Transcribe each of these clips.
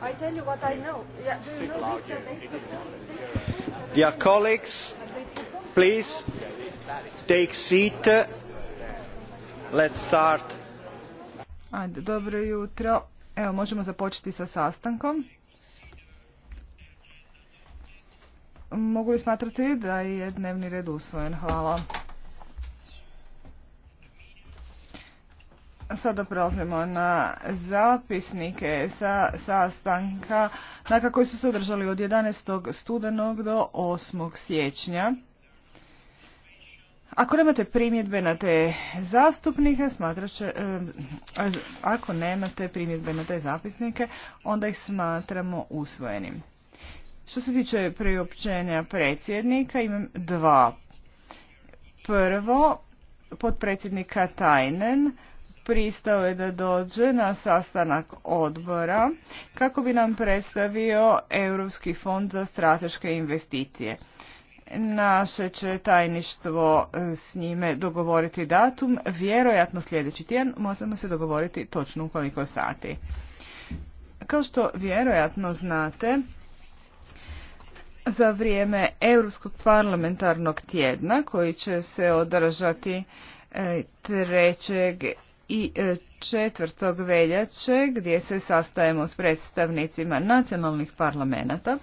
I tell you what I know. Yeah, do know Dear colleagues, please take seat. Let's start. Ajde, dobro jutro. Evo, možemo započeti sa sastankom. Mogu li smatrati da je dnevni red usvojen? Hvala. Sada prelazimo na zapisnike sa sastanka na koji su se održali od 11. studenog do 8. siječnja. Ako nemate primjedbe na te zastupnike, smatraće, e, ako nemate primjedbe na te zapisnike, onda ih smatramo usvojenim. Što se tiče priopćenja predsjednika, imam dva. Prvo, potpredsjednika Tajnen, pristao je da dođe na sastanak odbora kako bi nam predstavio Europski fond za strateške investicije. Naše će tajništvo e, s njime dogovoriti datum, vjerojatno sljedeći tjedan možemo se dogovoriti točno u koliko sati. Kao što vjerojatno znate, za vrijeme Europskog parlamentarnog tjedna koji će se održati 3. E, i e, četvrtog veljače gdje se sastajemo s predstavnicima nacionalnih parlamenta.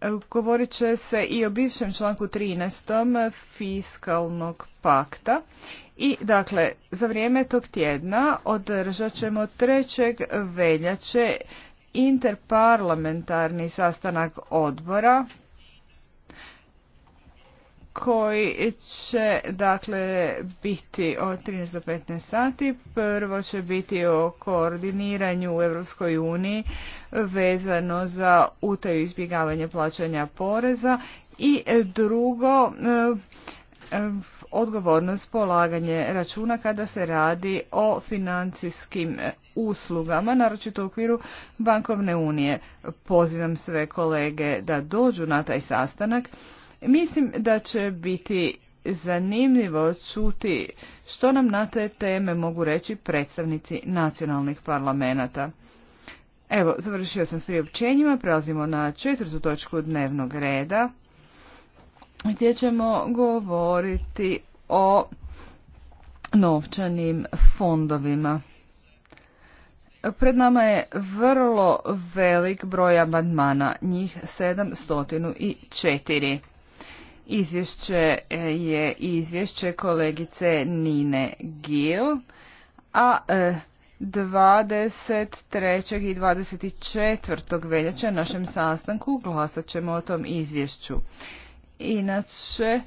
E, govorit će se i o bivšem članku 13. fiskalnog pakta. I dakle, za vrijeme tog tjedna održat ćemo trećeg veljače interparlamentarni sastanak odbora koji će dakle biti od 13 do 15 sati. Prvo će biti o koordiniranju u Europskoj uniji vezano za utaju izbjegavanje plaćanja poreza i drugo e, e, odgovornost polaganje računa kada se radi o financijskim uslugama, naročito u okviru bankovne unije. Pozivam sve kolege da dođu na taj sastanak Mislim da će biti zanimljivo čuti što nam na te teme mogu reći predstavnici nacionalnih parlamenta. Evo, završio sam s priopćenjima, prelazimo na četvrtu točku dnevnog reda gdje ćemo govoriti o novčanim fondovima. Pred nama je vrlo velik broj amandmana, njih 704 izvješće e, je izvješće kolegice Nine Gil, a 23. E, i 24. veljače na našem sastanku glasat ćemo o tom izvješću. Inače,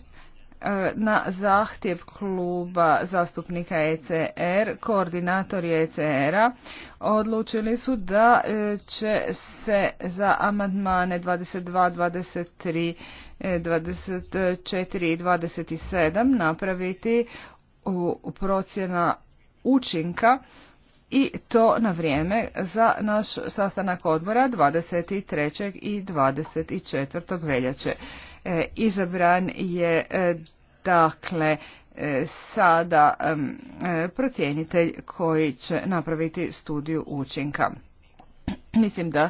na zahtjev kluba zastupnika ECR, koordinator ECR-a, e odlučili su da e, će se za amandmane 22, 23, 24 i 27 napraviti procjena učinka i to na vrijeme za naš sastanak odbora 23. i 24. veljače. E, izabran je Dakle, e, sada e, procjenitelj koji će napraviti studiju učinka. Mislim da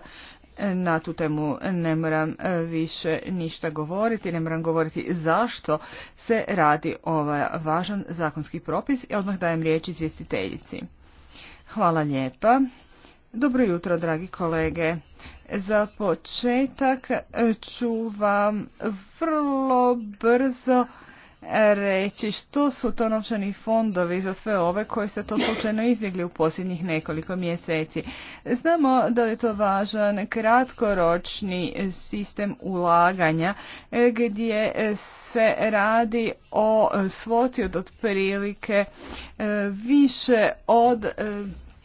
e, na tu temu ne moram više ništa govoriti, ne moram govoriti zašto se radi ovaj važan zakonski propis i odmah dajem riječ izvjestiteljici. Hvala lijepa. Dobro jutro, dragi kolege. Za početak ću vam vrlo brzo reći što su to novčani fondovi za sve ove koje ste to slučajno izbjegli u posljednjih nekoliko mjeseci. Znamo da je to važan kratkoročni sistem ulaganja e, gdje se radi o svoti od otprilike e, više od e,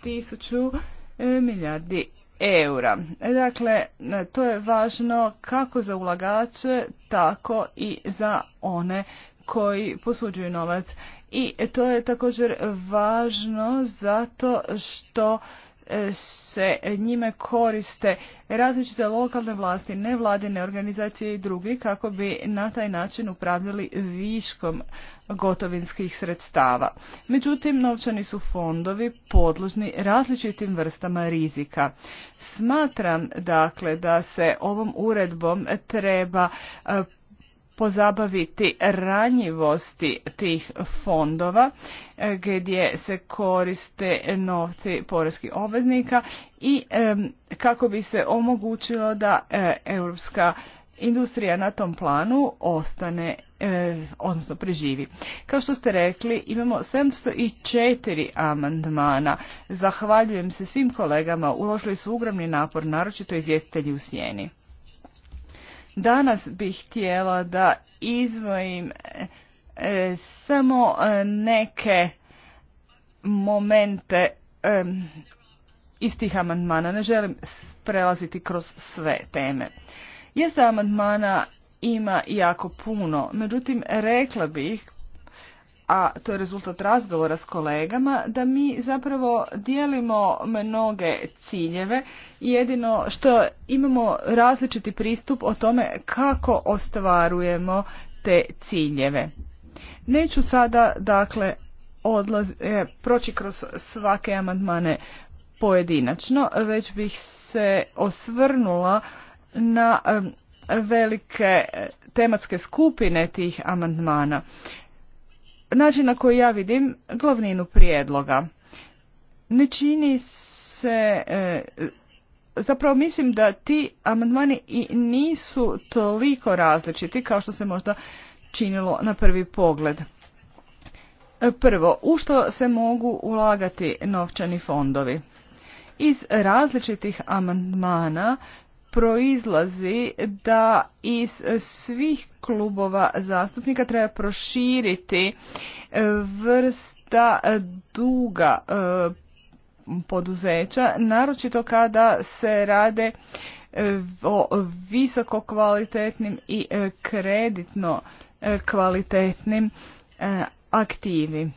tisuću milijardi eura. Dakle, to je važno kako za ulagače, tako i za one koji posuđuju novac. I to je također važno zato što e, se njime koriste različite lokalne vlasti, nevladine organizacije i drugi kako bi na taj način upravljali viškom gotovinskih sredstava. Međutim, novčani su fondovi podložni različitim vrstama rizika. Smatram dakle da se ovom uredbom treba e, pozabaviti ranjivosti tih fondova e, gdje se koriste novci poreskih obveznika i e, kako bi se omogućilo da e, europska industrija na tom planu ostane, odnosno preživi. Kao što ste rekli, imamo 704 amandmana. Zahvaljujem se svim kolegama, uložili su ugromni napor, naročito izvjestitelji u sjeni. Danas bih htjela da izvojim e, e, samo e, neke momente e, iz tih amandmana. Ne želim prelaziti kroz sve teme. Jeste amandmana ima jako puno, međutim rekla bih a to je rezultat razgovora s kolegama, da mi zapravo dijelimo mnoge ciljeve, jedino što imamo različiti pristup o tome kako ostvarujemo te ciljeve. Neću sada, dakle, odlaz, e, proći kroz svake amandmane pojedinačno, već bih se osvrnula na e, velike tematske skupine tih amandmana način na koji ja vidim glavninu prijedloga. Ne čini se, e, zapravo mislim da ti amandmani i nisu toliko različiti kao što se možda činilo na prvi pogled. E, prvo, u što se mogu ulagati novčani fondovi? Iz različitih amandmana proizlazi da iz svih klubova zastupnika treba proširiti e, vrsta duga e, poduzeća, naročito kada se rade e, o visoko kvalitetnim i kreditno kvalitetnim aktivi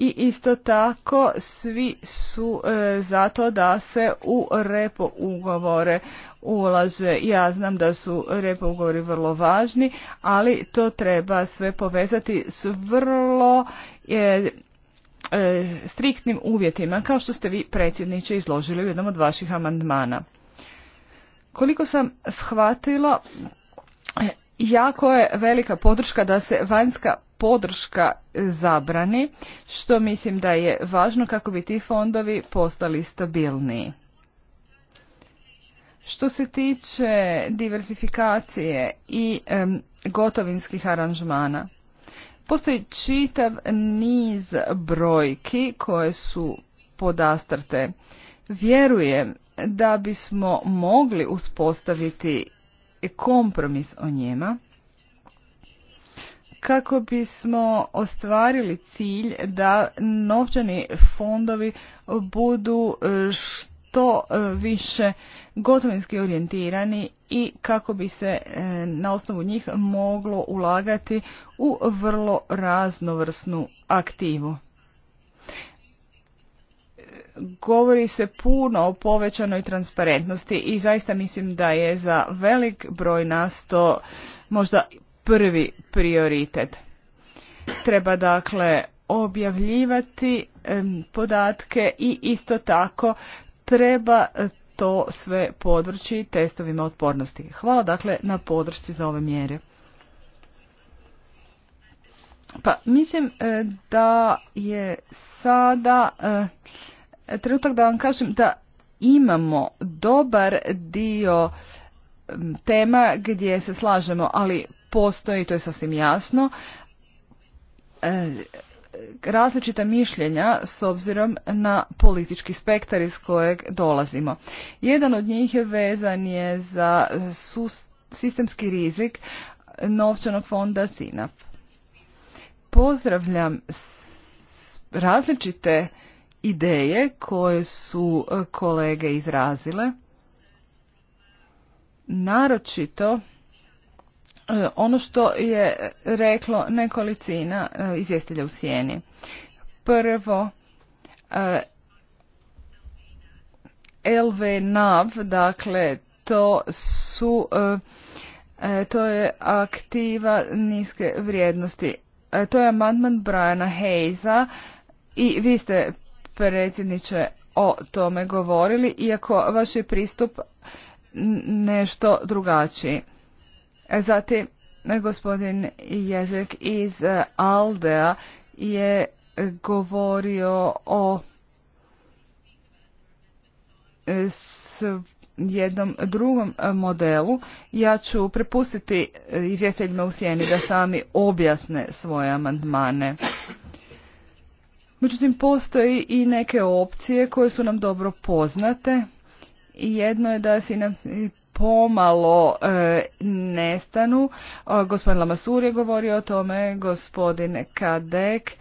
i isto tako svi su e, zato da se u repo ugovore ulaže. Ja znam da su repo ugovori vrlo važni, ali to treba sve povezati s vrlo e, e, striktnim uvjetima, kao što ste vi predsjedniče izložili u jednom od vaših amandmana. Koliko sam shvatila, jako je velika podrška da se vanjska podrška zabrani, što mislim da je važno kako bi ti fondovi postali stabilniji. Što se tiče diversifikacije i gotovinskih aranžmana, postoji čitav niz brojki koje su podastrte. Vjerujem da bismo mogli uspostaviti kompromis o njima kako bismo ostvarili cilj da novčani fondovi budu e, što e, više gotovinski orijentirani i kako bi se e, na osnovu njih moglo ulagati u vrlo raznovrsnu aktivu. Govori se puno o povećanoj transparentnosti i zaista mislim da je za velik broj nas to možda prvi prioritet. Treba dakle objavljivati podatke i isto tako treba to sve podvrći testovima otpornosti. Hvala dakle na podršci za ove mjere. Pa mislim e, da je sada e, trenutak da vam kažem da imamo dobar dio tema gdje se slažemo, ali postoji, to je sasvim jasno, e, različita mišljenja s obzirom na politički spektar iz kojeg dolazimo. Jedan od njih je vezan je za sistemski rizik novčanog fonda SINAP. Pozdravljam različite ideje koje su e, kolege izrazile, naročito E, ono što je reklo nekolicina e, izvjestitelja u sjeni. Prvo, e, LVNAV, dakle, to su to je aktiva niske vrijednosti. To je amandman Briana Hayza i vi ste predsjedniče o tome govorili, iako vaš je pristup nešto drugačiji. Zatim, gospodin Ježek iz e, Aldea je govorio o e, s jednom drugom e, modelu. Ja ću prepustiti izvjeteljima u sjeni da sami objasne svoje amandmane. Međutim, postoji i neke opcije koje su nam dobro poznate. Jedno je da si nam pomalo e, nestanu. gospodin Lamasur je govorio o tome, gospodin Kadek,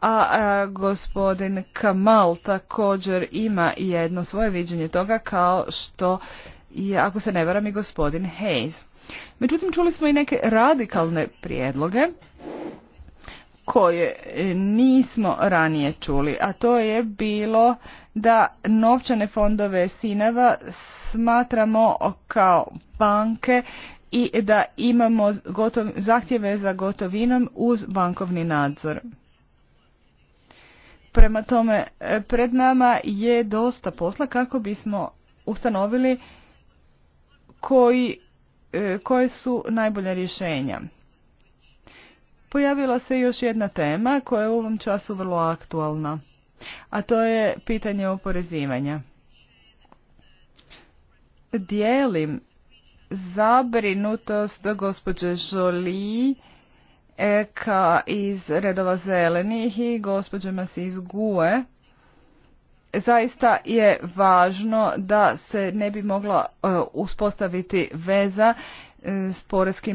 a, gospodin Kamal također ima jedno svoje viđenje toga kao što je, ako se ne varam, i gospodin Hayes. Međutim, čuli smo i neke radikalne prijedloge koje e, nismo ranije čuli, a to je bilo da novčane fondove Sineva smatramo kao banke i da imamo zahtjeve za gotovinom uz bankovni nadzor. Prema tome, e, pred nama je dosta posla kako bismo ustanovili koji, e, koje su najbolja rješenja pojavila se još jedna tema koja je u ovom času vrlo aktualna, a to je pitanje oporezivanja. Dijelim zabrinutost gospođe Žoli Eka iz redova zelenih i gospođe Masi iz Gue. Zaista je važno da se ne bi mogla e, uspostaviti veza s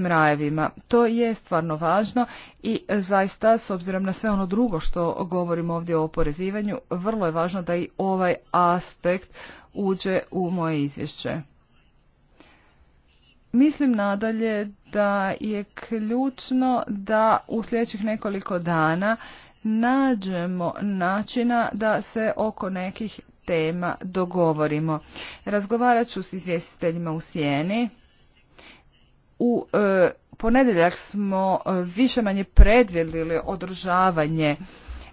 rajevima. To je stvarno važno i zaista s obzirom na sve ono drugo što govorimo ovdje o oporezivanju, vrlo je važno da i ovaj aspekt uđe u moje izvješće. Mislim nadalje da je ključno da u sljedećih nekoliko dana nađemo načina da se oko nekih tema dogovorimo. Razgovarat ću s izvjestiteljima u sjeni u e, ponedjeljak smo e, više manje predvidjeli održavanje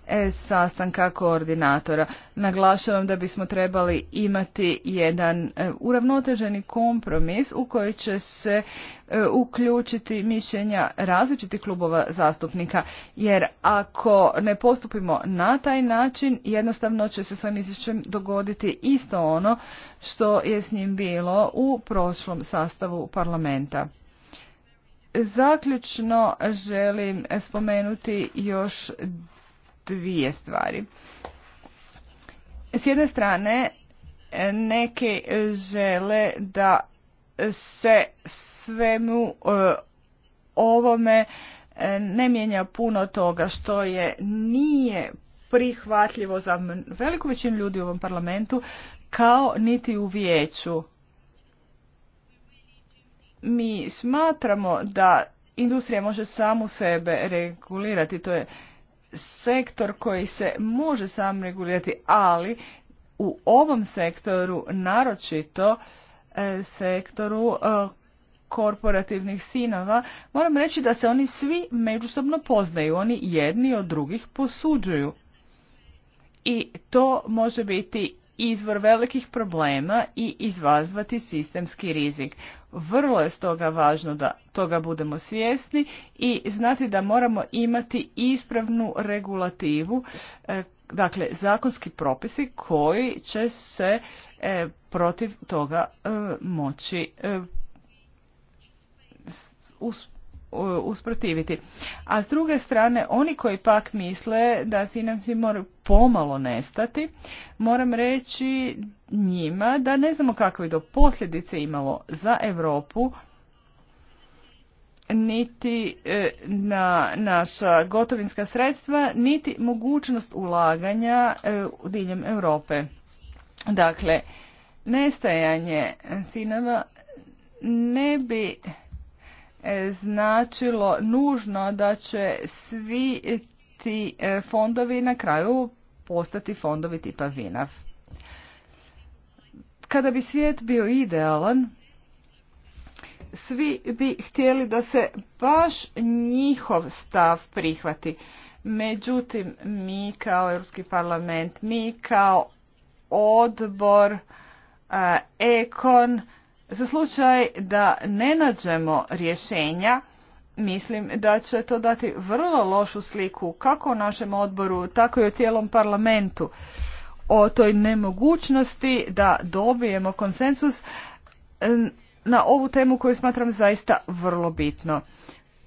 e, sastanka koordinatora. Naglašavam da bismo trebali imati jedan uravnoteženi kompromis u koji će se uključiti mišljenja različitih klubova zastupnika, jer ako ne postupimo na taj način, jednostavno će se s izvješćem dogoditi isto ono što je s njim bilo u prošlom sastavu parlamenta. Zaključno želim spomenuti još dvije stvari. S jedne strane, neke žele da se svemu e, ovome e, ne mijenja puno toga što je nije prihvatljivo za veliku većinu ljudi u ovom parlamentu kao niti u vijeću mi smatramo da industrija može samu sebe regulirati, to je sektor koji se može sam regulirati, ali u ovom sektoru, naročito e, sektoru e, korporativnih sinova, moram reći da se oni svi međusobno poznaju, oni jedni od drugih posuđuju. I to može biti izvor velikih problema i izvazvati sistemski rizik. Vrlo je stoga važno da toga budemo svjesni i znati da moramo imati ispravnu regulativu, e, dakle zakonski propisi koji će se e, protiv toga e, moći usprotiviti. A s druge strane, oni koji pak misle da Sinavci moraju pomalo nestati, moram reći njima da ne znamo kakve do posljedice imalo za Europu niti e, na naša gotovinska sredstva, niti mogućnost ulaganja u e, diljem Europe. Dakle, nestajanje sinama ne bi značilo nužno da će svi ti e, fondovi na kraju postati fondovi tipa Vinav. Kada bi svijet bio idealan, svi bi htjeli da se baš njihov stav prihvati. Međutim, mi kao Europski parlament, mi kao odbor, ekon, za slučaj da ne nađemo rješenja, mislim da će to dati vrlo lošu sliku kako u našem odboru, tako i u cijelom parlamentu o toj nemogućnosti da dobijemo konsensus na ovu temu koju smatram zaista vrlo bitno.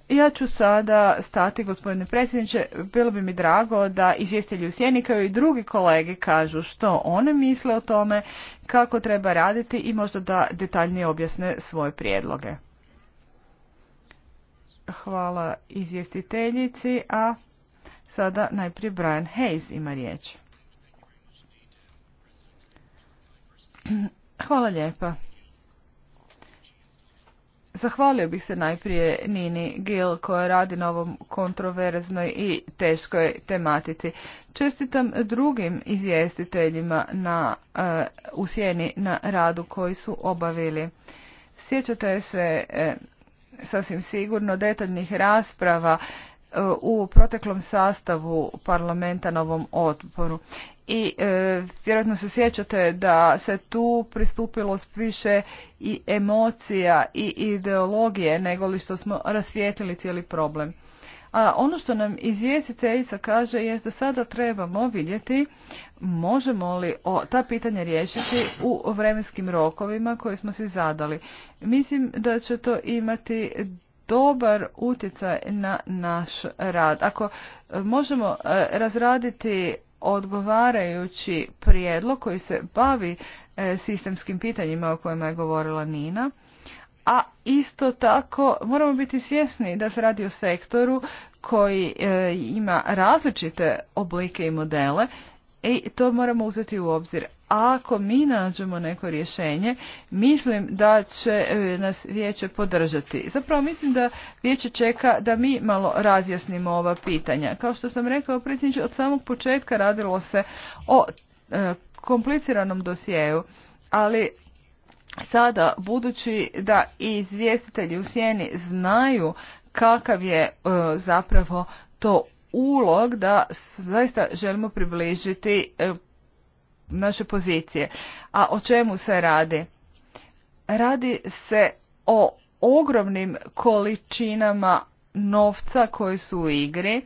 Ja ću sada stati, gospodine predsjedniče. Bilo bi mi drago da izvjestitelji u sjeni kao i drugi kolege kažu što one misle o tome, kako treba raditi i možda da detaljnije objasne svoje prijedloge. Hvala izvjestiteljici, a sada najprije Brian Hayes ima riječ. Hvala lijepa. Zahvalio bih se najprije Nini Gil koja radi na ovom kontroverznoj i teškoj tematici. Čestitam drugim izvjestiteljima na, eh, u sjeni na radu koji su obavili. Sjećate se eh, sasvim sigurno detaljnih rasprava eh, u proteklom sastavu parlamenta na ovom odboru i e, vjerojatno se sjećate da se tu pristupilo s više i emocija i ideologije nego li što smo rasvijetili cijeli problem. A ono što nam izvjestiteljica kaže je da sada trebamo vidjeti možemo li o, ta pitanja riješiti u vremenskim rokovima koje smo si zadali. Mislim da će to imati dobar utjecaj na naš rad. Ako e, možemo e, razraditi odgovarajući prijedlog koji se bavi e, sistemskim pitanjima o kojima je govorila Nina. A isto tako moramo biti svjesni da se radi o sektoru koji e, ima različite oblike i modele i e, to moramo uzeti u obzir. Ako mi nađemo neko rješenje, mislim da će e, nas vijeće podržati. Zapravo mislim da vijeće čeka da mi malo razjasnimo ova pitanja. Kao što sam rekao predsjedniče, od samog početka radilo se o e, kompliciranom dosjeu, ali sada budući da i izvjestitelji u sjeni znaju kakav je zapravo to ulog da zaista želimo približiti e, naše pozicije. A o čemu se radi? Radi se o ogromnim količinama novca koji su u igri.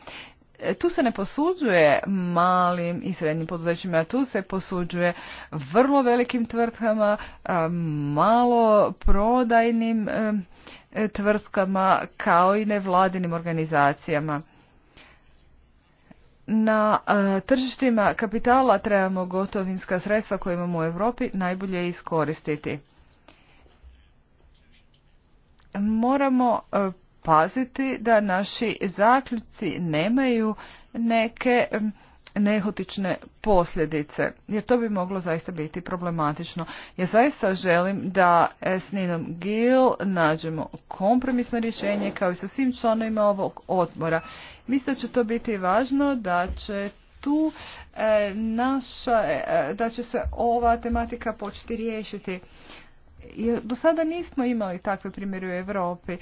E, tu se ne posuđuje malim i srednjim poduzećima, tu se posuđuje vrlo velikim tvrtkama, e, malo prodajnim tvrtkama kao i nevladinim organizacijama na e, tržištima kapitala trebamo gotovinska sredstva koje imamo u Europi najbolje iskoristiti. Moramo e, paziti da naši zaključci nemaju neke nehotične posljedice, jer to bi moglo zaista biti problematično. Ja zaista želim da s Ninom Gil nađemo kompromisno rješenje kao i sa svim članovima ovog odbora. Mislim da će to biti važno, da će tu e, naša, e, e, da će se ova tematika početi riješiti. do sada nismo imali takve primjere u Europi.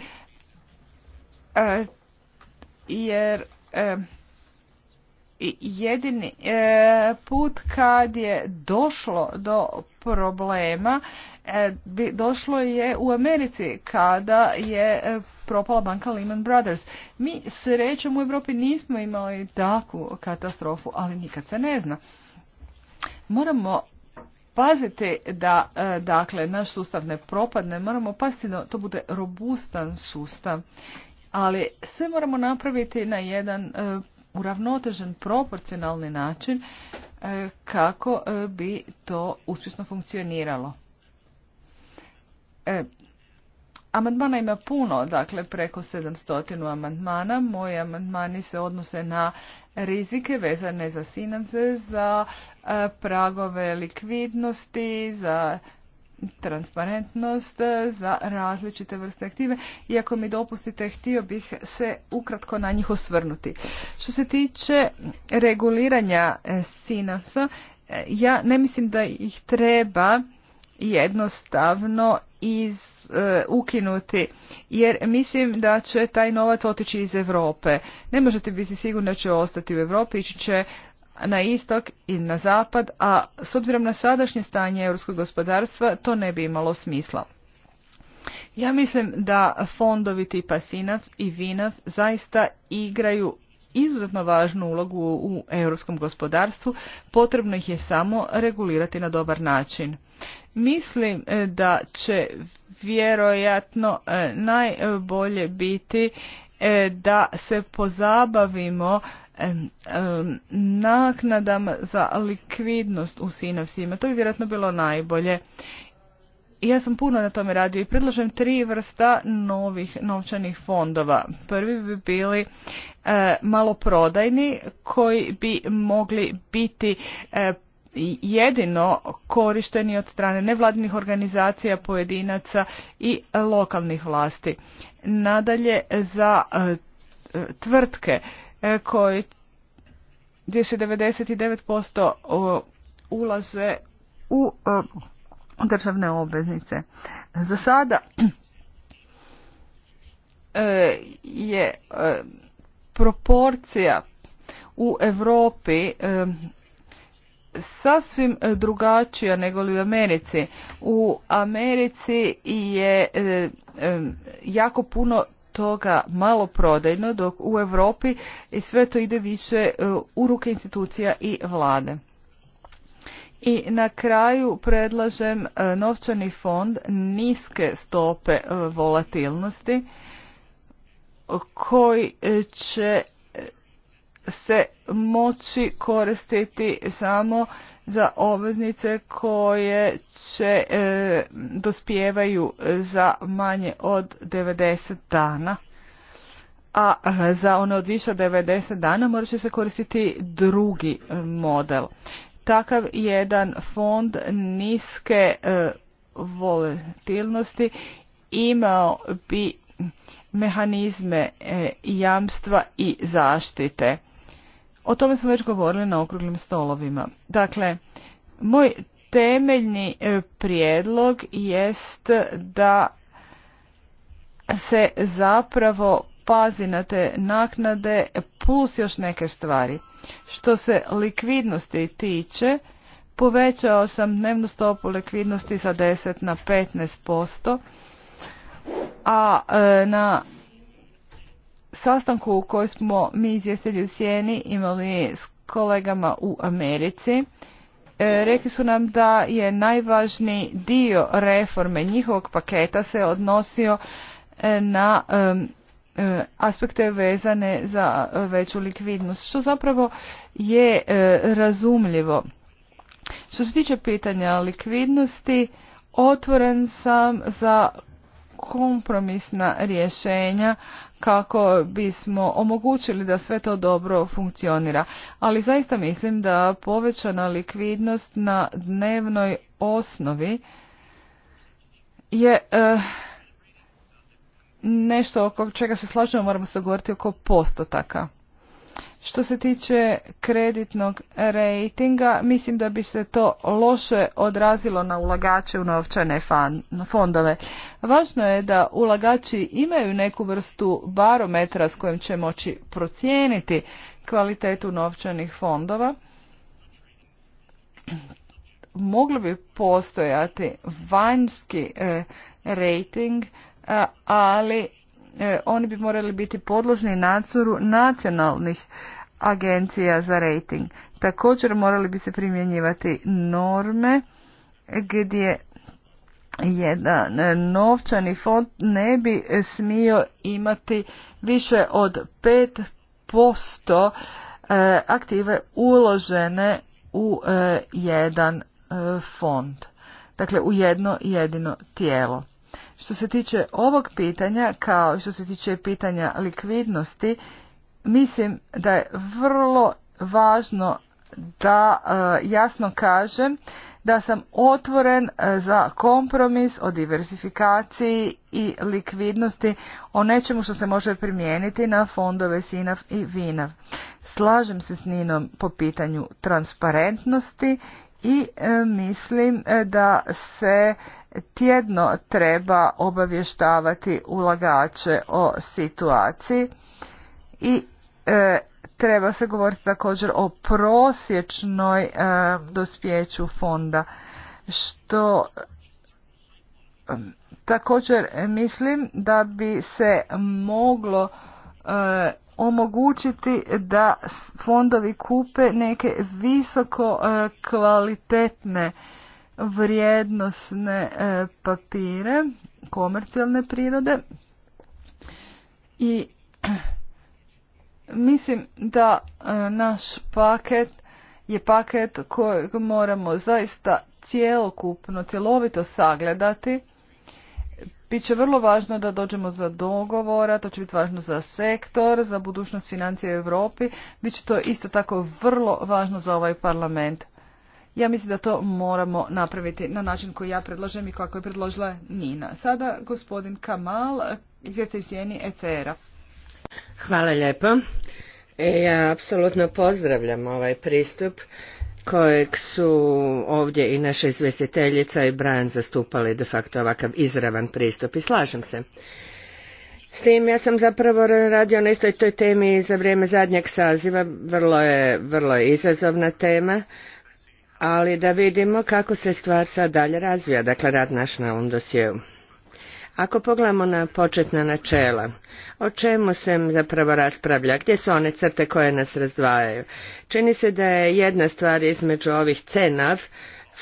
E, jer jedini e, put kad je došlo do problema e, došlo je u Americi kada je e, propala banka Lehman Brothers. Mi srećom u Europi nismo imali takvu katastrofu, ali nikad se ne zna. Moramo paziti da dakle naš sustav ne propadne, moramo paziti da to bude robustan sustav ali sve moramo napraviti na jedan uravnotežen proporcionalni način e, kako e, bi to uspješno funkcioniralo. E, amandmana ima puno, dakle preko 700 amandmana. Moji amandmani se odnose na rizike vezane za sinanze, za pragove likvidnosti, za transparentnost e, za različite vrste aktive. I ako mi dopustite, htio bih sve ukratko na njih osvrnuti. Što se tiče reguliranja e, sinasa, e, ja ne mislim da ih treba jednostavno iz ukinuti jer mislim da će taj novac otići iz Europe. Ne možete biti sigurni da će ostati u Europi, ići će na istok i na zapad, a s obzirom na sadašnje stanje europskog gospodarstva to ne bi imalo smisla. Ja mislim da fondovi tipa Sinav i Vinav zaista igraju izuzetno važnu ulogu u europskom gospodarstvu, potrebno ih je samo regulirati na dobar način. Mislim e, da će vjerojatno e, najbolje biti E, da se pozabavimo naknadama za likvidnost u sinovsima. To bi vjerojatno bilo najbolje. Ja sam puno na tome radio i predlažem tri vrsta novih novčanih fondova. Prvi bi bili e, maloprodajni koji bi mogli biti e, jedino korišteni od strane nevladinih organizacija, pojedinaca i lokalnih vlasti. Nadalje za e, tvrtke e, koje gdje se 99% ulaze u e, državne obveznice. Za sada je proporcija u Europi sasvim e, drugačija nego li u Americi. U Americi je e, e, jako puno toga malo prodajno, dok u Europi sve to ide više u ruke institucija i vlade. I na kraju predlažem novčani fond niske stope volatilnosti koji će se moći koristiti samo za obveznice koje će e, dospijevaju za manje od 90 dana. A e, za one od više od 90 dana morat će se koristiti drugi model. Takav jedan fond niske e, volatilnosti imao bi mehanizme e, jamstva i zaštite o tome smo već govorili na okruglim stolovima. Dakle, moj temeljni e, prijedlog jest da se zapravo pazi na te naknade plus još neke stvari. Što se likvidnosti tiče, povećao sam dnevnu stopu likvidnosti sa 10 na 15%, a e, na sastanku u kojoj smo mi izvjestili u Sjeni imali s kolegama u Americi, e, rekli su nam da je najvažniji dio reforme njihovog paketa se odnosio e, na e, aspekte vezane za veću likvidnost, što zapravo je razumljivo. Što se tiče pitanja likvidnosti, otvoren sam za kompromisna rješenja kako bismo omogućili da sve to dobro funkcionira. Ali zaista mislim da povećana likvidnost na dnevnoj osnovi je e, nešto oko čega se slažemo, moramo se govoriti oko postotaka. Što se tiče kreditnog rejtinga, mislim da bi se to loše odrazilo na ulagače u novčane fondove. Važno je da ulagači imaju neku vrstu barometra s kojim će moći procijeniti kvalitetu novčanih fondova. Mogli bi postojati vanjski eh, rejting, eh, ali E, oni bi morali biti podložni nadzoru nacionalnih agencija za rating. Također morali bi se primjenjivati norme gdje jedan novčani fond ne bi smio imati više od 5% e, aktive uložene u e, jedan fond. Dakle, u jedno jedino tijelo. Što se tiče ovog pitanja, kao što se tiče pitanja likvidnosti, mislim da je vrlo važno da e, jasno kažem da sam otvoren e, za kompromis o diversifikaciji i likvidnosti o nečemu što se može primijeniti na fondove SINAV i VINAV. Slažem se s Ninom po pitanju transparentnosti i e, mislim da se tjedno treba obavještavati ulagače o situaciji i e, treba se govoriti također o prosječnoj e, dospjeću fonda što e, također mislim da bi se moglo e, omogućiti da fondovi kupe neke visoko kvalitetne vrijednosne e, papire komercijalne prirode i mislim da e, naš paket je paket kojeg moramo zaista cjelokupno, cjelovito sagledati. Biće vrlo važno da dođemo za dogovora, to će biti važno za sektor, za budućnost financije u Europi, bit će to isto tako vrlo važno za ovaj parlament. Ja mislim da to moramo napraviti na način koji ja predlažem i kako je predložila Nina. Sada gospodin Kamal, izvjestitelj sjeni ECR-a. Hvala lijepo. E, ja apsolutno pozdravljam ovaj pristup kojeg su ovdje i naša izvjestiteljica i Brian zastupali de facto ovakav izravan pristup i slažem se. S tim ja sam zapravo radio na istoj toj temi za vrijeme zadnjeg saziva, vrlo je, vrlo je izazovna tema, ali da vidimo kako se stvar sad dalje razvija, dakle rad naš na ovom dosjeu. Ako pogledamo na početna načela, o čemu se zapravo raspravlja, gdje su one crte koje nas razdvajaju? Čini se da je jedna stvar između ovih CENAV,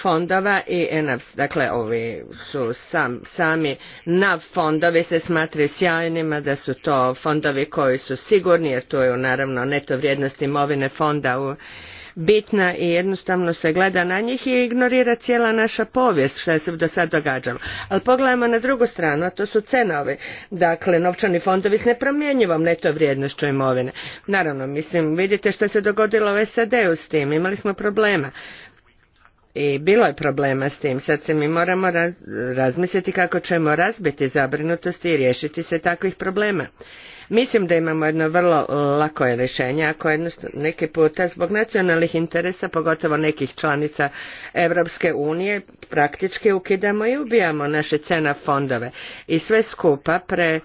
fondova i ENAV, dakle ovi su sam, sami NAV fondovi se smatraju sjajnima, da su to fondovi koji su sigurni jer to je naravno neto vrijednost imovine fonda u bitna i jednostavno se gleda na njih i ignorira cijela naša povijest što je se do sad događalo. Ali pogledajmo na drugu stranu, a to su cenovi. Dakle, novčani fondovi s nepromjenjivom neto vrijednošću imovine. Naravno, mislim, vidite što se dogodilo u SAD-u s tim, imali smo problema i bilo je problema s tim. Sad se mi moramo razmisliti kako ćemo razbiti zabrinutosti i riješiti se takvih problema. Mislim da imamo jedno vrlo e, lako je rješenje, ako jednostavno neki puta zbog nacionalnih interesa, pogotovo nekih članica Europske unije, praktički ukidamo i ubijamo naše cena fondove i sve skupa pre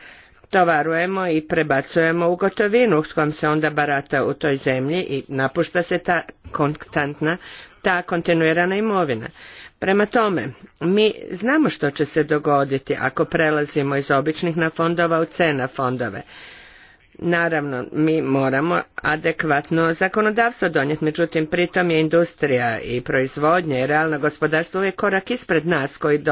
tovarujemo i prebacujemo u gotovinu s kojom se onda barata u toj zemlji i napušta se ta konstantna, ta kontinuirana imovina. Prema tome, mi znamo što će se dogoditi ako prelazimo iz običnih na fondova u cena fondove. Naravno, mi moramo adekvatno zakonodavstvo donijeti, međutim, pritom je industrija i proizvodnja i realno gospodarstvo uvijek korak ispred nas koji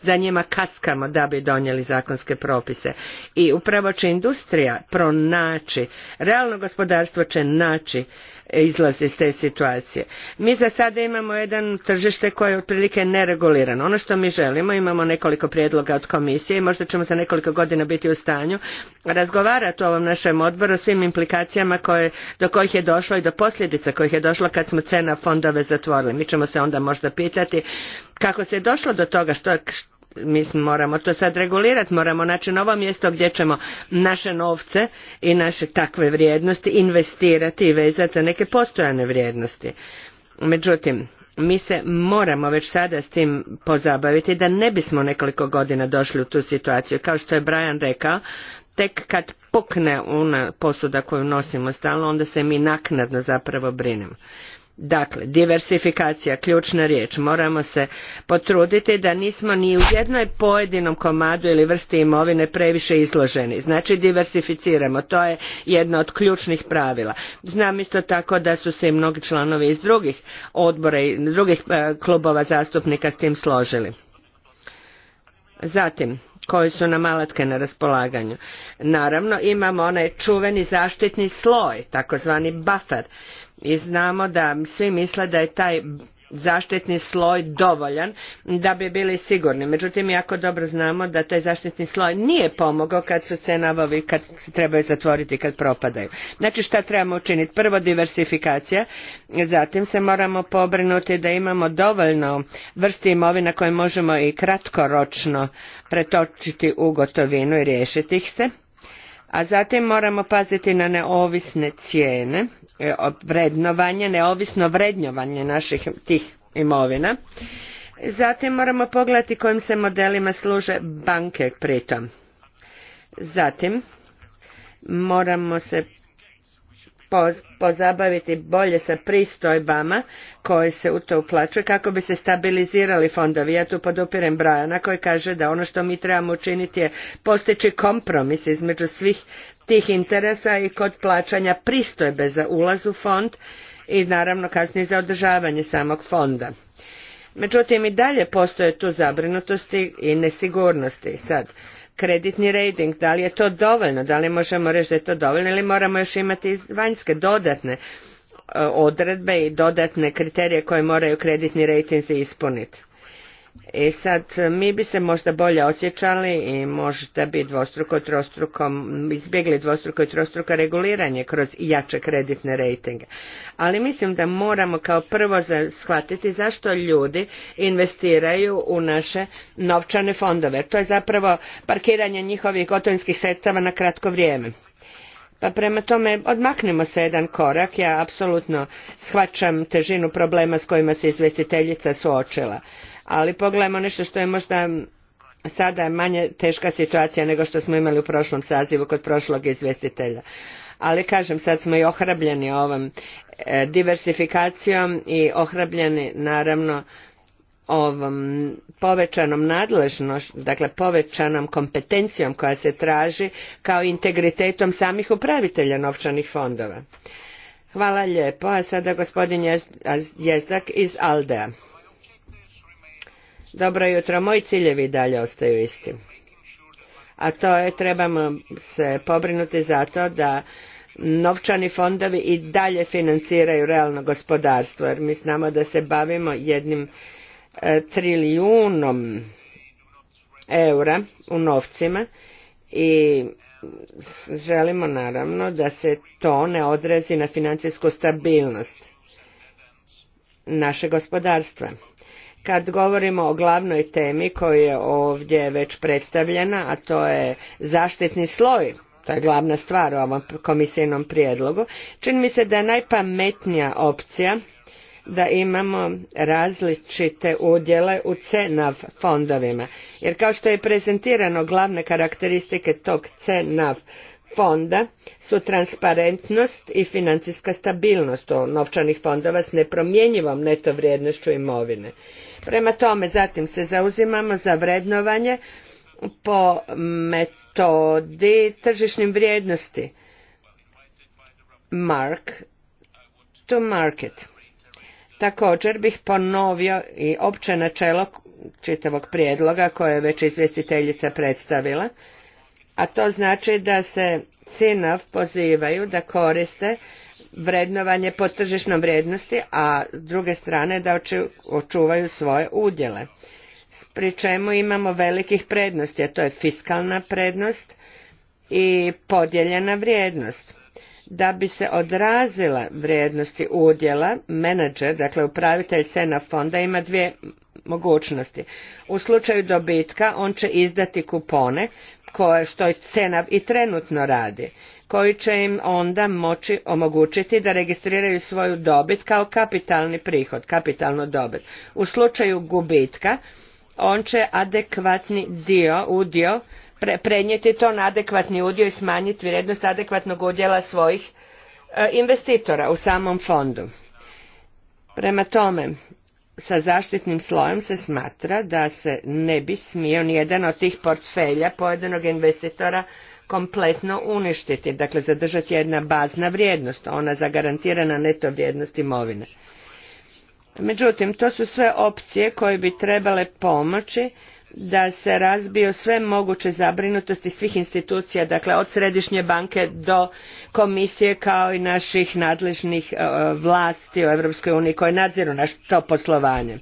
za njima kaskamo da bi donijeli zakonske propise. I upravo će industrija pronaći, realno gospodarstvo će naći izlazi iz te situacije. Mi za sada imamo jedan tržište koje je otprilike neregulirano. Ono što mi želimo, imamo nekoliko prijedloga od komisije i možda ćemo za nekoliko godina biti u stanju razgovarati u ovom našem odboru o svim implikacijama koje, do kojih je došlo i do posljedica kojih je došlo kad smo cena fondove zatvorili. Mi ćemo se onda možda pitati kako se je došlo do toga, što, što Mislim, moramo to sad regulirati, moramo naći novo mjesto gdje ćemo naše novce i naše takve vrijednosti investirati i vezati za neke postojane vrijednosti. Međutim, mi se moramo već sada s tim pozabaviti da ne bismo nekoliko godina došli u tu situaciju. Kao što je Brian rekao, tek kad pukne ona posuda koju nosimo stalno, onda se mi naknadno zapravo brinemo. Dakle, diversifikacija, ključna riječ. Moramo se potruditi da nismo ni u jednoj pojedinom komadu ili vrsti imovine previše izloženi. Znači, diversificiramo. To je jedno od ključnih pravila. Znam isto tako da su se i mnogi članovi iz drugih odbora i drugih e, klubova zastupnika s tim složili. Zatim, koji su nam alatke na raspolaganju. Naravno, imamo onaj čuveni zaštitni sloj, takozvani buffer i znamo da svi misle da je taj zaštitni sloj dovoljan da bi bili sigurni. Međutim, jako dobro znamo da taj zaštitni sloj nije pomogao kad su se nabavi, kad trebaju zatvoriti, kad propadaju. Znači šta trebamo učiniti? Prvo diversifikacija, zatim se moramo pobrinuti da imamo dovoljno vrsti imovina koje možemo i kratkoročno pretočiti u gotovinu i riješiti ih se a zatim moramo paziti na neovisne cijene, e, vrednovanje, neovisno vrednjovanje naših tih imovina. Zatim moramo pogledati kojim se modelima služe banke pritom. Zatim moramo se pozabaviti bolje sa pristojbama koje se u to uplaćuju kako bi se stabilizirali fondovi. Ja tu podupirem Brajana koji kaže da ono što mi trebamo učiniti je postići kompromis između svih tih interesa i kod plaćanja pristojbe za ulaz u fond i naravno kasnije za održavanje samog fonda. Međutim i dalje postoje tu zabrinutosti i nesigurnosti sad kreditni rating, da li je to dovoljno, da li možemo reći da je to dovoljno ili moramo još imati vanjske dodatne e, odredbe i dodatne kriterije koje moraju kreditni rejtinzi ispuniti. I sad mi bi se možda bolje osjećali i možda bi dvostruko trostruko izbjegli dvostruko i trostruko reguliranje kroz jače kreditne rejtinge. Ali mislim da moramo kao prvo shvatiti zašto ljudi investiraju u naše novčane fondove. To je zapravo parkiranje njihovih gotovinskih sredstava na kratko vrijeme. Pa prema tome odmaknimo se jedan korak, ja apsolutno shvaćam težinu problema s kojima se izvjestiteljica suočila ali pogledajmo nešto što je možda sada manje teška situacija nego što smo imali u prošlom sazivu kod prošlog izvjestitelja ali kažem sad smo i ohrabljeni ovom e, diversifikacijom i ohrabljeni naravno ovom povećanom nadležnošću, dakle povećanom kompetencijom koja se traži kao integritetom samih upravitelja novčanih fondova. Hvala lijepo, a sada gospodin Jezdak iz Aldea. Dobro jutro, moji ciljevi dalje ostaju isti. A to je, trebamo se pobrinuti za to da novčani fondovi i dalje financiraju realno gospodarstvo, jer mi znamo da se bavimo jednim e, trilijunom eura u novcima i želimo naravno da se to ne odrezi na financijsku stabilnost naše gospodarstva. Kad govorimo o glavnoj temi koja je ovdje već predstavljena, a to je zaštitni sloj, to je glavna stvar u ovom komisijnom prijedlogu, čini mi se da je najpametnija opcija da imamo različite udjele u CNAV fondovima. Jer kao što je prezentirano glavne karakteristike tog CNAV fonda su transparentnost i financijska stabilnost novčanih fondova s nepromjenjivom neto vrijednošću imovine. Prema tome, zatim se zauzimamo za vrednovanje po metodi tržišnim vrijednosti. Mark to market. Također bih ponovio i opće načelo čitavog prijedloga koje je već izvjestiteljica predstavila, a to znači da se CINAV pozivaju da koriste vrednovanje po tržišnom vrijednosti, a s druge strane da očuvaju svoje udjele. Pri čemu imamo velikih prednosti, a to je fiskalna prednost i podijeljena vrijednost. Da bi se odrazila vrijednosti udjela, menadžer, dakle upravitelj cena fonda ima dvije mogućnosti. U slučaju dobitka on će izdati kupone koje što cena i trenutno radi koji će im onda moći omogućiti da registriraju svoju dobit kao kapitalni prihod, kapitalno dobit. U slučaju gubitka on će adekvatni dio, udio, pre, prenijeti to na adekvatni udio i smanjiti vrijednost adekvatnog udjela svojih e, investitora u samom fondu. Prema tome, sa zaštitnim slojem se smatra da se ne bi smio nijedan od tih portfelja pojedinog investitora kompletno uništiti, dakle zadržati jedna bazna vrijednost, ona zagarantirana neto vrijednost imovine. Međutim, to su sve opcije koje bi trebale pomoći da se razbiju sve moguće zabrinutosti svih institucija, dakle od središnje banke do komisije kao i naših nadležnih e, vlasti u EU koje nadziru naš to poslovanje.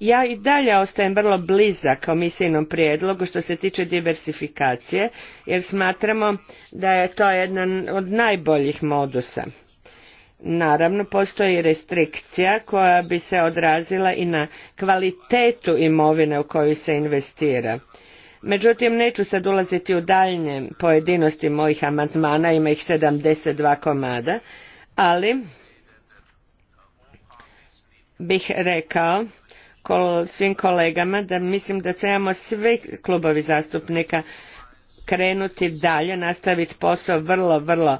Ja i dalje ostajem vrlo bliza komisijnom prijedlogu što se tiče diversifikacije, jer smatramo da je to jedan od najboljih modusa. Naravno, postoji restrikcija koja bi se odrazila i na kvalitetu imovine u koju se investira. Međutim, neću sad ulaziti u daljnje pojedinosti mojih amandmana, ima ih 72 komada, ali bih rekao svim kolegama da mislim da trebamo svi klubovi zastupnika krenuti dalje, nastaviti posao vrlo, vrlo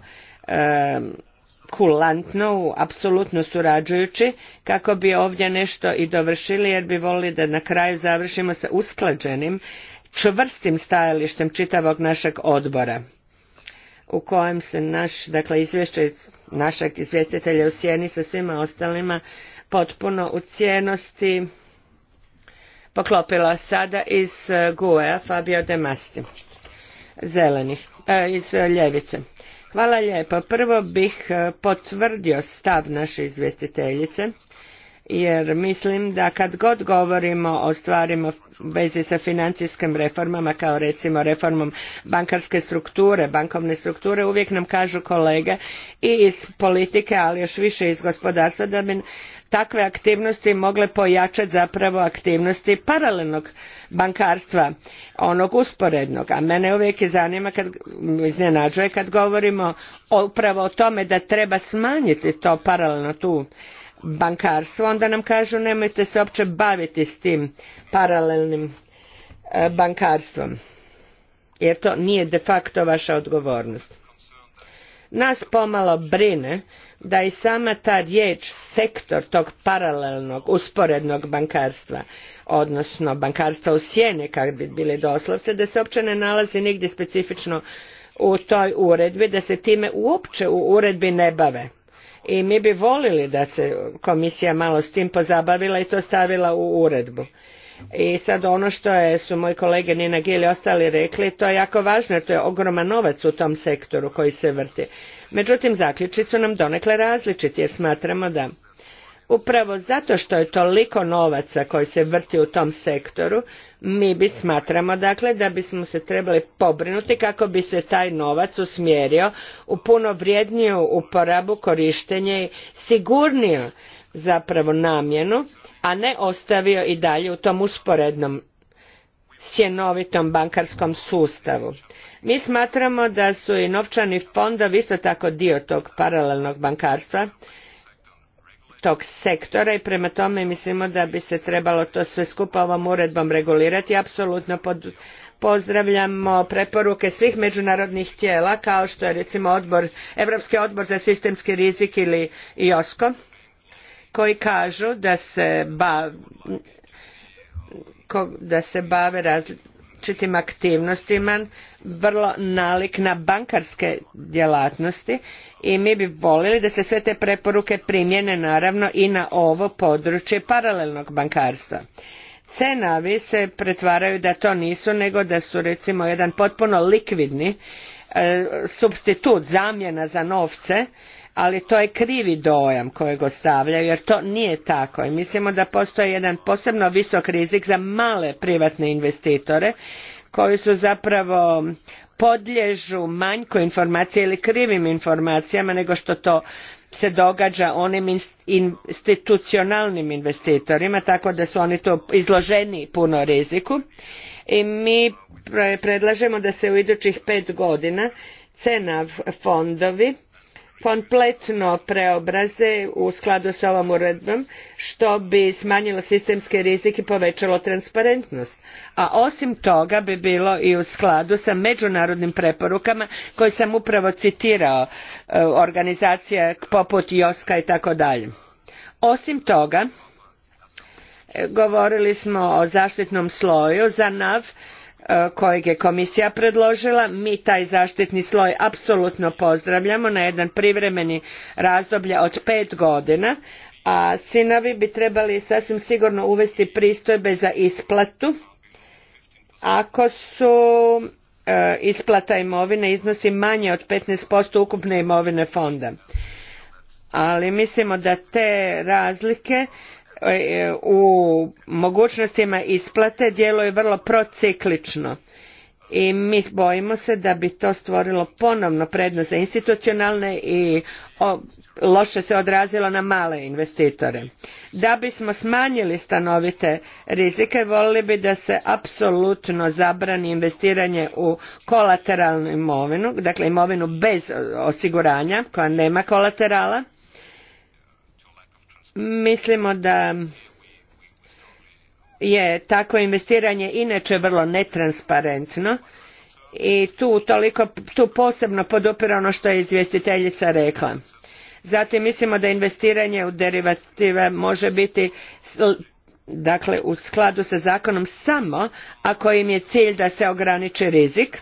kulantno, apsolutno surađujući kako bi ovdje nešto i dovršili jer bi volili da na kraju završimo sa usklađenim, čvrstim stajalištem čitavog našeg odbora u kojem se naš, dakle izvješće našeg izvjestitelja u sjeni sa svima ostalima potpuno u cijenosti poklopila sada iz e, gue Fabio De Masti, zelenih, e, iz e, Ljevice. Hvala lijepo. Prvo bih potvrdio stav naše izvjestiteljice, jer mislim da kad god govorimo o stvarima u vezi sa financijskim reformama, kao recimo reformom bankarske strukture, bankovne strukture, uvijek nam kažu kolege i iz politike, ali još više iz gospodarstva, da bi takve aktivnosti mogle pojačati zapravo aktivnosti paralelnog bankarstva onog usporednog a mene uvijek zanima kad iznenađuje kad govorimo upravo o tome da treba smanjiti to paralelno tu bankarstvo onda nam kažu nemojte se uopće baviti s tim paralelnim e, bankarstvom jer to nije de facto vaša odgovornost nas pomalo brine da i sama ta riječ sektor tog paralelnog, usporednog bankarstva, odnosno bankarstva u sjeni, kad bi bili doslovce, da se uopće ne nalazi nigdje specifično u toj uredbi, da se time uopće u uredbi ne bave. I mi bi volili da se komisija malo s tim pozabavila i to stavila u uredbu i sad ono što su moji kolege Nina Gil i ostali rekli, to je jako važno jer to je ogroman novac u tom sektoru koji se vrti. Međutim, zaključi su nam donekle različiti jer smatramo da upravo zato što je toliko novaca koji se vrti u tom sektoru, mi bi smatramo dakle da bismo se trebali pobrinuti kako bi se taj novac usmjerio u puno vrijedniju uporabu, korištenje i sigurniju zapravo namjenu a ne ostavio i dalje u tom usporednom sjenovitom bankarskom sustavu. Mi smatramo da su i novčani fondovi isto tako dio tog paralelnog bankarstva, tog sektora i prema tome mislimo da bi se trebalo to sve skupa ovom uredbom regulirati. Apsolutno pozdravljamo preporuke svih međunarodnih tijela kao što je recimo odbor, Europski odbor za sistemski rizik ili IOSCO koji kažu da se da se bave različitim aktivnostima vrlo nalik na bankarske djelatnosti i mi bi volili da se sve te preporuke primjene naravno i na ovo područje paralelnog bankarstva. Cenavi se pretvaraju da to nisu nego da su recimo jedan potpuno likvidni supstitut e, substitut zamjena za novce ali to je krivi dojam kojeg ostavljaju jer to nije tako i mislimo da postoji jedan posebno visok rizik za male privatne investitore koji su zapravo podliježu manjku informacije ili krivim informacijama nego što to se događa onim institucionalnim investitorima tako da su oni to izloženi puno riziku i mi predlažemo da se u idućih pet godina cenav fondovi kompletno preobraze u skladu s ovom uredbom što bi smanjilo sistemske rizike i povećalo transparentnost a osim toga bi bilo i u skladu sa međunarodnim preporukama koje sam upravo citirao e, organizacija poput joska i tako dalje osim toga e, govorili smo o zaštitnom sloju za nav E, kojeg je komisija predložila mi taj zaštitni sloj apsolutno pozdravljamo na jedan privremeni razdoblje od pet godina a sinovi bi trebali sasvim sigurno uvesti pristojbe za isplatu ako su e, isplata imovine iznosi manje od 15% ukupne imovine fonda ali mislimo da te razlike E, u mogućnostima isplate djeluje vrlo prociklično i mi bojimo se da bi to stvorilo ponovno prednost za institucionalne i loše se odrazilo na male investitore. Da bismo smanjili stanovite rizike, volili bi da se apsolutno zabrani investiranje u kolateralnu imovinu, dakle imovinu bez osiguranja koja nema kolaterala mislimo da je takvo investiranje inače vrlo netransparentno i tu toliko tu posebno podupira ono što je izvjestiteljica rekla. Zatim mislimo da investiranje u derivative može biti dakle u skladu sa zakonom samo ako im je cilj da se ograniči rizik.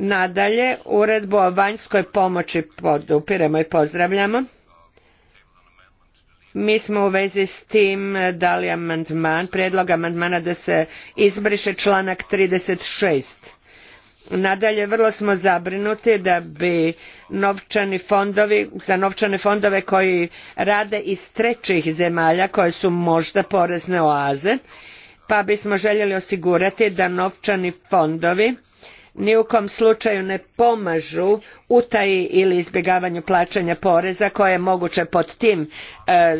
Nadalje, uredbu o vanjskoj pomoći podupiremo i pozdravljamo mi smo u vezi s tim eh, dali amandman prijedlog amandmana da se izbriše članak trideset šest nadalje vrlo smo zabrinuti da bi novčani fondovi za novčane fondove koji rade iz trećih zemalja koje su možda porezne oaze pa bismo željeli osigurati da novčani fondovi ni u kom slučaju ne pomažu utaji ili izbjegavanju plaćanja poreza koje je moguće pod tim e,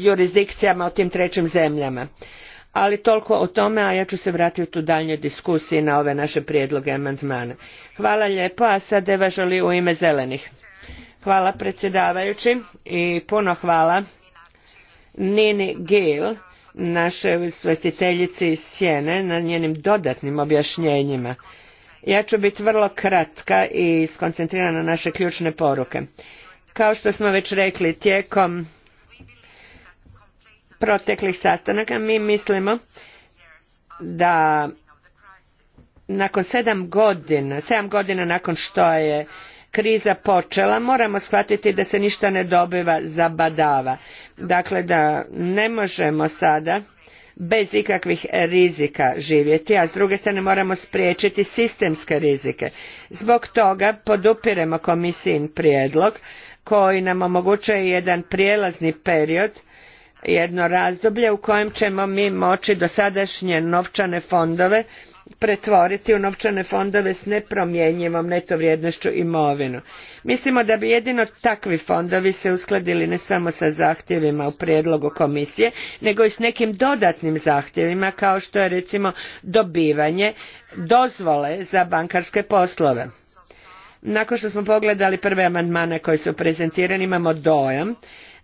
jurisdikcijama u tim trećim zemljama. Ali toliko o tome, a ja ću se vratiti u daljnjoj diskusiji na ove naše prijedloge amandmana. Hvala lijepo, a sad Eva u ime zelenih. Hvala predsjedavajući i puno hvala Nini Gill našoj izvjestiteljici iz sjene na njenim dodatnim objašnjenjima. Ja ću biti vrlo kratka i skoncentrirana na naše ključne poruke. Kao što smo već rekli tijekom proteklih sastanaka, mi mislimo da nakon sedam godina, sedam godina nakon što je kriza počela, moramo shvatiti da se ništa ne dobiva za badava Dakle, da ne možemo sada bez ikakvih rizika živjeti, a s druge strane moramo spriječiti sistemske rizike. Zbog toga podupiremo komisijin prijedlog koji nam omogućuje jedan prijelazni period jedno razdoblje u kojem ćemo mi moći dosadašnje novčane fondove pretvoriti u novčane fondove s nepromjenjivom neto vrijednošću imovine Mislimo da bi jedino takvi fondovi se uskladili ne samo sa zahtjevima u prijedlogu komisije, nego i s nekim dodatnim zahtjevima kao što je recimo dobivanje dozvole za bankarske poslove. Nakon što smo pogledali prve amandmane koji su prezentirani, imamo dojam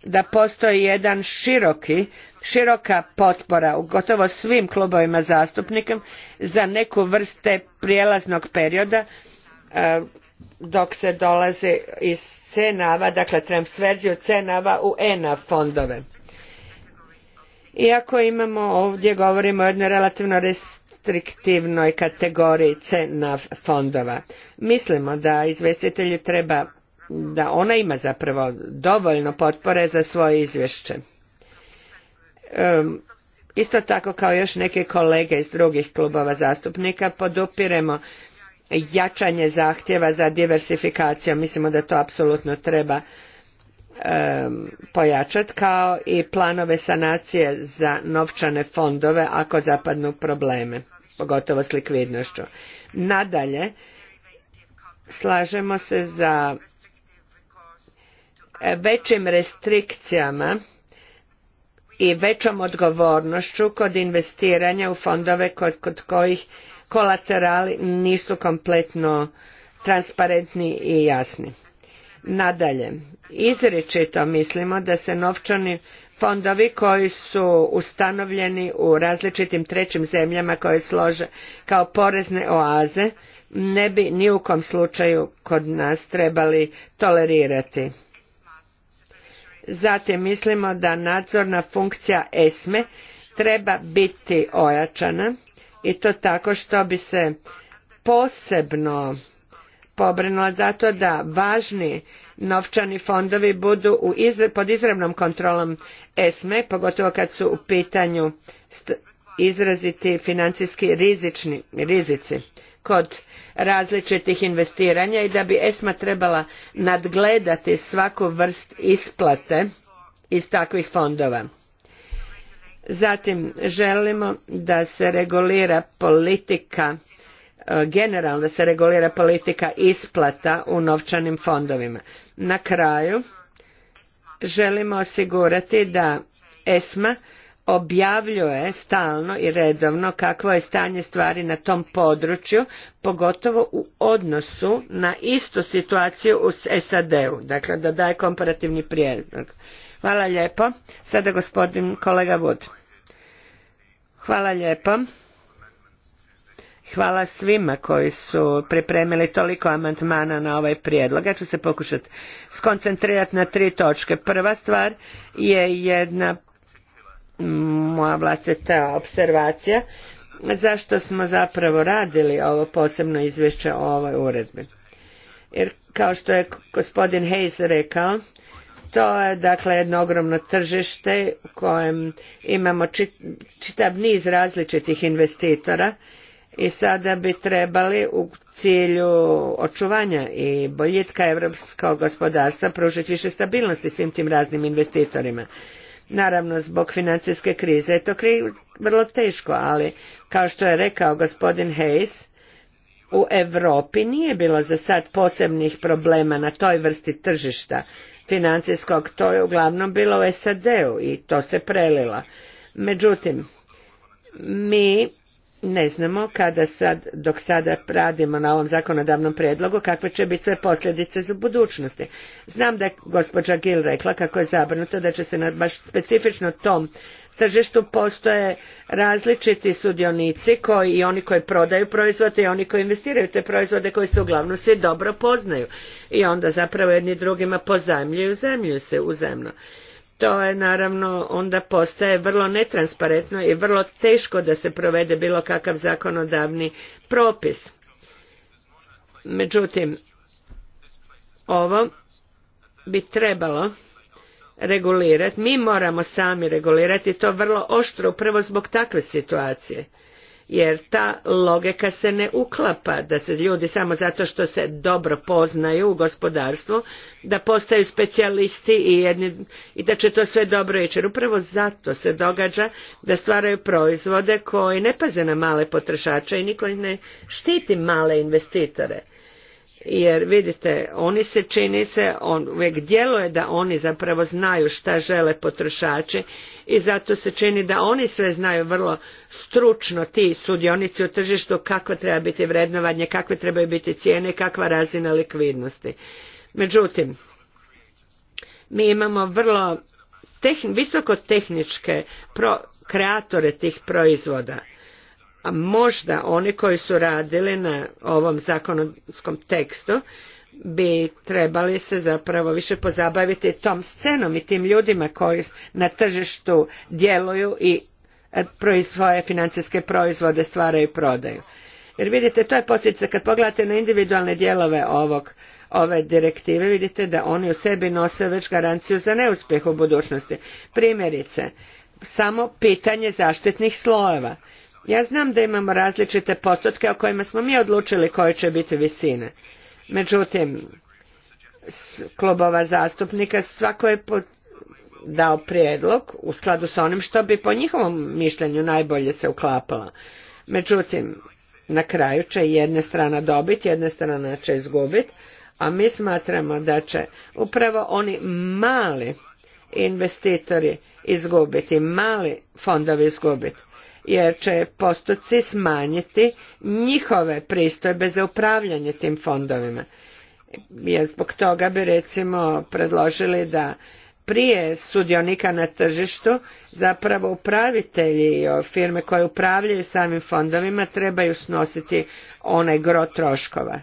da postoji jedan široki široka potpora u gotovo svim klubovima zastupnika za neku vrste prijelaznog perioda e, dok se dolazi iz CNAV-a, dakle transverziju CNAV-a u ENA fondove. Iako imamo ovdje, govorimo o jednoj relativno restriktivnoj kategoriji CNAV fondova. Mislimo da izvjestitelju treba, da ona ima zapravo dovoljno potpore za svoje izvješće isto tako kao još neke kolege iz drugih klubova zastupnika podupiremo jačanje zahtjeva za diversifikacijom mislimo da to apsolutno treba pojačati kao i planove sanacije za novčane fondove ako zapadnu probleme pogotovo s likvidnošću nadalje slažemo se za većim restrikcijama i većom odgovornošću kod investiranja u fondove kod, kojih kolaterali nisu kompletno transparentni i jasni. Nadalje, izričito mislimo da se novčani fondovi koji su ustanovljeni u različitim trećim zemljama koje slože kao porezne oaze ne bi ni u kom slučaju kod nas trebali tolerirati. Zatim mislimo da nadzorna funkcija ESME treba biti ojačana i to tako što bi se posebno pobrinula zato da važni novčani fondovi budu u pod izravnom kontrolom ESME, pogotovo kad su u pitanju izraziti financijski rizični rizici kod različitih investiranja i da bi esma trebala nadgledati svaku vrst isplate iz takvih fondova zatim želimo da se regulira politika e, generalno da se regulira politika isplata u novčanim fondovima na kraju želimo osigurati da esma objavljuje stalno i redovno kakvo je stanje stvari na tom području, pogotovo u odnosu na istu situaciju u SAD-u, dakle da daje komparativni prijedlog. Hvala lijepo. Sada gospodin kolega Wood. Hvala lijepo. Hvala svima koji su pripremili toliko amandmana na ovaj prijedlog. Ja ću se pokušati skoncentrirati na tri točke. Prva stvar je jedna moja vlastita observacija zašto smo zapravo radili ovo posebno izvješće o ovoj uredbi. Jer kao što je gospodin Hayes rekao, to je dakle jedno ogromno tržište u kojem imamo čitav niz različitih investitora i sada bi trebali u cilju očuvanja i boljitka europskog gospodarstva pružiti više stabilnosti svim tim raznim investitorima naravno zbog financijske krize je to vrlo teško, ali kao što je rekao gospodin Hayes, u Europi nije bilo za sad posebnih problema na toj vrsti tržišta financijskog, to je uglavnom bilo u SAD-u i to se prelila. Međutim, mi ne znamo kada sad, dok sada radimo na ovom zakonodavnom prijedlogu kakve će biti sve posljedice za budućnosti. Znam da je gospođa Gil rekla kako je zabrnuto da će se na baš specifično tom tržištu postoje različiti sudionici koji i oni koji prodaju proizvode i oni koji investiraju te proizvode koji se uglavnom svi dobro poznaju i onda zapravo jedni drugima pozajmljuju zemlju se uzemno to je naravno onda postaje vrlo netransparentno i vrlo teško da se provede bilo kakav zakonodavni propis. Međutim, ovo bi trebalo regulirati, mi moramo sami regulirati to vrlo oštro upravo zbog takve situacije jer ta logika se ne uklapa da se ljudi samo zato što se dobro poznaju u gospodarstvu da postaju specijalisti i, jedni, i da će to sve dobro ići jer upravo zato se događa da stvaraju proizvode koji ne paze na male potrošače i niko ne štiti male investitore jer vidite oni se čini se on uvijek djeluje da oni zapravo znaju šta žele potrošači i zato se čini da oni sve znaju vrlo stručno ti sudionici u tržištu kako treba biti vrednovanje kakve trebaju biti cijene kakva razina likvidnosti međutim mi imamo vrlo visoko tehničke kreatore tih proizvoda a možda oni koji su radili na ovom zakonskom tekstu bi trebali se zapravo više pozabaviti tom scenom i tim ljudima koji na tržištu djeluju i e, proizvoje financijske proizvode stvaraju i prodaju. Jer vidite, to je posljedica kad pogledate na individualne dijelove ovog, ove direktive, vidite da oni u sebi nose već garanciju za neuspjeh u budućnosti. Primjerice, samo pitanje zaštitnih slojeva. Ja znam da imamo različite postotke o kojima smo mi odlučili koje će biti visine. Međutim, klubova zastupnika svako je dao prijedlog u skladu s onim što bi po njihovom mišljenju najbolje se uklapalo. Međutim, na kraju će jedna strana dobiti, jedna strana će izgubiti, a mi smatramo da će upravo oni mali investitori izgubiti, mali fondovi izgubiti jer će postoci smanjiti njihove pristojbe za upravljanje tim fondovima. Jer zbog toga bi recimo predložili da prije sudionika na tržištu zapravo upravitelji firme koje upravljaju samim fondovima trebaju snositi onaj gro troškova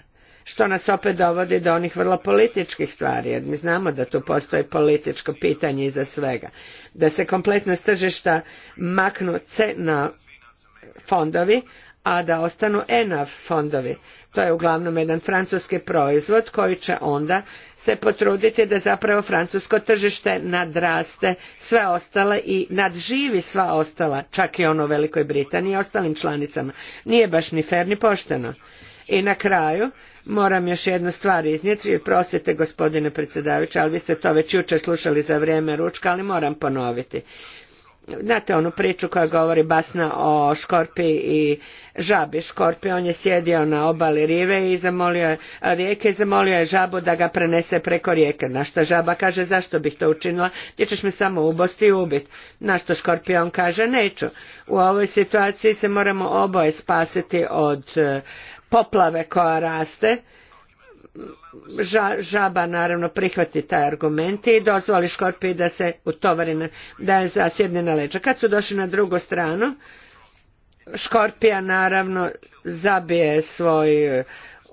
što nas opet dovodi do onih vrlo političkih stvari, jer mi znamo da tu postoji političko pitanje iza svega. Da se kompletno s tržišta maknu C na fondovi, a da ostanu ENAV fondovi. To je uglavnom jedan francuski proizvod koji će onda se potruditi da zapravo francusko tržište nadraste sve ostale i nadživi sva ostala, čak i ono u Velikoj Britaniji i ostalim članicama. Nije baš ni fer ni pošteno. I na kraju, moram još jednu stvar iznijeti, prosite gospodine predsjedavajući, ali vi ste to već jučer slušali za vrijeme ručka, ali moram ponoviti. Znate onu priču koja govori Basna o Škorpi i žabi. Škorpi, on je sjedio na obali rive i zamolio je rijeke i zamolio je žabu da ga prenese preko rijeke. Na što žaba kaže zašto bih to učinila, ti ćeš me samo ubosti i ubit. Na što škorpion kaže neću. U ovoj situaciji se moramo oboje spasiti od poplave koja raste žaba naravno prihvati taj argument i dozvoli škorpiji da se utovari da je zasjedne na leđa. Kad su došli na drugu stranu, škorpija naravno zabije svoj eh,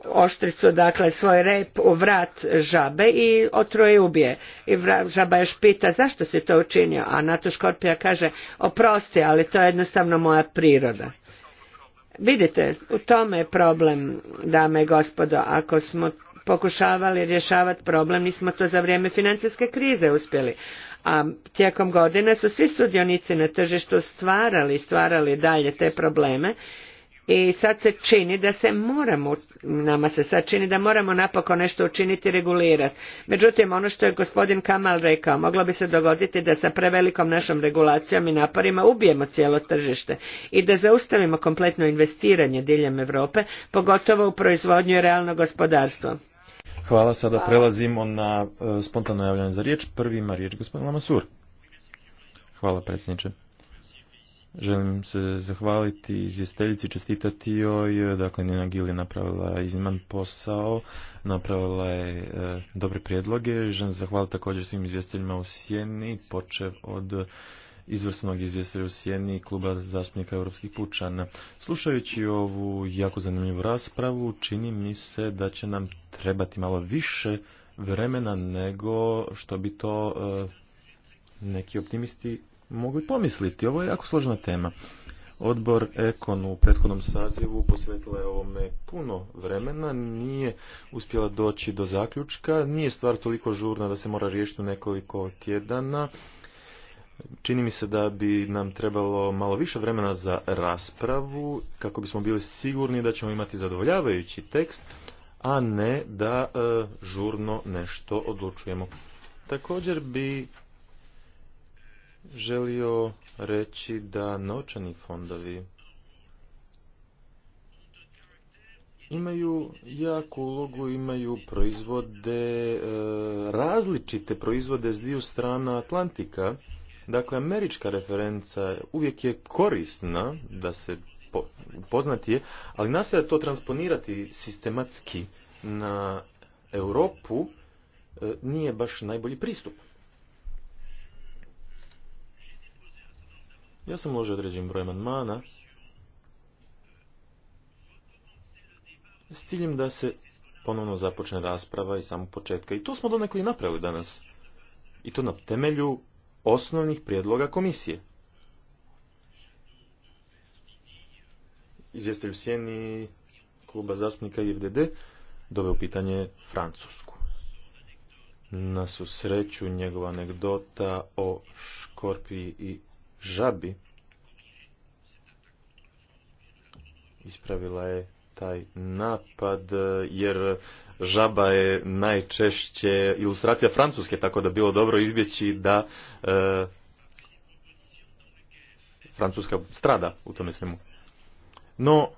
oštricu, dakle svoj rep u vrat žabe i otroje ubije. I žaba još pita zašto si to učinio, a na to škorpija kaže oprosti, ali to je jednostavno moja priroda. Vidite, u tome je problem, dame i gospodo, ako smo pokušavali rješavati problem, nismo to za vrijeme financijske krize uspjeli. A tijekom godina su svi sudionici na tržištu stvarali, stvarali dalje te probleme i sad se čini da se moramo, nama se sad čini da moramo napokon nešto učiniti i regulirati. Međutim, ono što je gospodin Kamal rekao, moglo bi se dogoditi da sa prevelikom našom regulacijom i naporima ubijemo cijelo tržište i da zaustavimo kompletno investiranje diljem Europe, pogotovo u proizvodnju i realno gospodarstvo. Hvala, sada prelazimo na e, spontano javljanje za riječ. Prvi ima riječ gospodin Lamasur. Hvala predsjedniče. Želim se zahvaliti izvjesteljici, čestitati joj. Dakle, Nina Gil napravila izniman posao, napravila je e, dobre prijedloge. Želim se zahvaliti također svim izvjesteljima u Sjeni, počev od izvrsnog izvjestelja u Sjeni kluba zastupnika europskih pučana. Slušajući ovu jako zanimljivu raspravu, čini mi se da će nam trebati malo više vremena nego što bi to e, neki optimisti mogli pomisliti. Ovo je jako složena tema. Odbor Ekon u prethodnom sazivu posvetila je ovome puno vremena, nije uspjela doći do zaključka, nije stvar toliko žurna da se mora riješiti u nekoliko tjedana. Čini mi se da bi nam trebalo malo više vremena za raspravu, kako bismo bili sigurni da ćemo imati zadovoljavajući tekst, a ne da e, žurno nešto odlučujemo. Također bi želio reći da novčani fondovi imaju jaku ulogu, imaju proizvode, e, različite proizvode s dviju strana Atlantika. Dakle, američka referenca uvijek je korisna da se poznati je, ali nastoja to transponirati sistematski na Europu e, nije baš najbolji pristup. Ja sam uložio određen broj amandmana s ciljem da se ponovno započne rasprava i samo početka. I to smo donekli i napravili danas. I to na temelju osnovnih prijedloga komisije. Izvjestelj u sjeni kluba zastupnika IFDD doveo pitanje Francusku. Na susreću njegova anegdota o škorpiji i žabi ispravila je taj napad, jer žaba je najčešće ilustracija francuske, tako da bilo dobro izbjeći da e, francuska strada u tome svemu. No,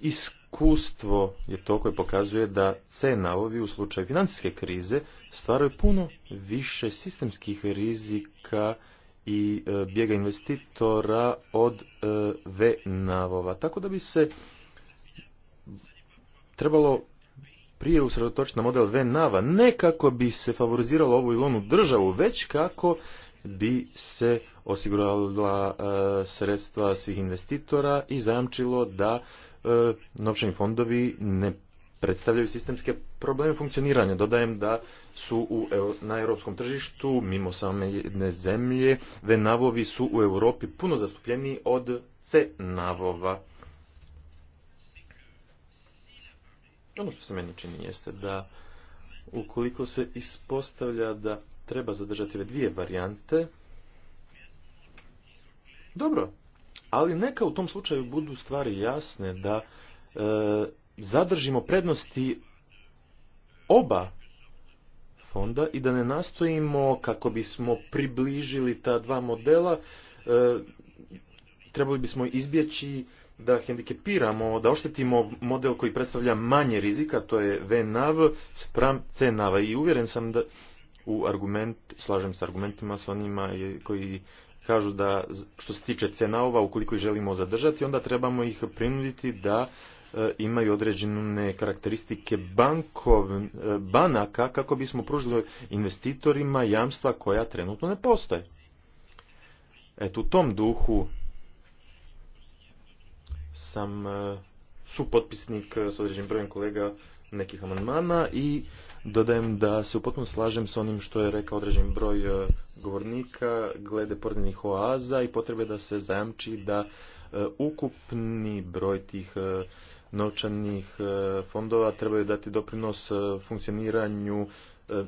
iskustvo je to koje pokazuje da C ovi u slučaju financijske krize stvaraju puno više sistemskih rizika i e, bijega investitora od e, V-navova. Tako da bi se trebalo prije usredotočiti na model venava nava ne kako bi se favoriziralo ovu ili onu državu, već kako bi se osigurala e, sredstva svih investitora i zajamčilo da novčani fondovi ne predstavljaju sistemske probleme funkcioniranja. Dodajem da su u, na europskom tržištu, mimo same jedne zemlje, venavovi su u Europi puno zastupljeniji od C-navova. Ono što se meni čini jeste da ukoliko se ispostavlja da treba zadržati ove dvije varijante, dobro, ali neka u tom slučaju budu stvari jasne da e, zadržimo prednosti oba fonda i da ne nastojimo kako bismo približili ta dva modela e, trebali bismo izbjeći da hendikepiramo, da oštetimo model koji predstavlja manje rizika, to je VNAV spram CNAV. I uvjeren sam da u argument, slažem se argumentima s onima koji kažu da što se tiče CNAV-ova, ukoliko ih želimo zadržati, onda trebamo ih prinuditi da E, imaju određene karakteristike bankov, e, banaka kako bismo pružili investitorima jamstva koja trenutno ne postoje. Eto, u tom duhu sam e, supotpisnik s određenim brojem kolega nekih amandmana i dodajem da se u potpuno slažem s onim što je rekao određen broj govornika glede pojedinih oaza i potrebe da se zajamči da ukupni broj tih novčanih e, fondova trebaju dati doprinos e, funkcioniranju e,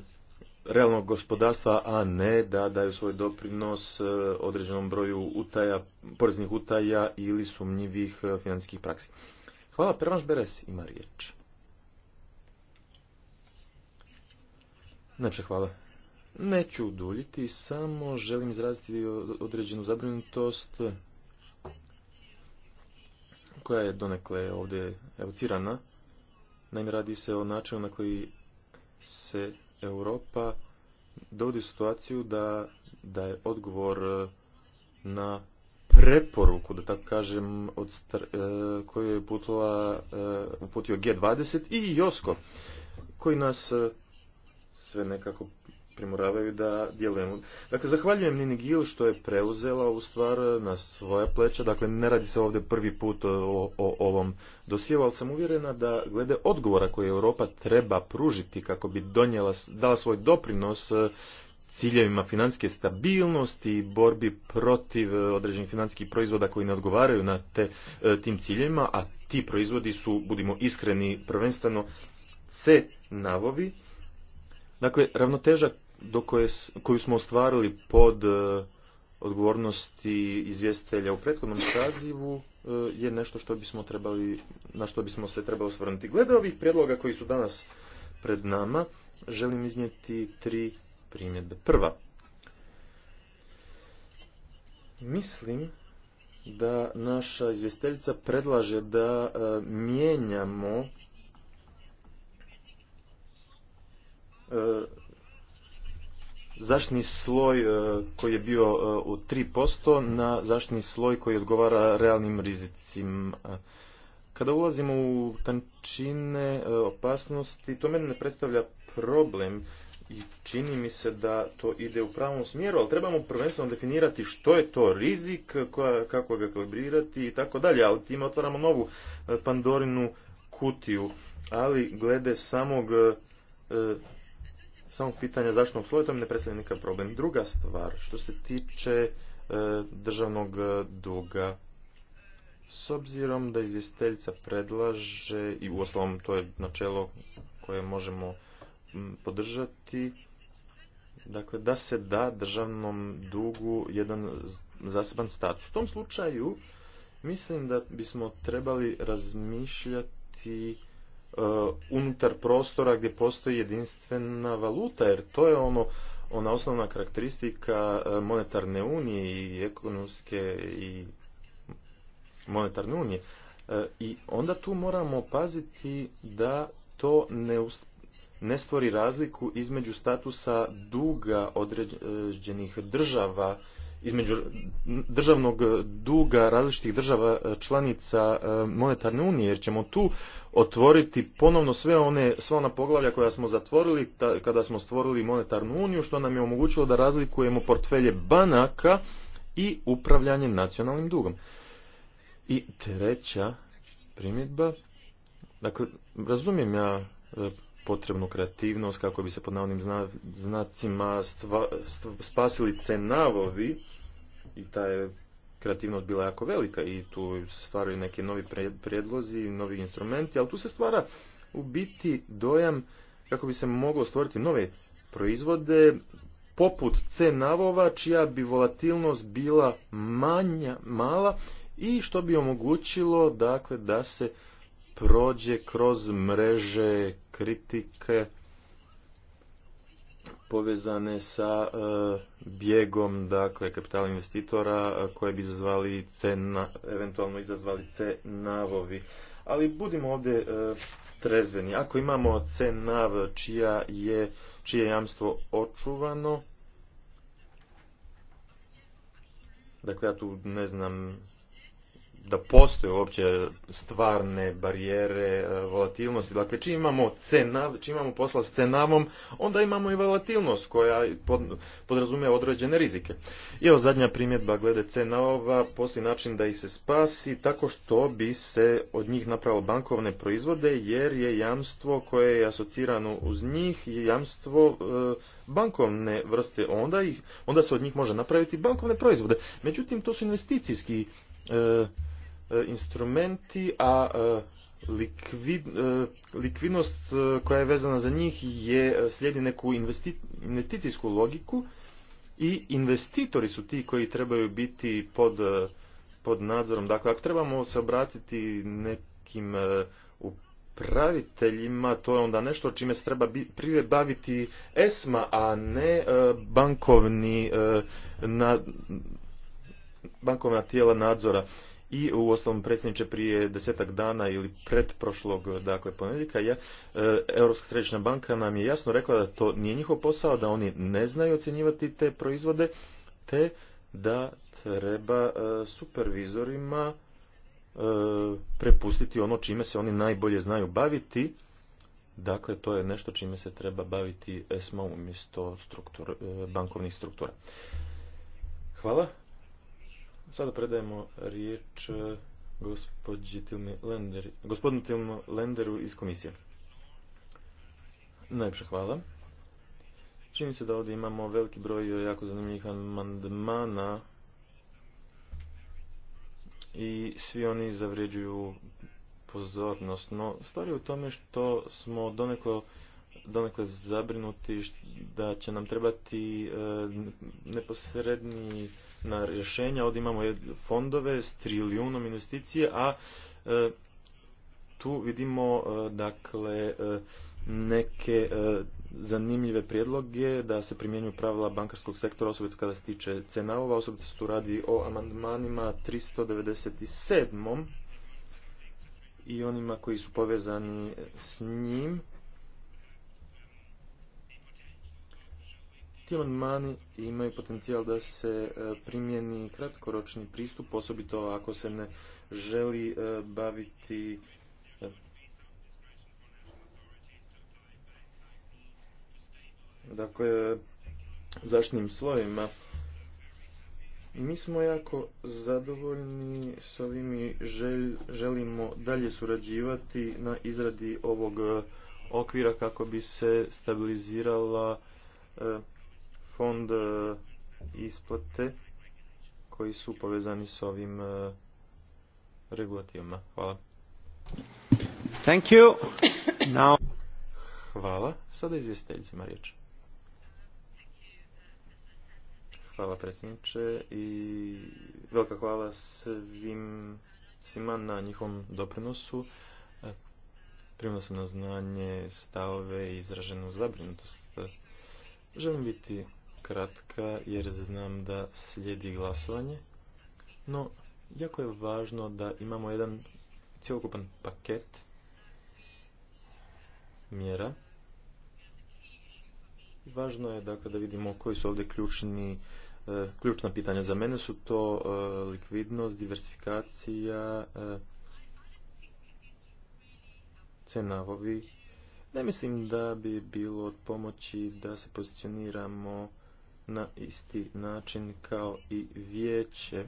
realnog gospodarstva, a ne da daju svoj doprinos određenom broju utaja, poreznih utaja ili sumnjivih financijskih praksi. Hvala, Pervanš Beres ima riječ. Najpše hvala. Neću uduljiti, samo želim izraziti određenu zabrinutost koja je donekle ovdje evocirana. Naime, radi se o načinu na koji se Europa dovodi u situaciju da, da je odgovor e, na preporuku, da tako kažem, od star, e, koju je putila, e, uputio G20 i Josko, koji nas sve nekako primoravaju da djelujemo. Dakle, zahvaljujem Nini Gil što je preuzela u stvar na svoja pleća. Dakle, ne radi se ovdje prvi put o, ovom dosijevu, ali sam uvjerena da glede odgovora koje Europa treba pružiti kako bi donijela, dala svoj doprinos e, ciljevima financijske stabilnosti i borbi protiv e, određenih financijskih proizvoda koji ne odgovaraju na te, e, tim ciljevima, a ti proizvodi su, budimo iskreni, prvenstveno C navovi. Dakle, ravnoteža do koju smo ostvarili pod e, odgovornosti izvjestitelja u prethodnom sazivu e, je nešto što bismo trebali, na što bismo se trebali osvrnuti. Glede ovih prijedloga koji su danas pred nama, želim iznijeti tri primjedbe. Prva, mislim da naša izvjestiteljica predlaže da e, mijenjamo zaštitni sloj e, koji je bio e, u 3% na zaštitni sloj koji odgovara realnim rizicima. Kada ulazimo u tančine e, opasnosti, to meni ne predstavlja problem i čini mi se da to ide u pravom smjeru, ali trebamo prvenstveno definirati što je to rizik, kako ga kalibrirati i tako dalje, ali time otvaramo novu Pandorinu kutiju. Ali glede samog samo pitanja zašto u to mi ne predstavlja nikakav problem. Druga stvar, što se tiče e, državnog e, duga, s obzirom da izvjestiteljica predlaže, i u uostalom to je načelo koje možemo podržati, dakle da se da državnom dugu jedan zaseban status. U tom slučaju mislim da bismo trebali razmišljati Uh, unutar prostora gdje postoji jedinstvena valuta, jer to je ono ona osnovna karakteristika uh, monetarne unije i ekonomske i monetarne unije. Uh, I onda tu moramo paziti da to ne, ne stvori razliku između statusa duga određenih država između državnog duga različitih država e, članica e, monetarne unije jer ćemo tu otvoriti ponovno sve one sva ona poglavlja koja smo zatvorili kada smo stvorili monetarnu uniju što nam je omogućilo da razlikujemo portfelje banaka i upravljanje nacionalnim dugom. I treća primjedba, dakle razumijem ja e, potrebnu kreativnost kako bi se pod navodnim znacima stva, stva, spasili cenavovi i ta je kreativnost bila jako velika i tu stvaraju neki novi prijedlozi, novi instrumenti, ali tu se stvara u biti dojam kako bi se moglo stvoriti nove proizvode poput C čija bi volatilnost bila manja, mala i što bi omogućilo dakle da se prođe kroz mreže kritike povezane sa e, bjegom dakle kapitala investitora koje bi izazvali cena, eventualno izazvali C navovi. Ali budimo ovdje e, trezveni. Ako imamo C je, čije jamstvo očuvano, dakle ja tu ne znam da postoje uopće stvarne barijere e, volatilnosti. Dakle, čim imamo, cena, čim imamo posla s cenavom, onda imamo i volatilnost koja podrazume određene rizike. I evo zadnja primjedba glede cenava, postoji način da ih se spasi tako što bi se od njih napravilo bankovne proizvode jer je jamstvo koje je asocirano uz njih je jamstvo e, bankovne vrste. Onda, ih, onda se od njih može napraviti bankovne proizvode. Međutim, to su investicijski e, E, instrumenti, a e, e, likvidnost koja je vezana za njih je slijedi neku investicijsku logiku i investitori su ti koji trebaju biti pod, pod nadzorom. Dakle, ako trebamo se obratiti nekim upraviteljima, to je onda nešto čime se treba prije baviti ESMA, a ne bankovni bankovna tijela nadzora i u osnovom predsjedniče prije desetak dana ili pretprošlog dakle ponedjeljka ja, e, Europska središnja banka nam je jasno rekla da to nije njihov posao, da oni ne znaju ocjenjivati te proizvode, te da treba e, supervizorima e, prepustiti ono čime se oni najbolje znaju baviti. Dakle, to je nešto čime se treba baviti ESMA umjesto bankovnih struktura. Hvala. Sada predajemo riječ e, gospodinu Lenderu iz komisije. Najpše hvala. Čini se da ovdje imamo veliki broj jako zanimljivih amandmana i svi oni zavređuju pozornost. No, stvar je u tome što smo donekle zabrinuti da će nam trebati e, neposredni na rješenja. Ovdje imamo fondove s trilijunom investicije, a e, tu vidimo e, dakle e, neke zanimljive prijedloge da se primjenju pravila bankarskog sektora, osobito kada se tiče cenavova, osobito se tu radi o amandmanima 397. i onima koji su povezani s njim. Ti amandmani imaju potencijal da se e, primjeni kratkoročni pristup, osobito ako se ne želi e, baviti e, dakle zaštnim slojima. Mi smo jako zadovoljni s ovim i želimo dalje surađivati na izradi ovog okvira kako bi se stabilizirala fond e, isplate koji su povezani s ovim e, regulativama. Hvala. Thank you. Now... Hvala. Sada izvjestiteljima riječ. Hvala predsjedniče i velika hvala svim, svima na njihovom doprinosu. E, primila sam na znanje stavove i izraženu zabrinutost. Želim biti kratka jer znam da slijedi glasovanje. No, jako je važno da imamo jedan cjelokupan paket mjera. Važno je dakle da vidimo koji su ovdje ključni e, ključna pitanja za mene su to e, likvidnost, diversifikacija, e, cenavovi. Ne mislim da bi bilo od pomoći da se pozicioniramo na isti način kao i vijeće.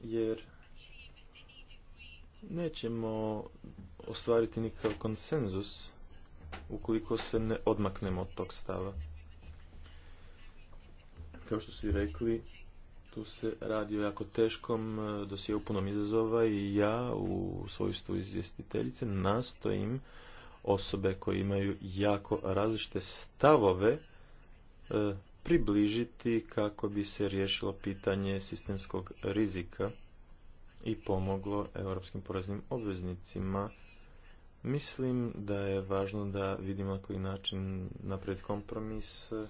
Jer nećemo ostvariti nikakav konsenzus ukoliko se ne odmaknemo od tog stava. Kao što su i rekli, tu se radi o jako teškom e, dosjeu punom izazova i ja u svojstvu izvjestiteljice nastojim osobe koje imaju jako različite stavove e, približiti kako bi se riješilo pitanje sistemskog rizika i pomoglo europskim poreznim obveznicima. Mislim da je važno da vidimo na koji način naprijed kompromis e,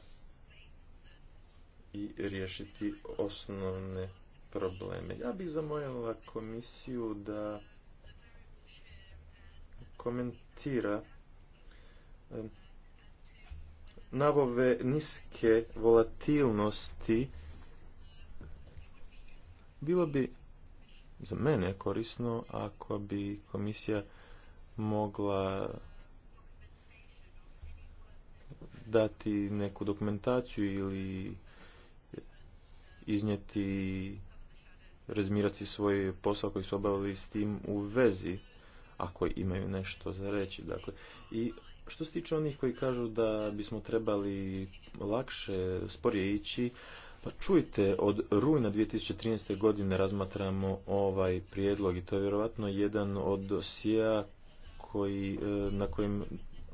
i riješiti osnovne probleme. Ja bih zamolila komisiju da komentirati navove nabave niske volatilnosti bilo bi za mene korisno ako bi komisija mogla dati neku dokumentaciju ili iznijeti, razmirati svoj posao koji su obavili s tim u vezi ako imaju nešto za reći. Dakle, I što se tiče onih koji kažu da bismo trebali lakše, sporije ići, pa čujte, od rujna 2013. godine razmatramo ovaj prijedlog i to je vjerojatno jedan od dosija koji, e, na kojem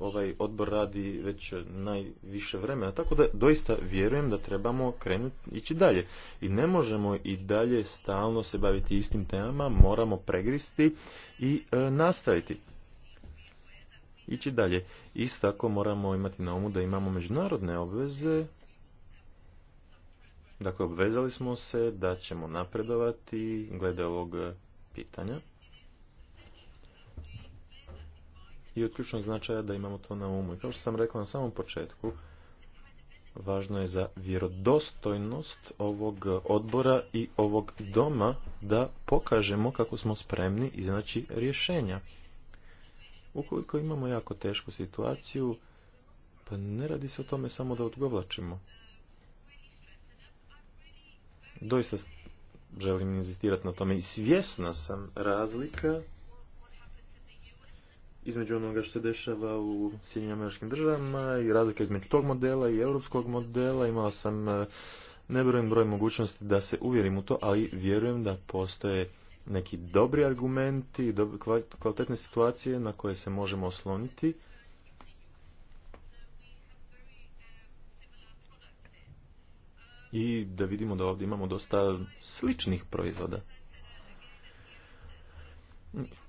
ovaj odbor radi već najviše vremena. Tako da doista vjerujem da trebamo krenuti ići dalje. I ne možemo i dalje stalno se baviti istim temama, moramo pregristi i e, nastaviti. Ići dalje. Isto tako moramo imati na umu da imamo međunarodne obveze. Dakle, obvezali smo se da ćemo napredovati glede ovog pitanja. i od ključnog značaja da imamo to na umu. I kao što sam rekao na samom početku, važno je za vjerodostojnost ovog odbora i ovog doma da pokažemo kako smo spremni iznaći rješenja. Ukoliko imamo jako tešku situaciju, pa ne radi se o tome samo da odgovlačimo. Doista želim inzistirati na tome i svjesna sam razlika između onoga što se dešava u Sjedinjenim američkim državama i razlika između tog modela i europskog modela. Imao sam e, nebrojen broj mogućnosti da se uvjerim u to, ali vjerujem da postoje neki dobri argumenti, kvalitetne situacije na koje se možemo osloniti. I da vidimo da ovdje imamo dosta sličnih proizvoda.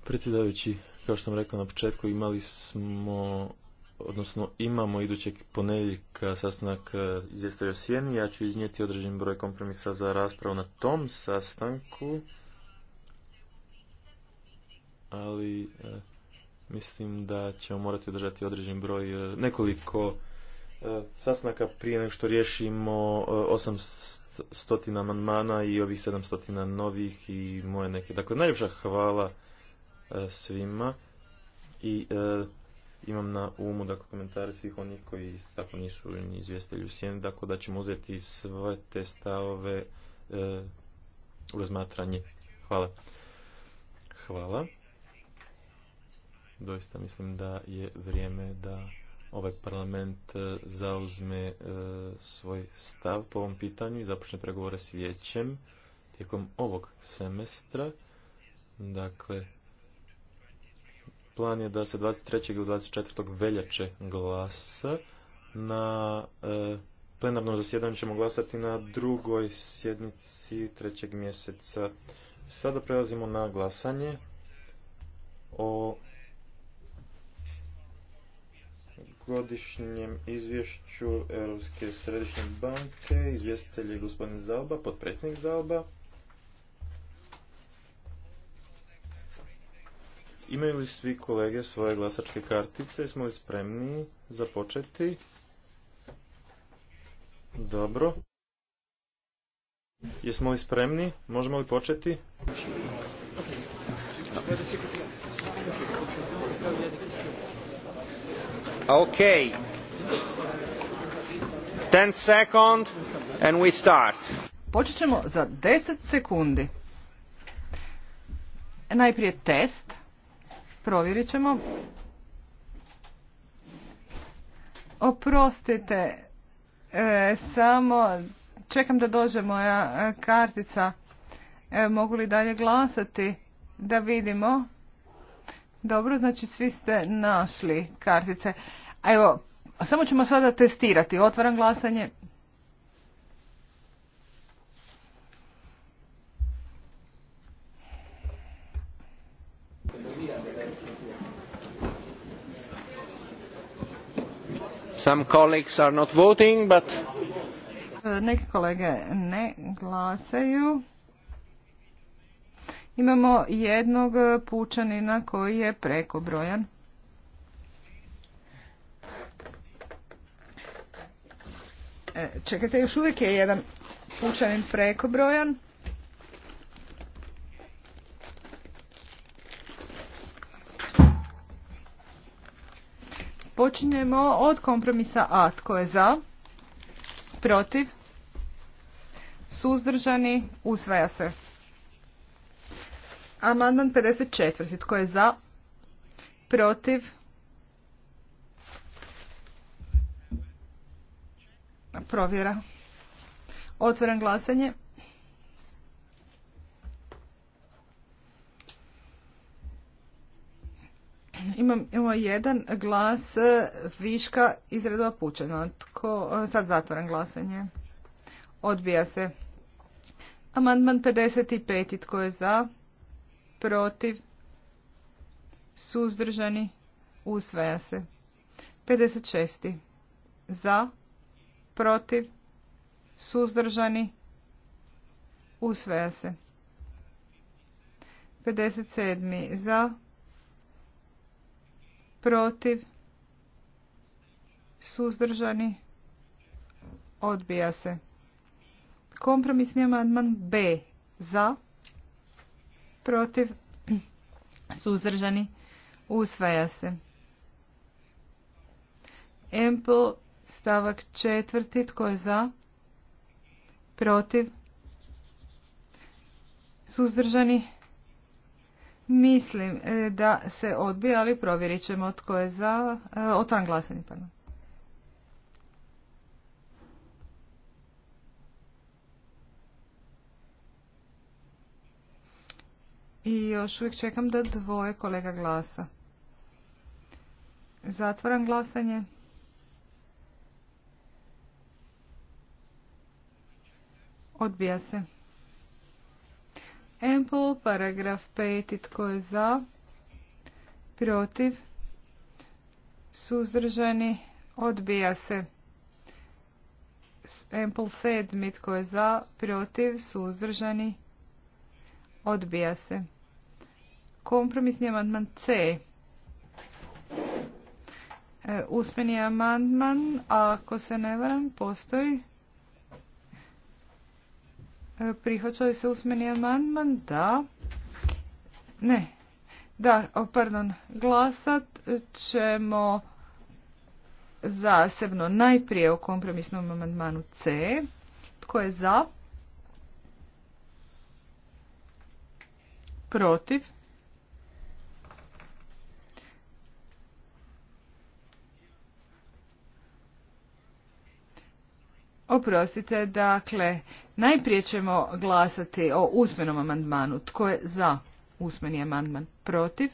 Predsjedavajući, kao što sam rekao na početku, imali smo odnosno imamo idućeg ponedjeljka sastanak e, iz o sjeni. Ja ću iznijeti određen broj kompromisa za raspravu na tom sastanku. Ali e, mislim da ćemo morati održati određen broj e, nekoliko sastanaka prije nego što riješimo 800 amandmana i ovih 700 novih i moje neke. Dakle, najljepša hvala E, svima i e, imam na umu dakle, komentare svih onih koji tako nisu ni izvjestili u sjeni, tako da ćemo uzeti sve te stavove e, u razmatranje. Hvala. Hvala. Doista mislim da je vrijeme da ovaj parlament zauzme svoj stav po ovom pitanju i započne pregovore s vijećem tijekom ovog semestra. Dakle, plan je da se 23. ili 24. veljače glasa. Na e, plenarnom zasjedanju ćemo glasati na drugoj sjednici trećeg mjeseca. Sada prelazimo na glasanje o godišnjem izvješću Europske središnje banke. Izvjestitelj je gospodin Zalba, potpredsjednik Zalba. Imaju li svi kolege svoje glasačke kartice? Jesmo li spremni započeti? Dobro. Jesmo li spremni? Možemo li početi? Ok. 10 second and we start. Počet ćemo za 10 sekundi. Najprije test. Provjerit ćemo. Oprostite, e, samo čekam da dođe moja e, kartica. E, mogu li dalje glasati? Da vidimo. Dobro, znači svi ste našli kartice. evo, samo ćemo sada testirati. Otvaram glasanje. Neki kolege ne glasaju. Imamo jednog pučanina koji je prekobrojan. E, čekajte, još uvijek je jedan pučanin prekobrojan. Počinjemo od kompromisa A. Tko je za? Protiv? Suzdržani? Usvaja se. Amandman 54. Tko je za? Protiv? Provjera. Otvoren glasanje. imam, imamo jedan glas e, viška iz redova Tko, e, sad zatvoram glasanje. Odbija se. Amandman 55. Tko je za? Protiv? Suzdržani? Usvaja se. 56. Za? Protiv? Suzdržani? Usvaja se. 57. Za? protiv, suzdržani, odbija se. Kompromisni amandman B za, protiv, suzdržani, usvaja se. Empl stavak četvrti, tko je za, protiv, suzdržani, Mislim e, da se odbija, ali provjerit ćemo tko je za... E, otvaram glasanje, pardon. I još uvijek čekam da dvoje kolega glasa. Zatvaram glasanje. Odbija se. Empol, paragraf 5. tko je za? Protiv? Suzdržani? Odbija se. Empol 7. Tko je za? Protiv? Suzdržani? Odbija se. Kompromisni amandman C. E, usmeni amandman, ako se ne varam, postoji. E, prihvaća li se usmeni amandman? Da. Ne. Da, pardon. Glasat ćemo zasebno najprije o kompromisnom amandmanu C. Tko je za? Protiv? Oprostite, dakle, Najprije ćemo glasati o usmenom amandmanu. Tko je za usmeni amandman? Protiv?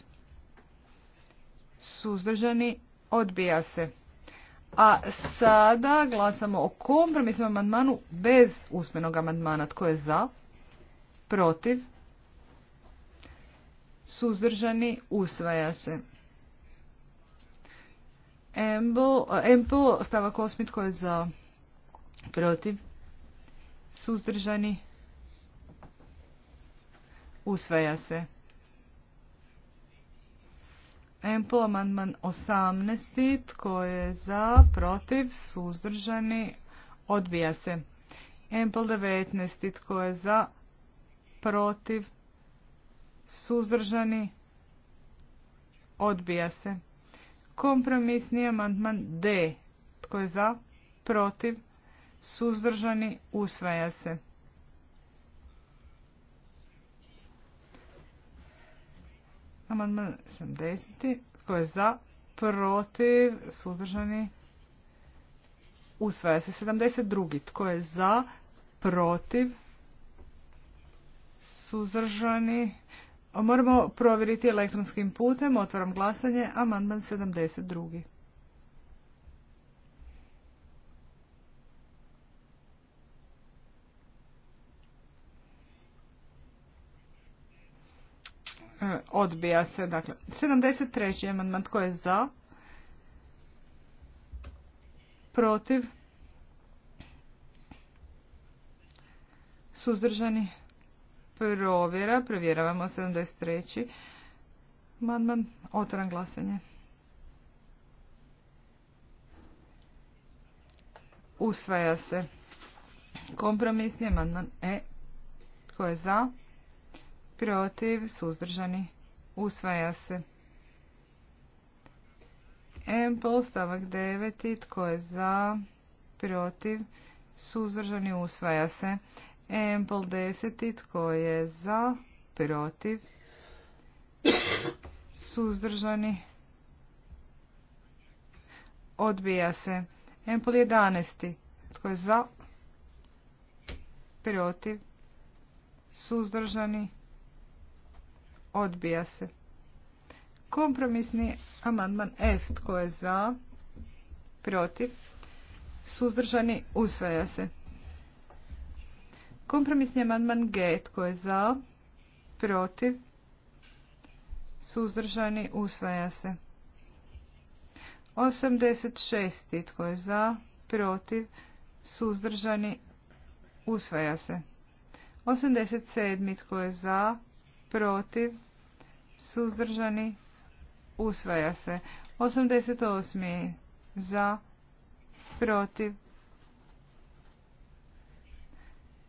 Suzdržani? Odbija se. A sada glasamo o kompromisnom amandmanu bez usmenog amandmana. Tko je za? Protiv? Suzdržani? Usvaja se. Ample, stavak osmi, tko je za? Protiv? suzdržani, usvaja se. Empol amandman 18. Tko je za, protiv, suzdržani, odbija se. Empol 19. Tko je za, protiv, suzdržani, odbija se. Kompromisni amandman D. Tko je za, protiv, suzdržani, usvaja se. Amandman, 70. Tko je za? Protiv? Suzdržani? Usvaja se. 72. Tko je za? Protiv? Suzdržani? Moramo provjeriti elektronskim putem. Otvaram glasanje. Amandman 72. odbija se. Dakle, 73. amandman tko je za? Protiv? Suzdržani? Provjera. Provjeravamo 73. amandman. Otvoran glasanje. Usvaja se. Kompromisni amandman E. Tko je za? protiv, suzdržani, usvaja se. Empol, stavak 9. Tko je za? Protiv. Suzdržani usvaja se. pol 10. Tko je za? Protiv. Suzdržani. Odbija se. Empol 11. Tko je za? Protiv. Suzdržani. Odbija se. Kompromisni amandman F. Tko je za? Protiv. Suzdržani. Usvaja se. Kompromisni amandman G. Tko je za? Protiv. Suzdržani. Usvaja se. 86. Tko je za? Protiv. Suzdržani. Usvaja se. 87. Tko je za? protiv, suzdržani, usvaja se. 88. za, protiv,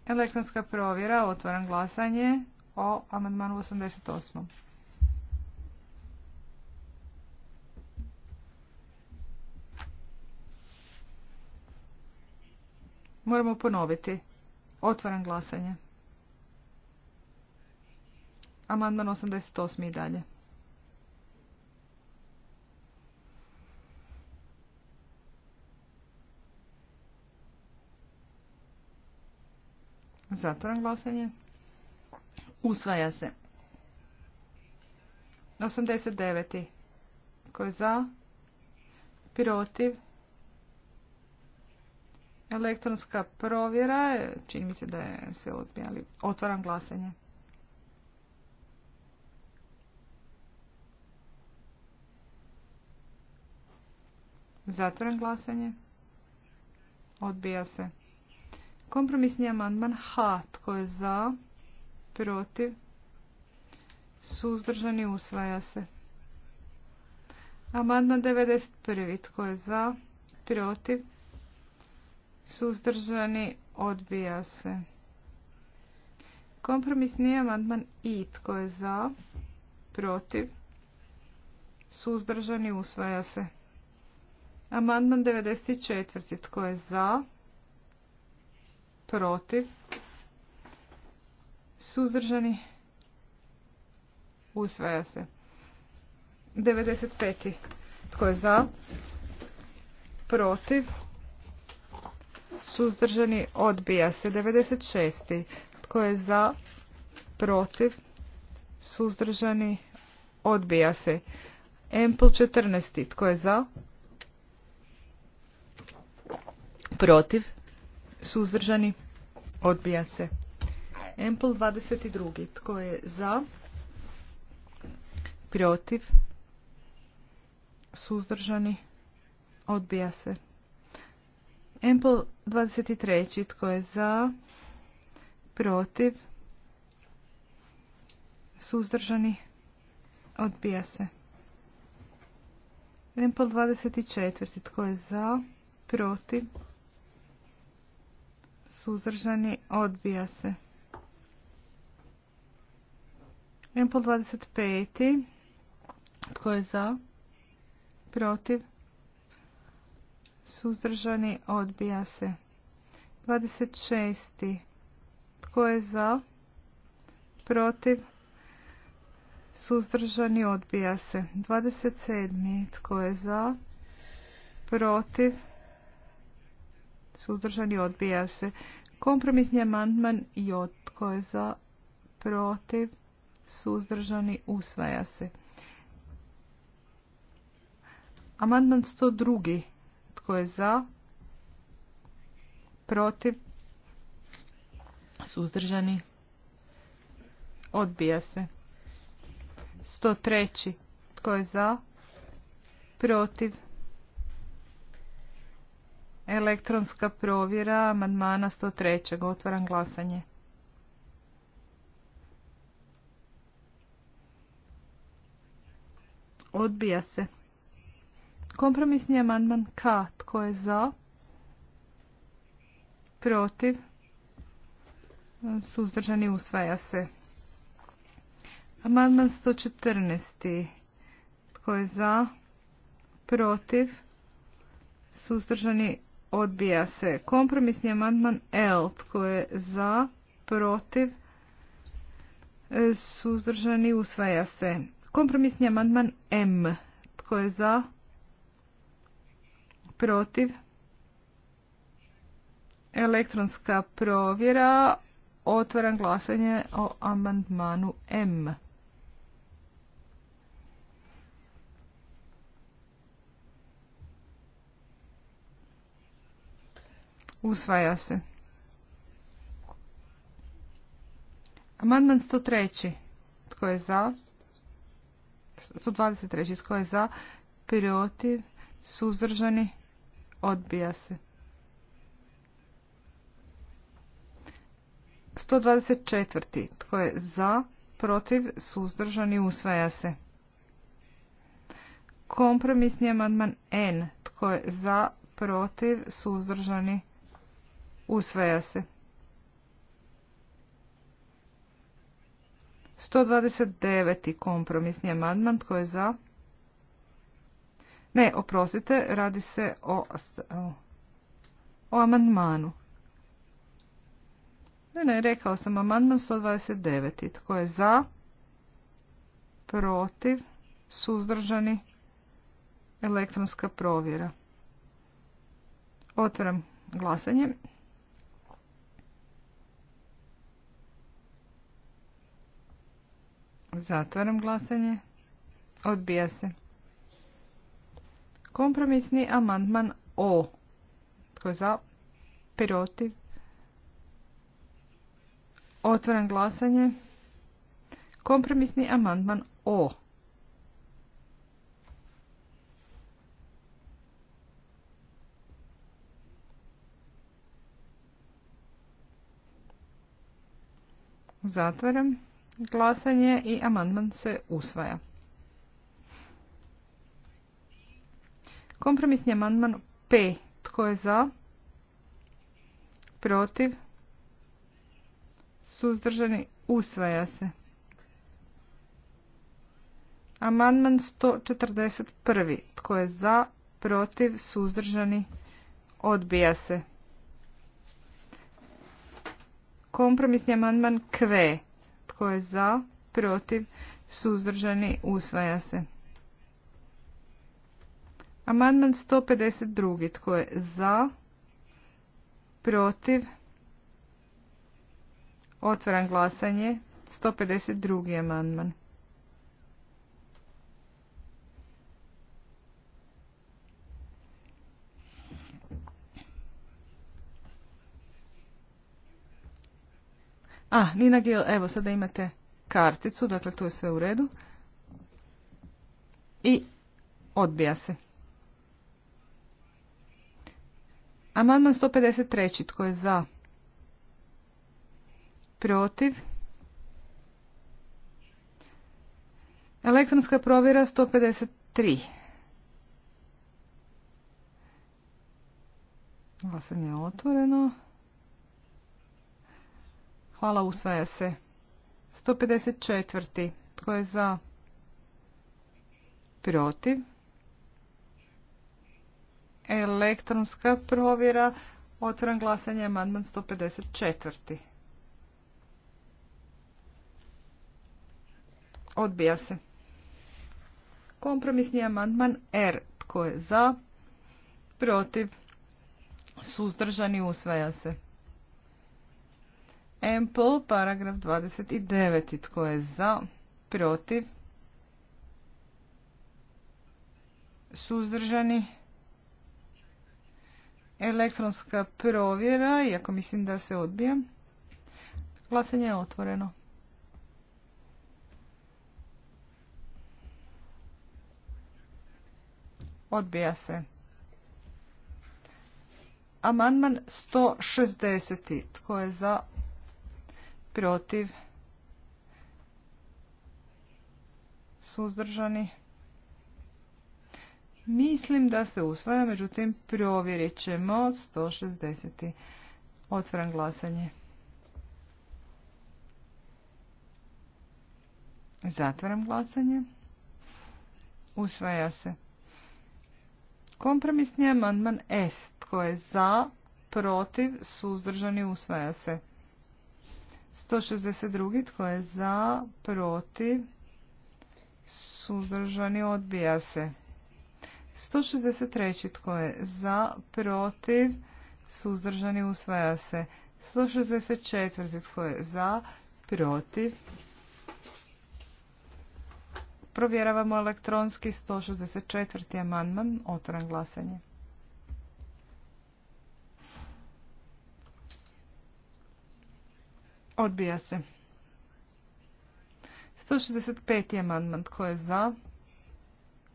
elektronska provjera, otvoran glasanje o amandmanu 88. Moramo ponoviti. Otvaram glasanje. Amandman 88. i dalje. Zatvoram glasanje. Usvaja se. 89. Ko je za? Pirotiv. Elektronska provjera. Čini mi se da je se odbijali. Otvaram glasanje. Zatvoren glasanje. Odbija se. Kompromisni amandman H. Tko je za? Protiv? Suzdržani usvaja se. Amandman 91. Tko je za? Protiv? Suzdržani odbija se. Kompromisni amandman I. Tko je za? Protiv? Suzdržani usvaja se. Amandman 94. Tko je za? Protiv? Suzdržani? Usvaja se. 95. Tko je za? Protiv? Suzdržani? Odbija se. 96. Tko je za? Protiv? Suzdržani? Odbija se. Empl 14. Tko je za? protiv, suzdržani, odbija se. Empl 22. Tko je za? Protiv? Suzdržani? Odbija se. Empl 23. Tko je za? Protiv? Suzdržani? Odbija se. Empl 24. Tko je za? Protiv? suzdržani, odbija se. Impo 25. Tko je za? Protiv? Suzdržani, odbija se. 26. Tko je za? Protiv? Suzdržani, odbija se. 27. Tko je za? Protiv? suzdržani odbija se. Kompromisni amandman i tko je za protiv suzdržani usvaja se. Amandman 102. Tko je za? Protiv? Suzdržani? Odbija se. 103. Tko je za? Protiv? Elektronska provjera amandmana 103. Otvaram glasanje. Odbija se. Kompromisni amandman K. Tko je za? Protiv? Suzdržani usvaja se. Amandman 114. Tko je za? Protiv? Suzdržani odbija se. Kompromisni amandman L, tko je za, protiv, suzdržani, usvaja se. Kompromisni amandman M, tko je za, protiv, elektronska provjera, otvaram glasanje o amandmanu M. Usvaja se. Amandman 103. Tko je za? 123. Tko je za? Protiv. Suzdržani. Odbija se. 124. Tko je za? Protiv. Suzdržani. Usvaja se. Kompromisni amandman N. Tko je za? Protiv. Suzdržani. Usvaja se. 129. kompromisni amandman. Tko je za? Ne, oprostite, radi se o, o amandmanu. Ne, ne, rekao sam amandman 129. Tko je za? Protiv? Suzdržani? Elektronska provjera. Otvaram glasanje. Zatvaram glasanje. Odbija se. Kompromisni amandman O. Tko je za? Protiv. Otvaram glasanje. Kompromisni amandman O. Zatvaram glasanje i amandman se usvaja. Kompromisni amandman P. Tko je za? Protiv? Suzdržani? Usvaja se. Amandman 141. Tko je za? Protiv? Suzdržani? Odbija se. Kompromisni amandman Q. Tko je za? Protiv? Suzdržani? Usvaja se. Amandman 152. Tko je za? Protiv? Otvaram glasanje. 152. amandman. A, Nina Gil, evo, sada imate karticu, dakle tu je sve u redu. I odbija se. Amandman 153. Tko je za? Protiv? Elektronska provjera 153. Glasanje je otvoreno. Hvala, usvaja se. 154. Tko je za? Protiv. Elektronska provjera. Otvoren glasanje, amandman 154. Odbija se. Kompromisni amandman R. Tko je za? Protiv. Suzdržani usvaja se. Ample, paragraf 29. Tko je za? Protiv? Suzdržani? Elektronska provjera, iako mislim da se odbija. Glasanje je otvoreno. Odbija se. Amandman 160. Tko je za protiv, suzdržani. Mislim da se usvaja, međutim provjerit ćemo 160. Otvaram glasanje. Zatvaram glasanje. Usvaja se. Kompromisni amandman S. Tko je za, protiv, suzdržani, usvaja se. 162. Tko je za? Protiv? Suzdržani odbija se. 163. Tko je za? Protiv? Suzdržani usvaja se. 164. Tko je za? Protiv? Provjeravamo elektronski 164. amandman. Otvoran glasanje. Odbija se. 165. amandman. Tko je za?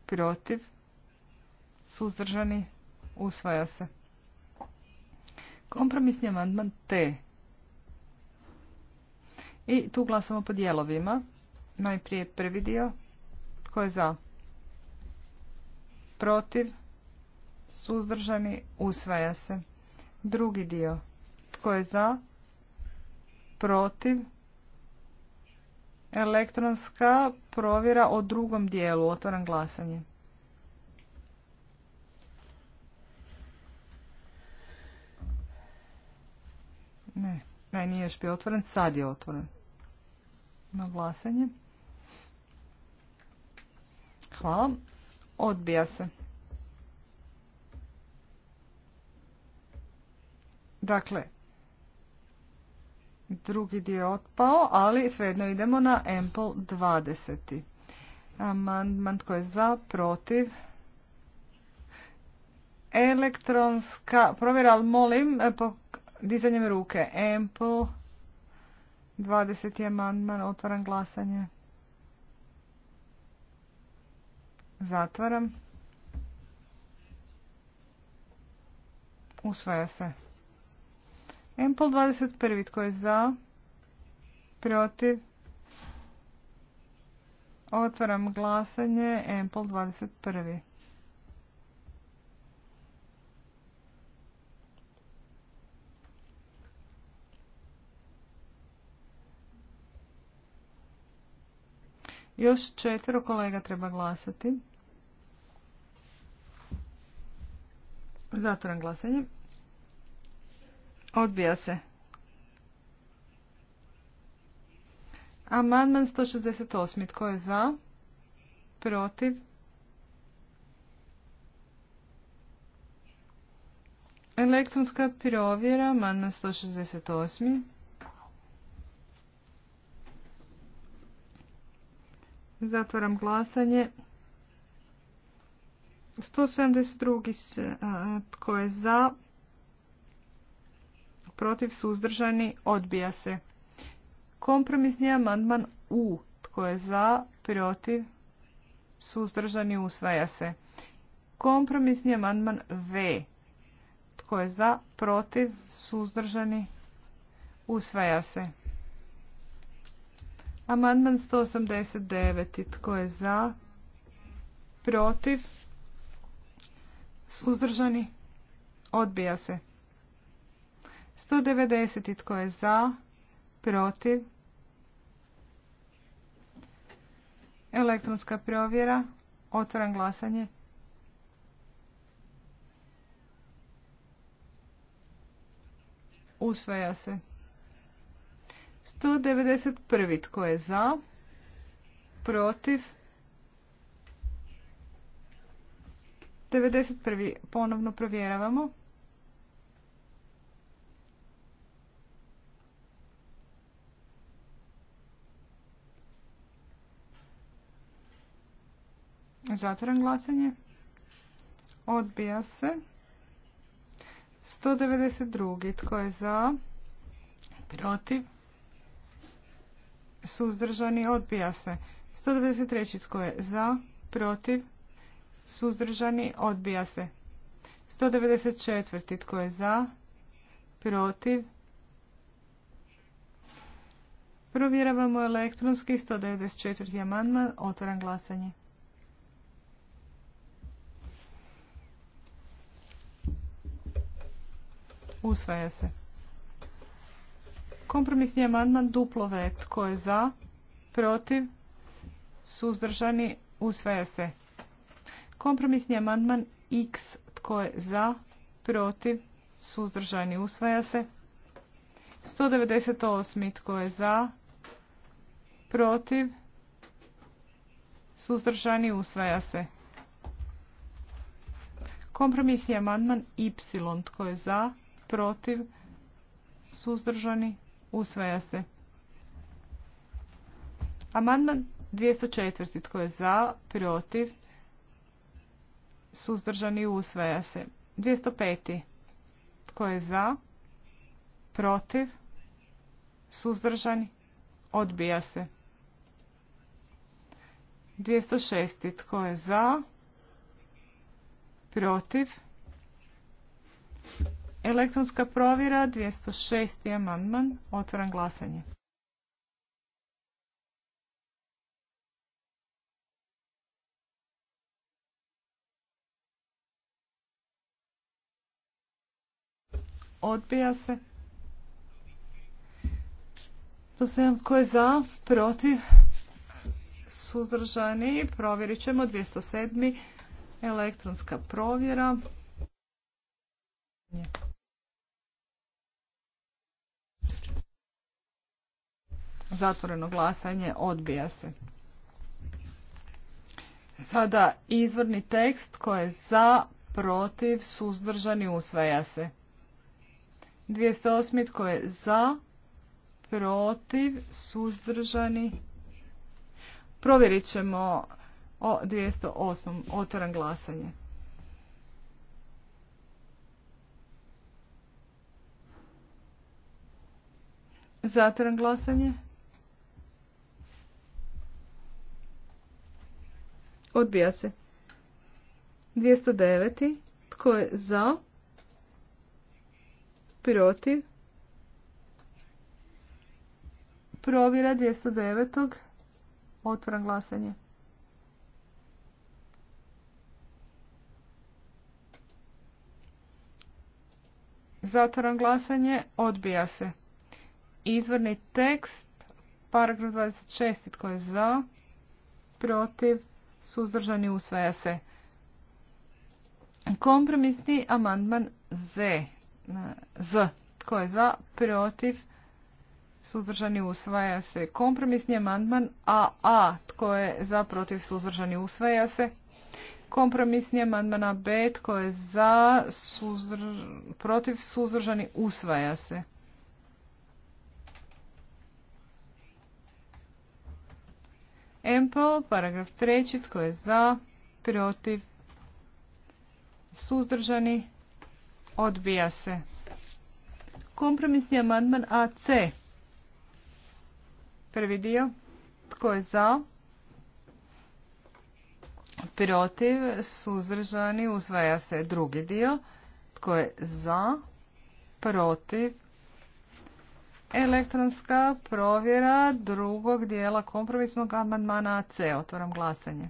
Protiv? Suzdržani? Usvaja se. Kompromisni amandman T. I tu glasamo po dijelovima. Najprije prvi dio. Tko je za? Protiv? Suzdržani? Usvaja se. Drugi dio. Tko je za? protiv. Elektronska provjera o drugom dijelu. Otvaram glasanje. Ne, ne, nije još bio otvoren. Sad je otvoren. Na glasanje. Hvala. Odbija se. Dakle, drugi dio otpao, ali svejedno idemo na Ample 20. Amandman tko je za, protiv. Elektronska provjera, ali molim, eh, po dizanjem ruke. Ample 20. amandman, otvaram glasanje. Zatvaram. Usvaja se. Empol 21. Tko je za? Protiv? Otvaram glasanje. Empol 21. Još četiri kolega treba glasati. Zatvoram glasanje. Odbija se. Amandman 168. Tko je za? Protiv? Elektronska provjera, amandman 168. Zatvaram glasanje. 172. Tko je za? protiv, suzdržani, odbija se. Kompromisni amandman U, tko je za, protiv, suzdržani, usvaja se. Kompromisni amandman V, tko je za, protiv, suzdržani, usvaja se. Amandman 189. Tko je za? Protiv? Suzdržani? Odbija se. 190. Tko je za? Protiv? Elektronska provjera. Otvaram glasanje. Usvaja se. 191. Tko je za? Protiv? 91. Ponovno provjeravamo. Zatvaram glasanje. Odbija se. 192. Tko je za? Protiv. Suzdržani. Odbija se. 193. Tko je za? Protiv. Suzdržani. Odbija se. 194. Tko je za? Protiv. Provjeravamo elektronski 194. amandman. otvaram glasanje. usvaja se. Kompromisni amandman duplo V. Tko je za? Protiv? Suzdržani? Usvaja se. Kompromisni amandman X. Tko je za? Protiv? Suzdržani? Usvaja se. 198. Tko je za? Protiv? Suzdržani? Usvaja se. Kompromisni amandman Y. Tko je za? protiv, suzdržani, usvaja se. Amandman 204. Tko je za, protiv, suzdržani, usvaja se. 205. Tko je za, protiv, suzdržani, odbija se. 206. Tko je za? Protiv? Elektronska provjera 206. amandman. Otvaram glasanje. Odbija se. To se tko je za, protiv, suzdržani. Provjerit ćemo 207. elektronska provjera. Zatvoreno glasanje odbija se. Sada izvorni tekst koji je za, protiv, suzdržani, usvaja se. 208. tko je za, protiv, suzdržani. Provjerit ćemo o 208. Otvaram glasanje. Zatvaram glasanje. Odbija se. 209. Tko je za? Protiv. Provjera 209. Otvoram glasanje. Zatvoram glasanje. Odbija se. Izvorni tekst. Paragraf 26. Tko je za? Protiv suzdržani usvaja se. Kompromisni amandman Z. Z. Tko je za? Protiv. Suzdržani usvaja se. Kompromisni amandman A. Tko je za? Protiv. Suzdržani usvaja se. Kompromisni amandman B. Tko je za? Protiv. Suzdržani usvaja se. Empel, paragraf treći, Tko je za? Protiv? Suzdržani? Odbija se. Kompromisni amandman AC. Prvi dio. Tko je za? Protiv? Suzdržani? Usvaja se drugi dio. Tko je za? Protiv? elektronska provjera drugog dijela kompromisnog amandmana C. Otvaram glasanje.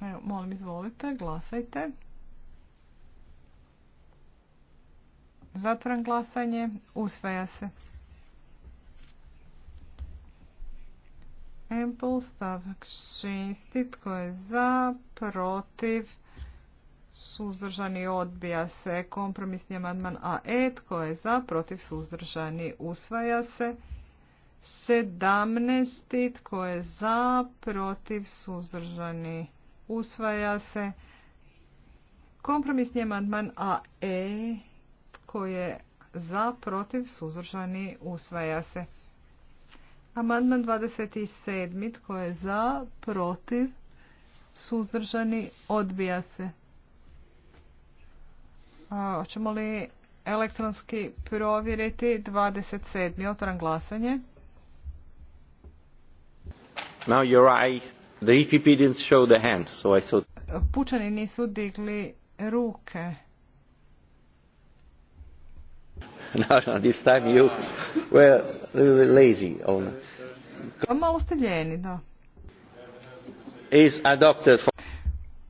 Evo, molim, izvolite, glasajte. Zatvoram glasanje, usvaja se. Ample stavak šestit Tko je za, protiv, suzdržani odbija se kompromisni amandman a e, tko je za protiv suzdržani usvaja se sedamnesti tko je za protiv suzdržani usvaja se kompromisni amandman a e tko je za protiv suzdržani usvaja se amandman 27 tko je za protiv suzdržani odbija se Hoćemo li elektronski provjeriti 27. Otvaram glasanje. Now your eyes, the EPP didn't show the hand, so I thought... Pučani nisu digli ruke. No, no, this time you were lazy. On. Pa malo ste ljeni, da. Is adopted for...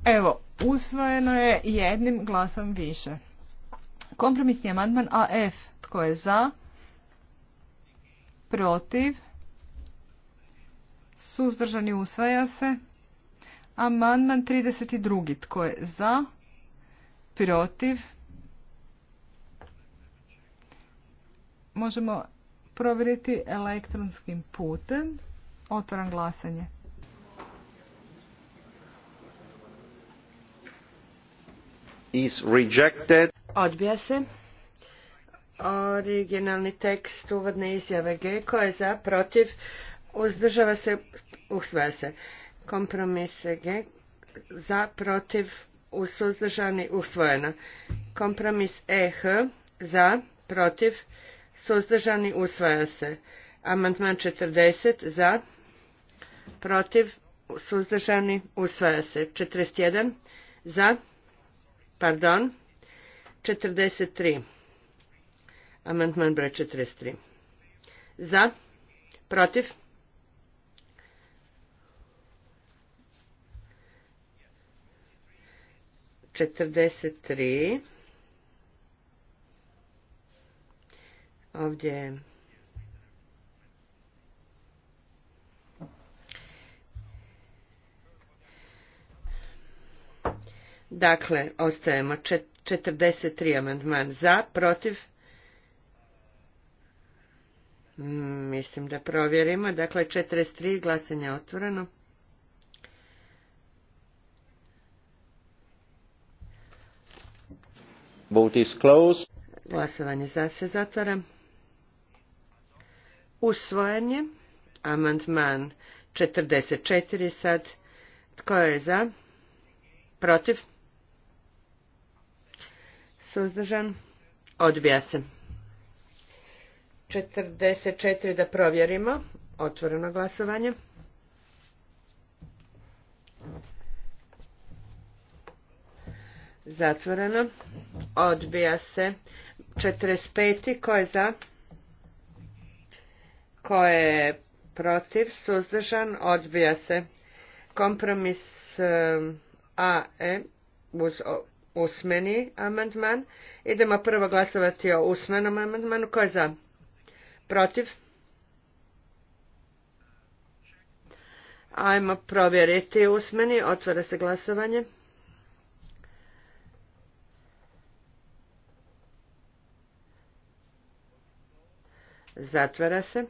Evo, usvojeno je jednim glasom više. Kompromisni amandman AF. Tko je za? Protiv? Suzdržani usvaja se. Amandman 32. Tko je za? Protiv? Možemo provjeriti elektronskim putem. Otvaram glasanje. Is rejected. Odbija se. Originalni tekst uvodne izjave G koja je za, protiv, uzdržava se, usvaja se. Kompromis G za, protiv, suzdržani, usvojena. Kompromis EH za, protiv, suzdržani, usvaja se. Amandman 40 za, protiv, suzdržani, usvaja se. 41 za, pardon, 43. Amandman broj 43. Za? Protiv? Četrdeset tri. Ovdje Dakle, ostajemo četrdeset. 43 amandman za, protiv. Mm, mislim da provjerimo. Dakle, 43 glasanje otvoreno. Vote Glasovanje za se zatvara. Usvojen je amandman 44 sad. Tko je za? Protiv? Suzdržan? Odbija se. 44 da provjerimo. Otvoreno glasovanje. Zatvoreno. Odbija se. 45. Ko je za? Ko je protiv? Suzdržan? Odbija se. Kompromis um, AE uz usmeni amandman. Idemo prvo glasovati o usmenom amandmanu. Ko je za? Protiv? Ajmo provjeriti usmeni. Otvara se glasovanje. Zatvara se.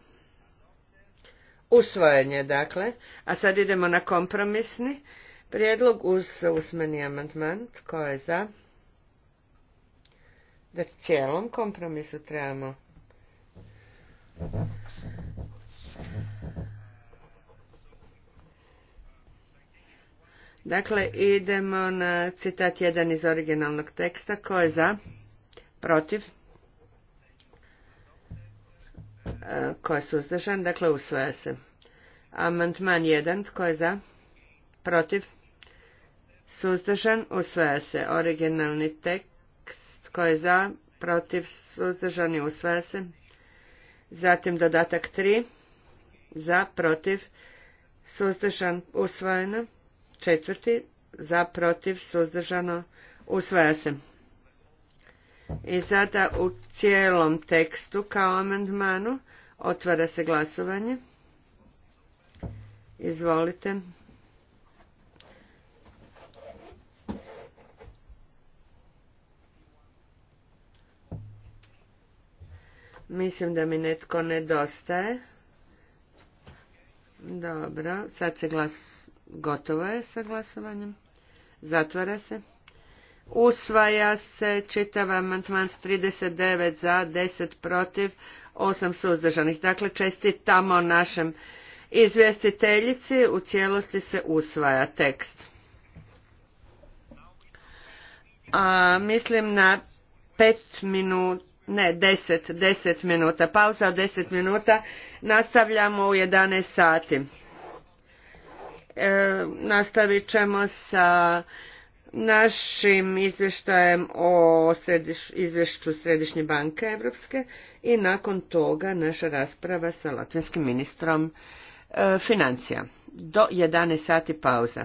Usvojen je, dakle. A sad idemo na kompromisni. Prijedlog uz usmeni amandman. Tko je za? Da cijelom kompromisu trebamo Dakle, idemo na citat jedan iz originalnog teksta. tko je za? Protiv? E, tko je suzdržan? Dakle, usvoja se. Amantman jedan, Tko je za? Protiv? suzdržan, usvaja se. Originalni tekst koji je za, protiv, i usvaja se. Zatim dodatak 3, za, protiv, suzdržan, usvojeno. Četvrti, za, protiv, suzdržano, usvaja se. I sada u cijelom tekstu kao amandmanu otvara se glasovanje. Izvolite. Mislim da mi netko nedostaje. Dobro, sad se glas... Gotovo je sa glasovanjem. Zatvara se. Usvaja se čitava amantman s 39 za, 10 protiv, 8 suzdržanih. Dakle, čestitamo našem izvjestiteljici. U cijelosti se usvaja tekst. A, mislim na pet minuta ne, deset, deset minuta, pauza od deset minuta, nastavljamo u 11 sati. E, nastavit ćemo sa našim izvještajem o središ, izvješću Središnje banke Evropske i nakon toga naša rasprava sa latvijanskim ministrom e, financija. Do 11 sati pauza.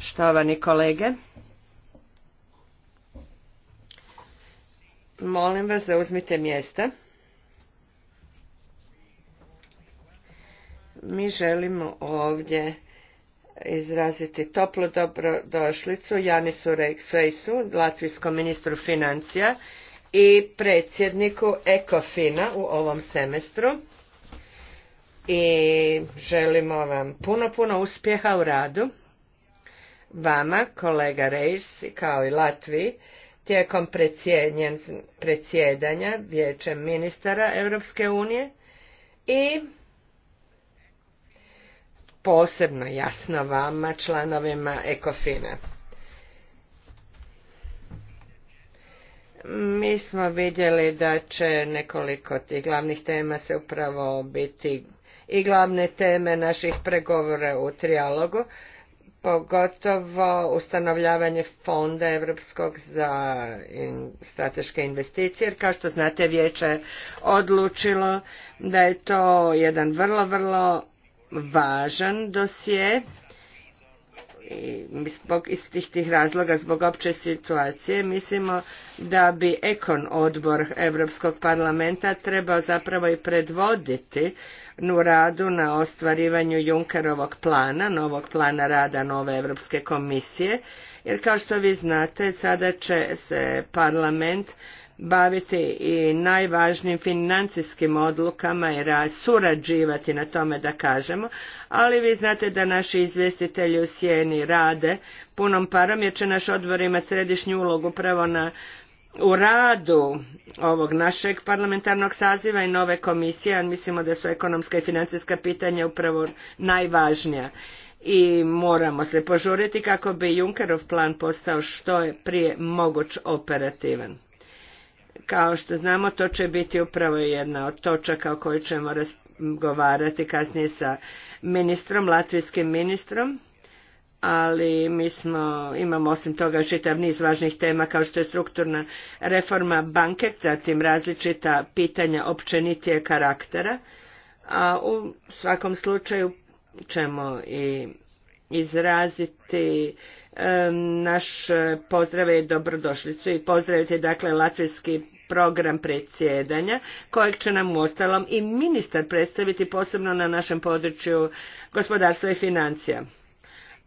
Štovani kolege, molim vas da uzmite mjesta. Mi želimo ovdje izraziti toplu dobrodošlicu Janisu Reksvejsu, latvijskom ministru financija i predsjedniku ECOFINA u ovom semestru i želimo vam puno, puno uspjeha u radu. Vama, kolega Reis, kao i Latviji, tijekom predsjedanja vijećem ministara Europske unije i posebno jasno vama, članovima Ekofina. Mi smo vidjeli da će nekoliko tih glavnih tema se upravo biti i glavne teme naših pregovora u trijalogu, pogotovo ustanovljavanje fonda europskog za strateške investicije, jer kao što znate vijeće je odlučilo da je to jedan vrlo, vrlo važan dosje i zbog istih tih razloga, zbog opće situacije, mislimo da bi Ekon odbor Europskog parlamenta trebao zapravo i predvoditi u radu na ostvarivanju Junkerovog plana, novog plana rada nove Europske komisije, jer kao što vi znate, sada će se parlament baviti i najvažnijim financijskim odlukama i surađivati na tome da kažemo, ali vi znate da naši izvjestitelji u sjeni rade punom parom jer će naš odbor imati središnju ulogu upravo na u radu ovog našeg parlamentarnog saziva i nove komisije, a mislimo da su ekonomska i financijska pitanja upravo najvažnija i moramo se požuriti kako bi Junkerov plan postao što je prije moguć operativan. Kao što znamo, to će biti upravo jedna od točaka o kojoj ćemo razgovarati kasnije sa ministrom, latvijskim ministrom ali mi smo, imamo osim toga čitav niz važnih tema kao što je strukturna reforma banke, zatim različita pitanja općenitije karaktera, a u svakom slučaju ćemo i izraziti naš e, pozdrav i dobrodošlicu i pozdraviti dakle latvijski program predsjedanja kojeg će nam uostalom i ministar predstaviti posebno na našem području gospodarstva i financija.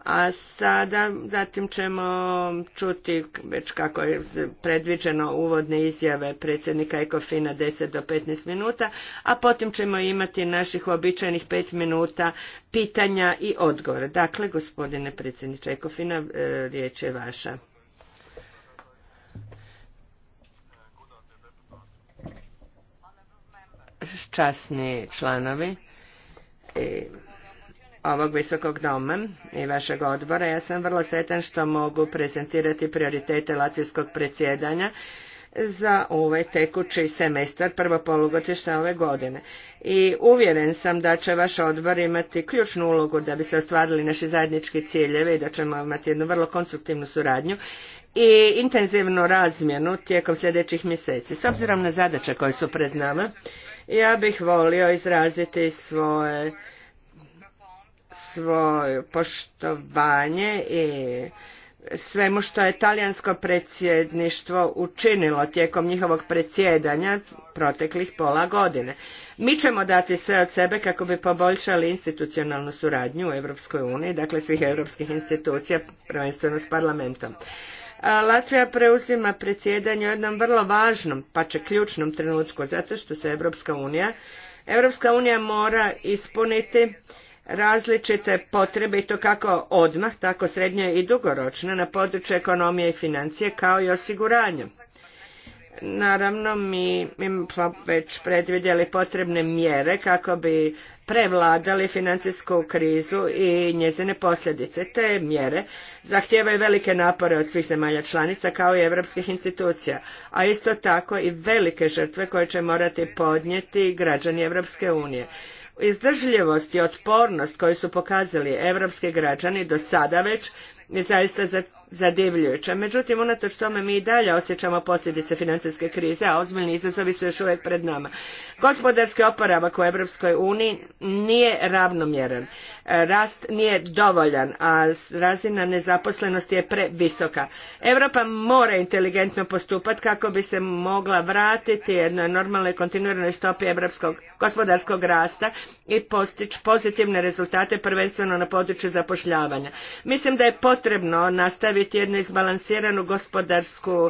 A sada zatim ćemo čuti već kako je predviđeno uvodne izjave predsjednika Ekofina 10 do 15 minuta, a potom ćemo imati naših običajnih 5 minuta pitanja i odgovora. Dakle, gospodine predsjedniče Ekofina, e, riječ je vaša. Časni članovi. E, ovog visokog doma i vašeg odbora. Ja sam vrlo sretan što mogu prezentirati prioritete latvijskog predsjedanja za ovaj tekući semestar prvo polugodište ove godine. I uvjeren sam da će vaš odbor imati ključnu ulogu da bi se ostvarili naši zajednički ciljevi i da ćemo imati jednu vrlo konstruktivnu suradnju i intenzivnu razmjenu tijekom sljedećih mjeseci. S obzirom na zadaće koje su pred nama, ja bih volio izraziti svoje svoje poštovanje i svemu što je talijansko predsjedništvo učinilo tijekom njihovog predsjedanja proteklih pola godine. Mi ćemo dati sve od sebe kako bi poboljšali institucionalnu suradnju u Europskoj uniji, dakle svih europskih institucija, prvenstveno s parlamentom. Latvija preuzima predsjedanje u jednom vrlo važnom, pa će ključnom trenutku, zato što se Europska unija, Europska unija mora ispuniti različite potrebe i to kako odmah, tako srednje i dugoročno na području ekonomije i financije kao i osiguranja. Naravno, mi smo već predvidjeli potrebne mjere kako bi prevladali financijsku krizu i njezine posljedice. Te mjere zahtijevaju velike napore od svih zemalja članica kao i europskih institucija, a isto tako i velike žrtve koje će morati podnijeti građani Europske unije. Izdržljivost i otpornost koju su pokazali europski građani do sada već je zaista za zadivljujuća. Međutim, unatoč tome mi i dalje osjećamo posljedice financijske krize, a ozbiljni izazovi su još uvijek pred nama. Gospodarski oporavak u Europskoj uniji nije ravnomjeran. E, rast nije dovoljan, a razina nezaposlenosti je previsoka. Europa mora inteligentno postupati kako bi se mogla vratiti jednoj normalnoj kontinuiranoj stopi europskog gospodarskog rasta i postići pozitivne rezultate prvenstveno na području zapošljavanja. Mislim da je potrebno nastaviti napraviti jednu izbalansiranu gospodarsku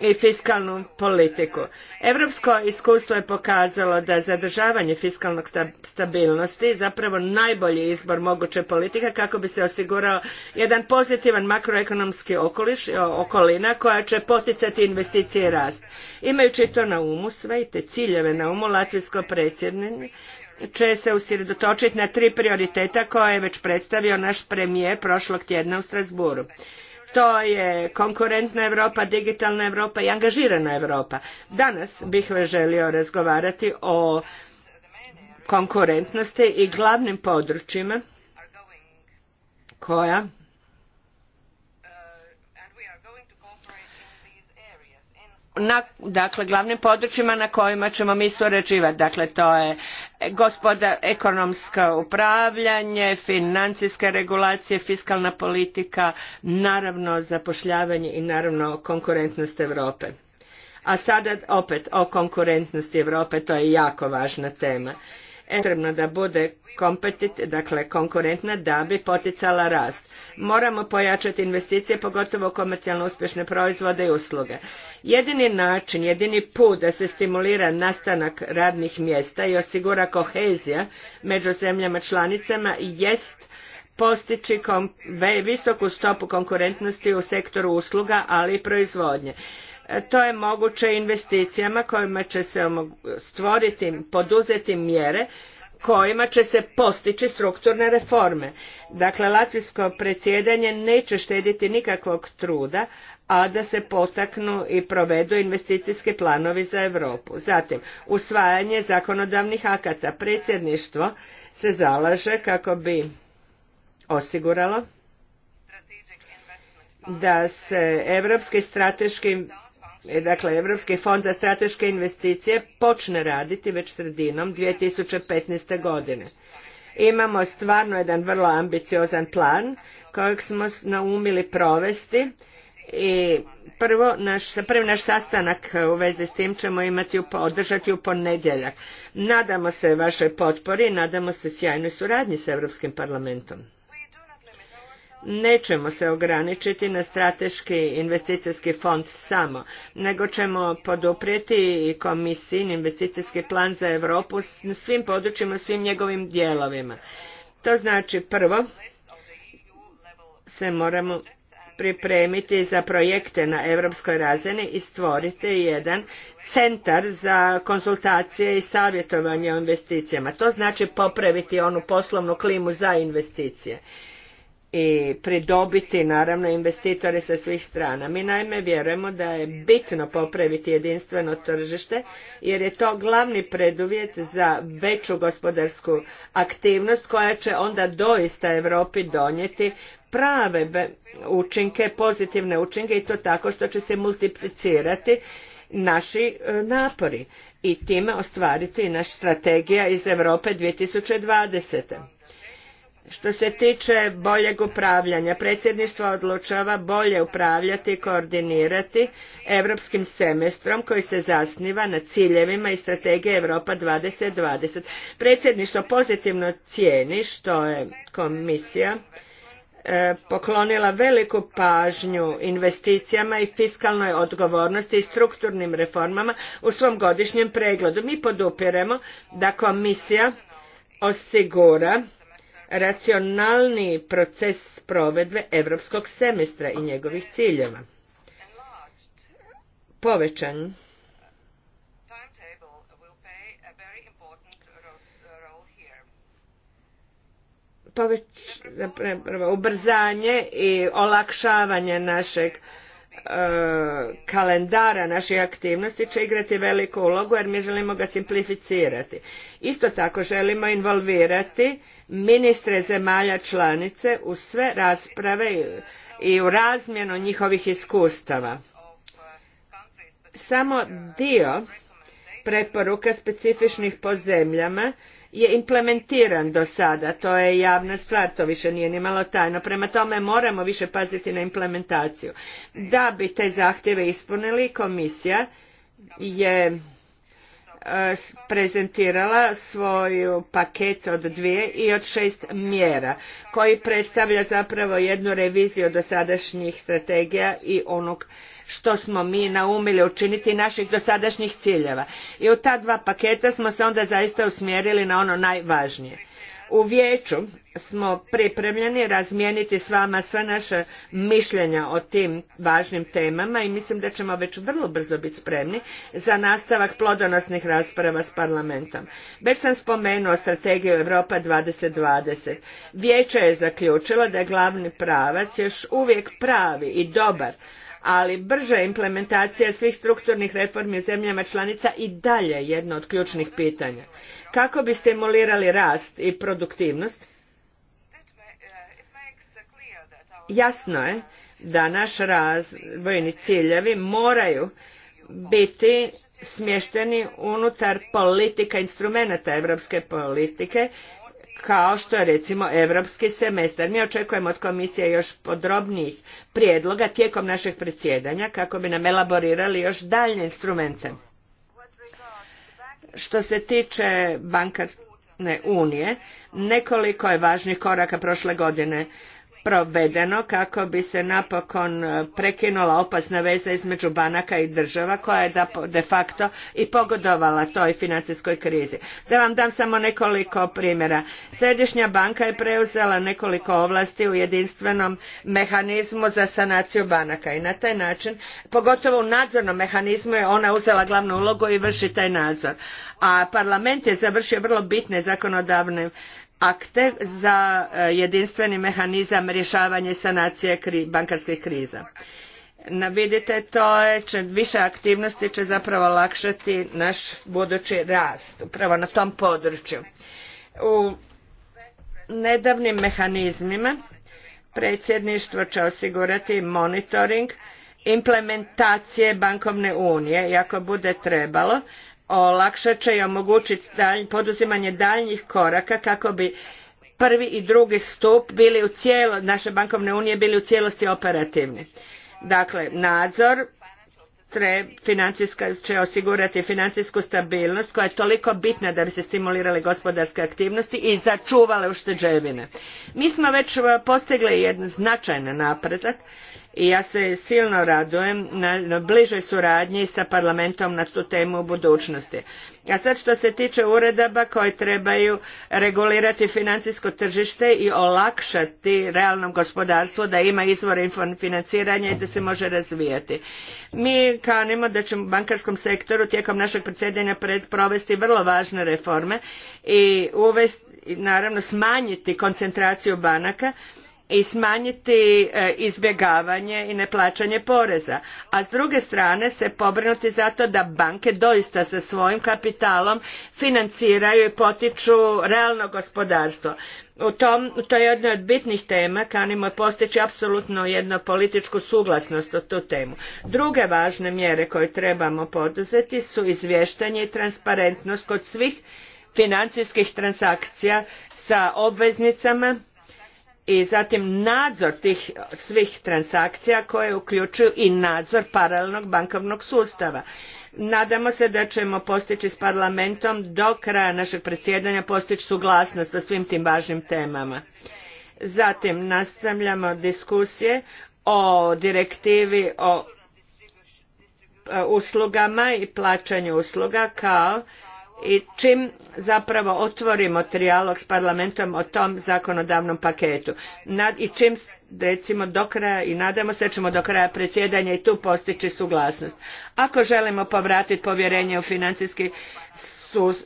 i fiskalnu politiku. Europsko iskustvo je pokazalo da zadržavanje fiskalnog stabilnosti zapravo najbolji izbor moguće politika kako bi se osigurao jedan pozitivan makroekonomski okoliš, okolina koja će poticati investicije i rast. Imajući to na umu sve i te ciljeve na umu latvijsko predsjednje će se usredotočiti na tri prioriteta koje je već predstavio naš premijer prošlog tjedna u Strasburu to je konkurentna Europa, digitalna Europa i angažirana Europa. Danas bih vas želio razgovarati o konkurentnosti i glavnim područjima koja na dakle glavnim područjima na kojima ćemo mi surađivati dakle to je gospoda, ekonomsko upravljanje financijske regulacije fiskalna politika naravno zapošljavanje i naravno konkurentnost europe a sada opet o konkurentnosti europe to je jako važna tema potrebno da bude kompetit, dakle konkurentna da bi poticala rast. Moramo pojačati investicije, pogotovo komercijalno uspješne proizvode i usluge. Jedini način, jedini put da se stimulira nastanak radnih mjesta i osigura kohezija među zemljama članicama jest postići visoku stopu konkurentnosti u sektoru usluga, ali i proizvodnje to je moguće investicijama kojima će se stvoriti, poduzeti mjere kojima će se postići strukturne reforme. Dakle, latvijsko predsjedanje neće štediti nikakvog truda, a da se potaknu i provedu investicijski planovi za Europu. Zatim, usvajanje zakonodavnih akata. Predsjedništvo se zalaže kako bi osiguralo da se Europski strateški E, dakle Europski fond za strateške investicije počne raditi već sredinom 2015. godine. Imamo stvarno jedan vrlo ambiciozan plan kojeg smo naumili provesti i prvo prvi naš sastanak u vezi s tim ćemo imati, održati u ponedjeljak. Nadamo se vašoj potpori, i nadamo se sjajnoj suradnji s Europskim parlamentom nećemo se ograničiti na strateški investicijski fond samo, nego ćemo poduprijeti i komisijin investicijski plan za Europu na svim područjima, svim njegovim dijelovima. To znači prvo se moramo pripremiti za projekte na europskoj razini i stvoriti jedan centar za konsultacije i savjetovanje o investicijama. To znači popraviti onu poslovnu klimu za investicije i pridobiti naravno investitore sa svih strana. Mi naime vjerujemo da je bitno popraviti jedinstveno tržište jer je to glavni preduvjet za veću gospodarsku aktivnost koja će onda doista Europi donijeti prave učinke, pozitivne učinke i to tako što će se multiplicirati naši e, napori i time ostvariti i naša strategija iz Europe 2020. Što se tiče boljeg upravljanja, predsjedništvo odlučava bolje upravljati i koordinirati europskim semestrom koji se zasniva na ciljevima i strategije Europa 2020. Predsjedništvo pozitivno cijeni što je komisija e, poklonila veliku pažnju investicijama i fiskalnoj odgovornosti i strukturnim reformama u svom godišnjem pregledu. Mi podupiremo da komisija osigura racionalniji proces provedbe europskog semestra i njegovih ciljeva. Povećan ubrzanje i olakšavanje našeg Eh, kalendara naših aktivnosti će igrati veliku ulogu jer mi želimo ga simplificirati. Isto tako želimo involvirati ministre zemalja članice u sve rasprave i u razmjenu njihovih iskustava. Samo dio preporuka specifičnih po zemljama je implementiran do sada, to je javna stvar, to više nije ni tajno. Prema tome moramo više paziti na implementaciju. Da bi te zahtjeve ispunili, komisija je e, prezentirala svoj paket od dvije i od šest mjera koji predstavlja zapravo jednu reviziju dosadašnjih strategija i onog što smo mi naumili učiniti naših dosadašnjih ciljeva. I u ta dva paketa smo se onda zaista usmjerili na ono najvažnije. U vijeću smo pripremljeni razmijeniti s vama sva naša mišljenja o tim važnim temama i mislim da ćemo već vrlo brzo biti spremni za nastavak plodonosnih rasprava s parlamentom. Već sam spomenuo strategiju Europa 2020. Vijeće je zaključilo da je glavni pravac još uvijek pravi i dobar ali brža implementacija svih strukturnih reformi u zemljama članica i dalje jedno od ključnih pitanja. Kako bi stimulirali rast i produktivnost? Jasno je da naš razvojni ciljevi moraju biti smješteni unutar politika instrumenata europske politike kao što je recimo europski semestar. Mi očekujemo od komisije još podrobnijih prijedloga tijekom našeg predsjedanja kako bi nam elaborirali još daljnje instrumente. Što se tiče bankarske unije, nekoliko je važnih koraka prošle godine provedeno kako bi se napokon e, prekinula opasna veza između banaka i država koja je de facto i pogodovala toj financijskoj krizi. Da vam dam samo nekoliko primjera. Središnja banka je preuzela nekoliko ovlasti u jedinstvenom mehanizmu za sanaciju banaka i na taj način, pogotovo u nadzornom mehanizmu je ona uzela glavnu ulogu i vrši taj nadzor. A parlament je završio vrlo bitne zakonodavne akte za e, jedinstveni mehanizam rješavanja sanacije bankarskih kriza. vidite, to je, će, više aktivnosti će zapravo lakšati naš budući rast, upravo na tom području. U nedavnim mehanizmima predsjedništvo će osigurati monitoring implementacije bankovne unije i ako bude trebalo olakšat će i omogućiti poduzimanje daljnjih koraka kako bi prvi i drugi stup bili u naše bankovne unije bili u cijelosti operativni. Dakle, nadzor financijska, će osigurati financijsku stabilnost koja je toliko bitna da bi se stimulirale gospodarske aktivnosti i začuvale ušteđevine. Mi smo već e, postigli jedan značajan napredak i ja se silno radujem na bližoj suradnji sa parlamentom na tu temu u budućnosti. A sad što se tiče uredaba koje trebaju regulirati financijsko tržište i olakšati realnom gospodarstvu da ima izvore financiranja i da se može razvijati. Mi kanimo da ćemo u bankarskom sektoru tijekom našeg predsjedanja provesti vrlo važne reforme i uvesti, naravno smanjiti koncentraciju banaka i smanjiti e, izbjegavanje i neplaćanje poreza a s druge strane se pobrinuti za to da banke doista sa svojim kapitalom financiraju i potiču realno gospodarstvo. to je jedna od bitnih tema, kanimo postići apsolutno jednu političku suglasnost o tu temu. Druge važne mjere koje trebamo poduzeti su izvještanje i transparentnost kod svih financijskih transakcija sa obveznicama i zatim nadzor tih svih transakcija koje uključuju i nadzor paralelnog bankovnog sustava. Nadamo se da ćemo postići s parlamentom do kraja našeg predsjedanja postići suglasnost o svim tim važnim temama. Zatim nastavljamo diskusije o direktivi o e, uslugama i plaćanju usluga kao i čim zapravo otvorimo trijalog s parlamentom o tom zakonodavnom paketu i čim recimo do kraja i nadamo se da ćemo do kraja predsjedanja i tu postići suglasnost. Ako želimo povratiti povjerenje u financijski su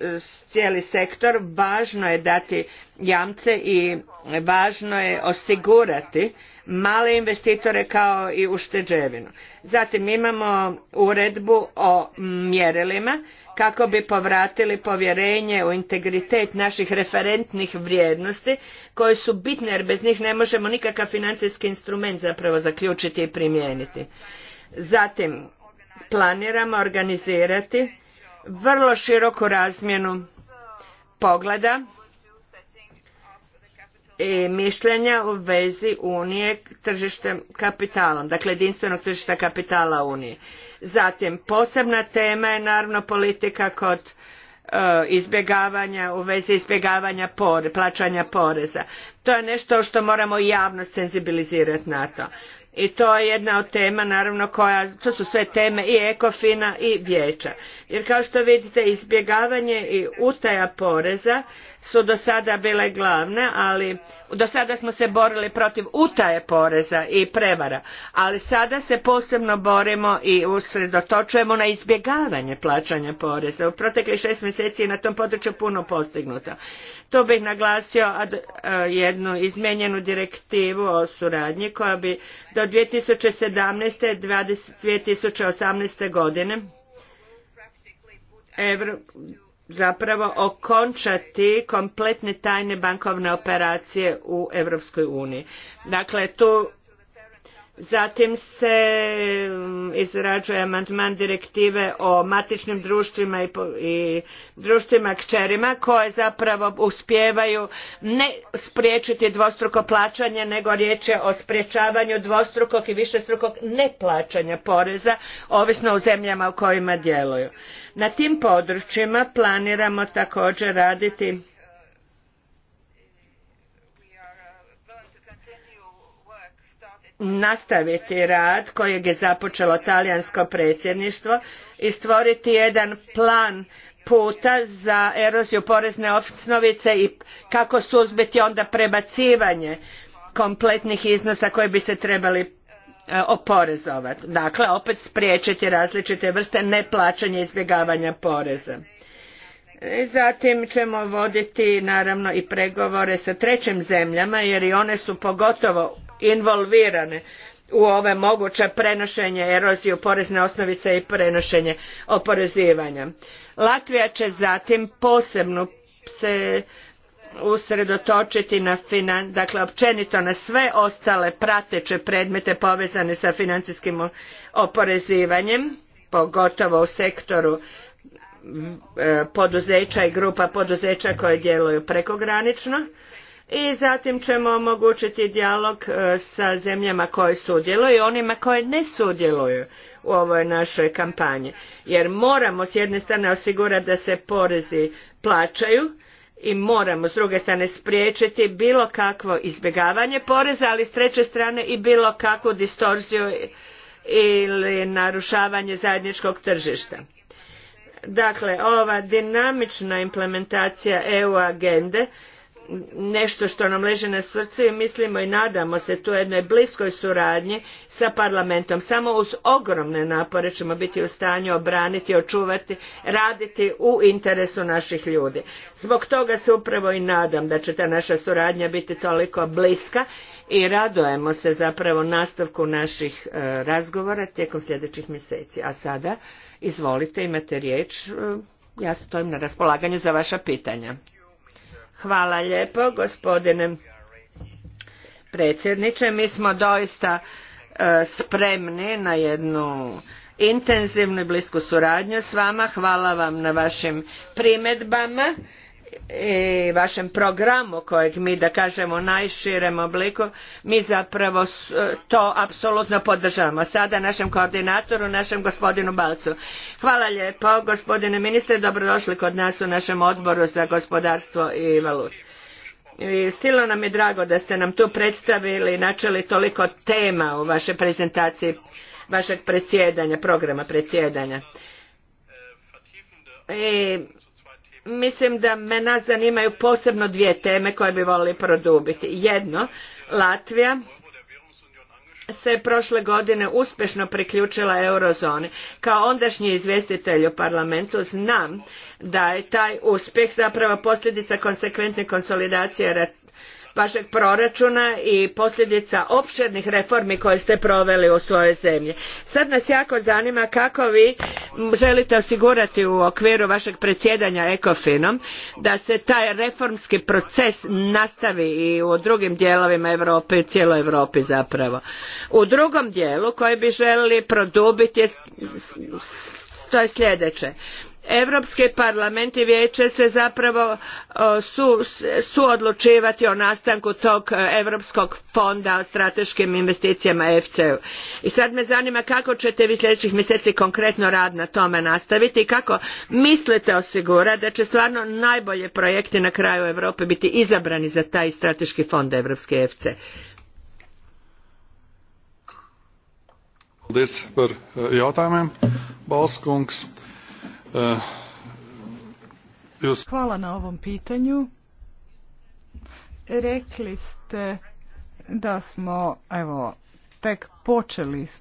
cijeli sektor, važno je dati jamce i važno je osigurati male investitore kao i ušteđevinu. Zatim imamo uredbu o mjerilima kako bi povratili povjerenje u integritet naših referentnih vrijednosti koje su bitne jer bez njih ne možemo nikakav financijski instrument zapravo zaključiti i primijeniti. Zatim planiramo organizirati vrlo široku razmjenu pogleda i mišljenja u vezi Unije tržištem kapitalom, dakle jedinstvenog tržišta kapitala Unije. Zatim, posebna tema je naravno politika kod e, izbjegavanja, u vezi izbjegavanja plaćanja poreza. To je nešto što moramo javno senzibilizirati na to i to je jedna od tema naravno koja, to su sve teme i ekofina i vijeća. Jer kao što vidite izbjegavanje i utaja poreza su do sada bile glavne, ali do sada smo se borili protiv utaje poreza i prevara, ali sada se posebno borimo i usredotočujemo na izbjegavanje plaćanja poreza. U proteklih šest mjeseci je na tom području puno postignuto. Tu bih naglasio e, jednu izmijenjenu direktivu o suradnji koja bi do 2017. i 2018. godine zapravo okončati kompletne tajne bankovne operacije u Europskoj uniji. Dakle, tu Zatim se mm, izrađuje amandman direktive o matičnim društvima i, društvima kćerima koje zapravo uspijevaju ne spriječiti dvostruko plaćanje nego riječ je o sprječavanju dvostrukog i višestrukog neplaćanja poreza ovisno o zemljama u kojima djeluju. Na tim područjima planiramo također raditi nastaviti rad kojeg je započelo talijansko predsjedništvo i stvoriti jedan plan puta za eroziju porezne osnovice i kako suzbiti onda prebacivanje kompletnih iznosa koji bi se trebali e, oporezovati. Dakle, opet spriječiti različite vrste neplaćanja i izbjegavanja poreza. zatim ćemo voditi naravno i pregovore sa trećim zemljama jer i one su pogotovo involvirane u ove moguće prenošenje, eroziju porezne osnovice i prenošenje oporezivanja. Latvija će zatim posebno se usredotočiti na dakle općenito na sve ostale prateće predmete povezane sa financijskim oporezivanjem, pogotovo u sektoru e, poduzeća i grupa poduzeća koje djeluju prekogranično i zatim ćemo omogućiti dijalog e, sa zemljama koje sudjeluju i onima koje ne sudjeluju u ovoj našoj kampanji. Jer moramo s jedne strane osigurati da se porezi plaćaju i moramo s druge strane spriječiti bilo kakvo izbjegavanje poreza, ali s treće strane i bilo kakvu distorziju ili narušavanje zajedničkog tržišta. Dakle, ova dinamična implementacija EU agende nešto što nam leži na srcu i mislimo i nadamo se tu jednoj bliskoj suradnji sa parlamentom. Samo uz ogromne napore ćemo biti u stanju obraniti, očuvati, raditi u interesu naših ljudi. Zbog toga se upravo i nadam da će ta naša suradnja biti toliko bliska i radujemo se zapravo nastavku naših e, razgovora tijekom sljedećih mjeseci. A sada, izvolite, imate riječ, e, ja stojim na raspolaganju za vaša pitanja. Hvala lijepo gospodine predsjedniče. Mi smo doista e, spremni na jednu intenzivnu i blisku suradnju s vama. Hvala vam na vašim primjedbama i vašem programu kojeg mi da kažemo u najširem obliku mi zapravo e, to apsolutno podržavamo. Sada našem koordinatoru, našem gospodinu Balcu. Hvala lijepo gospodine ministre, dobrodošli kod nas u našem odboru za gospodarstvo i valutu. I stilo nam je drago da ste nam tu predstavili i načeli toliko tema u vašoj prezentaciji vašeg predsjedanja, programa predsjedanja. I e, mislim da me nas zanimaju posebno dvije teme koje bi volili produbiti. Jedno, Latvija se prošle godine uspješno priključila eurozoni. Kao ondašnji izvjestitelj u parlamentu znam da je taj uspjeh zapravo posljedica konsekventne konsolidacije vašeg proračuna i posljedica opširnih reformi koje ste proveli u svojoj zemlji. Sad nas jako zanima kako vi želite osigurati u okviru vašeg predsjedanja ECOFIN-om da se taj reformski proces nastavi i u drugim dijelovima Europe i cijeloj Europi zapravo. U drugom dijelu koji bi željeli produbiti to je sljedeće Europski parlament i vijeće će zapravo e, su, suodlučivati o nastanku tog Europskog fonda o strateškim investicijama efce I sad me zanima kako ćete vi sljedećih mjeseci konkretno rad na tome nastaviti i kako mislite osigurati da će stvarno najbolje projekti na kraju Europe biti izabrani za taj strateški fond Europske EFCE. Hvala na ovom pitanju. Rekli ste da smo evo, tek počeli s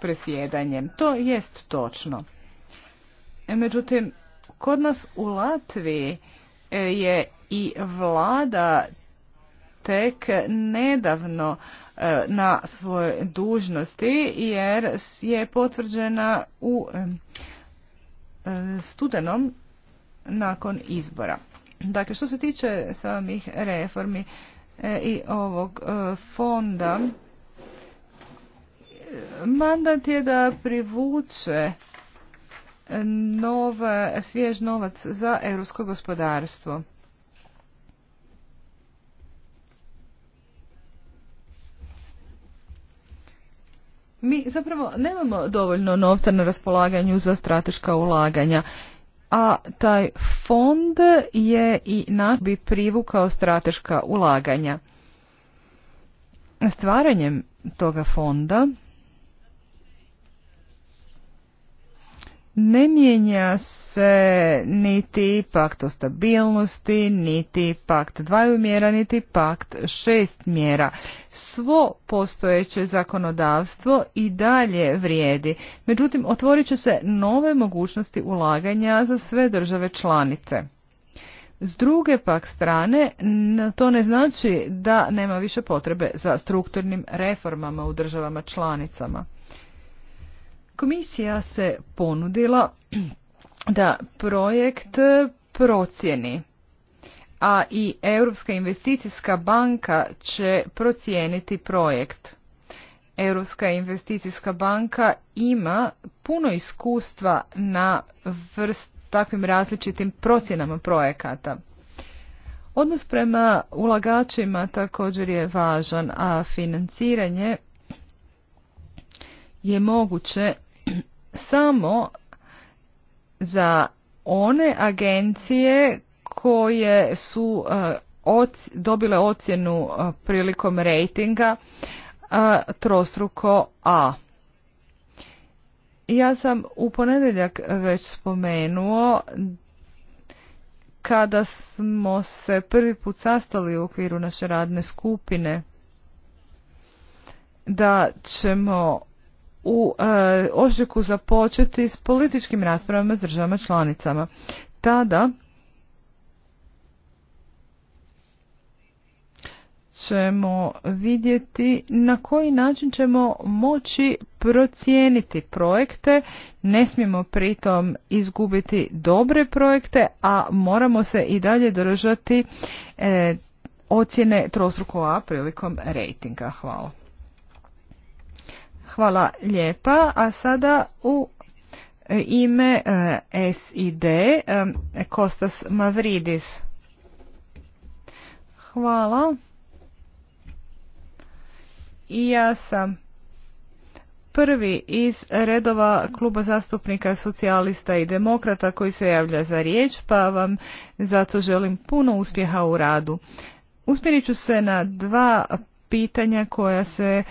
presjedanjem. To jest točno. Međutim, kod nas u Latviji e, je i vlada tek nedavno e, na svoje dužnosti jer je potvrđena u studenom nakon izbora. Dakle, što se tiče samih reformi e, i ovog e, fonda, e, mandat je da privuče nov, svjež novac za europsko gospodarstvo. Mi zapravo nemamo dovoljno novca na raspolaganju za strateška ulaganja, a taj fond je i na bi privukao strateška ulaganja. Stvaranjem toga fonda Ne mijenja se niti pakt o stabilnosti, niti pakt dvaju mjera, niti pakt šest mjera. Svo postojeće zakonodavstvo i dalje vrijedi. Međutim, otvorit će se nove mogućnosti ulaganja za sve države članice. S druge pak strane, to ne znači da nema više potrebe za strukturnim reformama u državama članicama. Komisija se ponudila da projekt procjeni, a i Europska investicijska banka će procijeniti projekt. Europska investicijska banka ima puno iskustva na vrst takvim različitim procjenama projekata. Odnos prema ulagačima također je važan, a financiranje je moguće samo za one agencije koje su e, dobile ocjenu e, prilikom rejtinga e, trostruko A. Ja sam u ponedjeljak već spomenuo kada smo se prvi put sastali u okviru naše radne skupine da ćemo u e, ožujku započeti s političkim raspravama s državama članicama. Tada ćemo vidjeti na koji način ćemo moći procijeniti projekte. Ne smijemo pritom izgubiti dobre projekte, a moramo se i dalje držati e, ocjene trostruko prilikom rejtinga. Hvala. Hvala lijepa. A sada u e, ime e, SID e, Kostas Mavridis. Hvala. I ja sam prvi iz redova kluba zastupnika socijalista i demokrata koji se javlja za riječ, pa vam zato želim puno uspjeha u radu. usmjerit ću se na dva pitanja koja se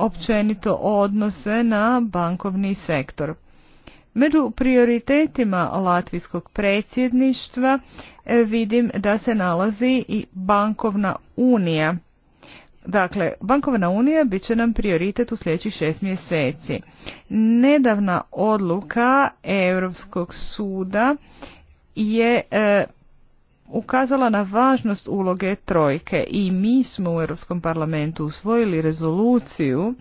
općenito odnose na bankovni sektor. Među prioritetima latvijskog predsjedništva e, vidim da se nalazi i bankovna unija. Dakle, bankovna unija bit će nam prioritet u sljedećih šest mjeseci. Nedavna odluka Europskog suda je e, ukazala na važnost uloge trojke i mi smo u Europskom parlamentu usvojili rezoluciju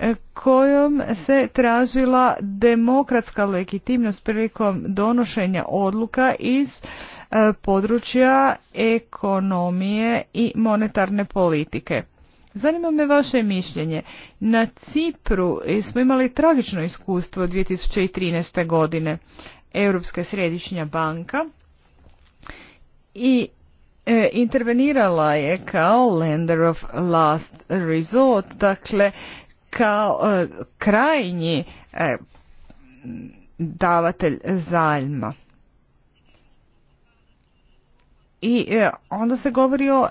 e, kojom se tražila demokratska legitimnost prilikom donošenja odluka iz e, područja ekonomije i monetarne politike. Zanima me vaše mišljenje. Na Cipru smo imali tragično iskustvo 2013. godine. Europska središnja banka i e, intervenirala je kao lender of last resort, dakle kao e, krajnji e, davatelj zajma. I onda se govori o,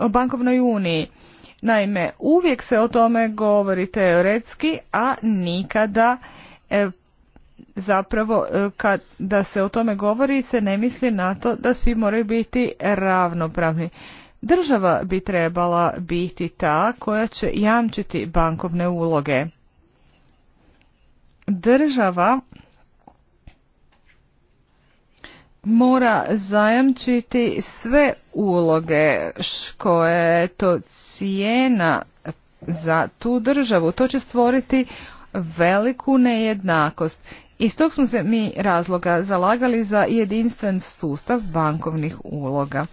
o bankovnoj uniji. Naime, uvijek se o tome govori teoretski, a nikada zapravo e, kad, da se o tome govori se ne misli na to da svi moraju biti ravnopravni. Država bi trebala biti ta koja će jamčiti bankovne uloge. Država mora zajamčiti sve uloge koje je to cijena za tu državu. To će stvoriti veliku nejednakost iz tog smo se mi razloga zalagali za jedinstven sustav bankovnih uloga.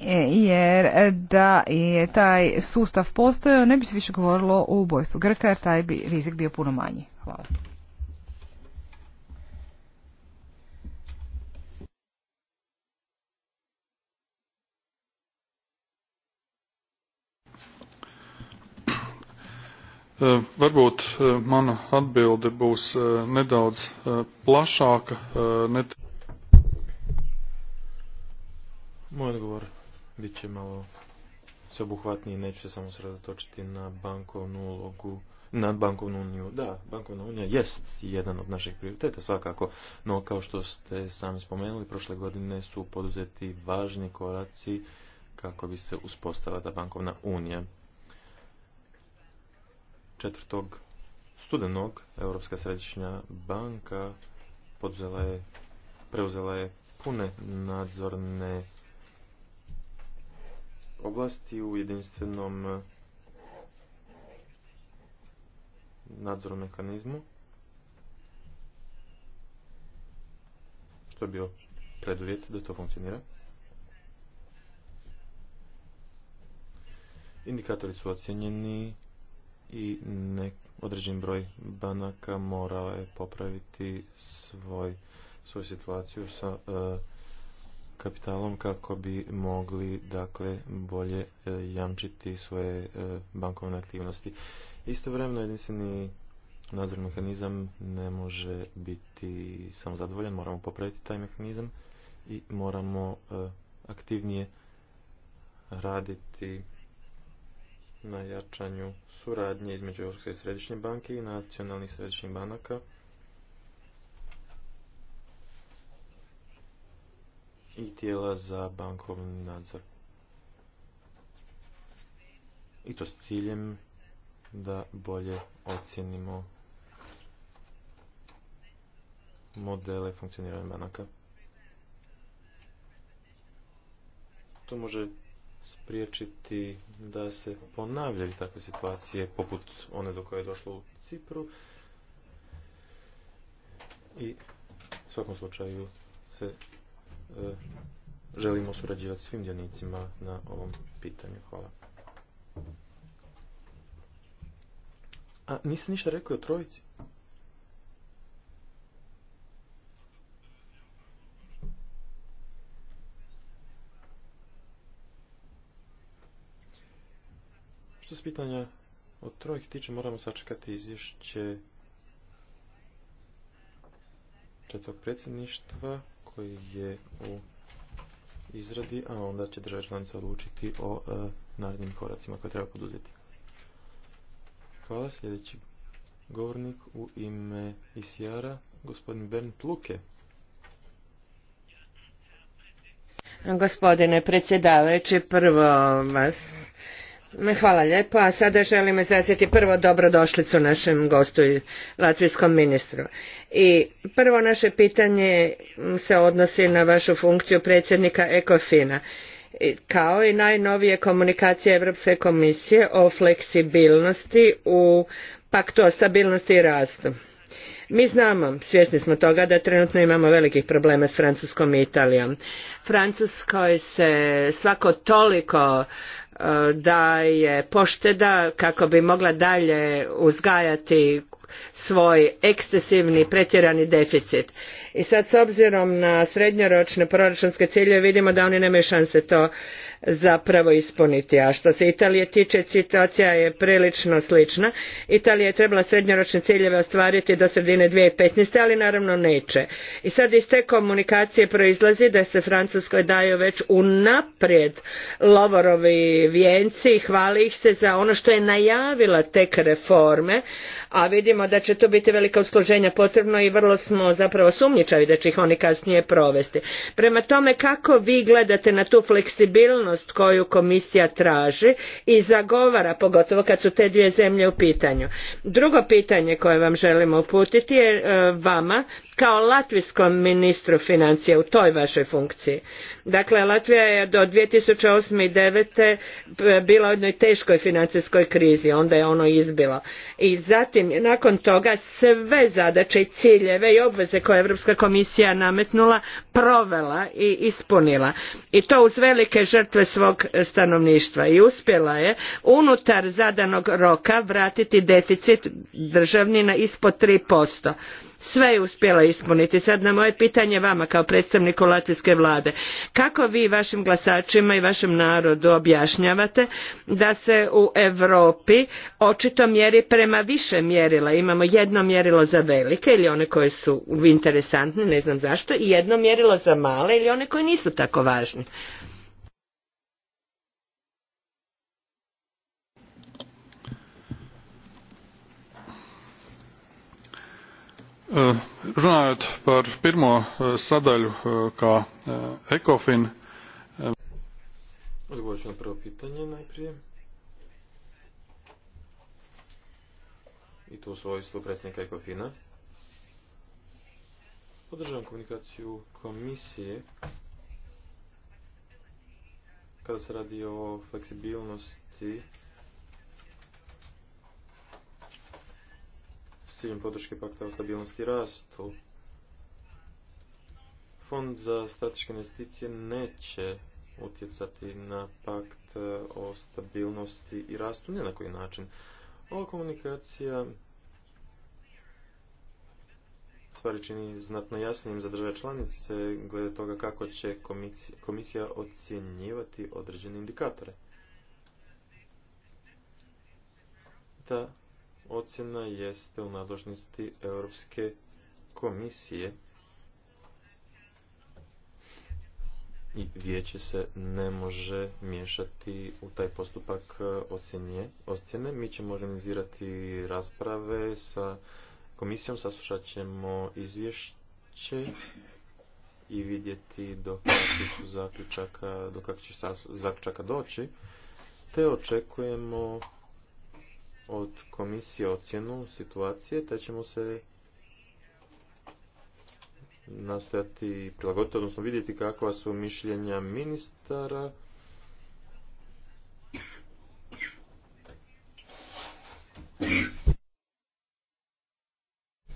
E, jer da je taj sustav postojao, ne bi se više govorilo o ubojstvu Grka, jer taj bi rizik bio puno manji. Hvala. Eh, varbūt eh, mana atbilde būs eh, nedaudz plašāka. Moj odgovor bit će malo sveobuhvatniji, neću se samo sredotočiti na bankovnu ulogu, na bankovnu uniju. Da, bankovna unija jest jedan od naših prioriteta svakako, no kao što ste sami spomenuli, prošle godine su poduzeti važni koraci kako bi se uspostavila ta bankovna unija. 4. studenog Europska središnja banka je, preuzela je pune nadzorne oblasti u jedinstvenom eh, nadzornom mehanizmu što je bio preduvjet da to funkcionira. Indikatori su ocjenjeni i nek, određen broj banaka morao je popraviti svoj, svoju situaciju sa e, kapitalom kako bi mogli dakle bolje e, jamčiti svoje e, bankovne aktivnosti. Istovremeno jedinstveni nadzorni mehanizam ne može biti samo zadovoljan, moramo popraviti taj mehanizam i moramo aktivnije raditi na jačanju suradnje između Europske središnje banke i nacionalnih središnjih banaka. i tijela za bankovni nadzor. I to s ciljem da bolje ocjenimo modele funkcioniranja banaka. To može spriječiti da se ponavljaju takve situacije poput one do koje je došlo u Cipru i u svakom slučaju se e, želimo surađivati svim dionicima na ovom pitanju. Hvala. A niste ništa rekli o trojici? Što se pitanja od trojih tiče, moramo sačekati izvješće četvog predsjedništva koji je u izradi, a onda će država članica odlučiti o e, narednim koracima koje treba poduzeti. Hvala. Sljedeći govornik u ime ICR-a, gospodin Bernd Luke. Gospodine predsjedavajući, prvo vas Hvala lijepo, sada želim izraziti prvo dobrodošlicu našem gostu latvijskom ministru. I prvo naše pitanje se odnosi na vašu funkciju predsjednika Ekofina kao i najnovije komunikacije Europske komisije o fleksibilnosti u paktu o stabilnosti i rastu. Mi znamo, svjesni smo toga da trenutno imamo velikih problema s Francuskom i Italijom. Francuskoj se svako toliko da je pošteda kako bi mogla dalje uzgajati svoj ekscesivni pretjerani deficit. I sad s obzirom na srednjoročne proračunske ciljeve vidimo da oni nemaju šanse to zapravo ispuniti. A što se Italije tiče, situacija je prilično slična. Italija je trebala srednjoročne ciljeve ostvariti do sredine petnaest ali naravno neće. I sad iz te komunikacije proizlazi da se Francuskoj daju već unaprijed lovorovi vijenci i hvali ih se za ono što je najavila tek reforme, a vidimo da će tu biti velika usklađenja potrebno i vrlo smo zapravo sumnjičavi da će ih oni kasnije provesti. Prema tome kako vi gledate na tu fleksibilnost koju komisija traži i zagovara pogotovo kad su te dvije zemlje u pitanju. Drugo pitanje koje vam želimo uputiti je e, vama kao latvijskom ministru financija u toj vašoj funkciji. Dakle, Latvija je do 2008. i 2009. E, bila u jednoj teškoj financijskoj krizi, onda je ono izbilo. I zatim, nakon toga, sve zadaće i ciljeve i obveze koje je Europska komisija nametnula, provela i ispunila. I to uz velike žrtve svog stanovništva. I uspjela je unutar zadanog roka vratiti deficit državni na ispod 3% sve je uspjela ispuniti. Sad na moje pitanje vama kao predstavniku latvijske vlade, kako vi vašim glasačima i vašem narodu objašnjavate da se u Europi očito mjeri prema više mjerila. Imamo jedno mjerilo za velike ili one koje su interesantne, ne znam zašto, i jedno mjerilo za male ili one koje nisu tako važne. Runājot par pirmo sadaļu, ka ECOFIN. Odgovorit ću na prvo pitanje najprije. I to u svojstvu predsjednika ECOFINA. Podržavam komunikaciju komisije kada se radi o fleksibilnosti ciljem podrške pakta o stabilnosti i rastu. Fond za strateške investicije neće utjecati na pakt e, o stabilnosti i rastu, ne na koji način. Ova komunikacija stvari čini znatno jasnijim za države članice glede toga kako će komisija ocjenjivati određene indikatore. Da, ocjena jeste u nadležnosti Europske komisije i vijeće se ne može miješati u taj postupak ocjene. Mi ćemo organizirati rasprave sa komisijom, saslušat ćemo izvješće i vidjeti do kakvih do će zaključaka doći, te očekujemo od komisije ocjenu situacije, te ćemo se nastojati prilagoditi, odnosno vidjeti kakva su mišljenja ministara.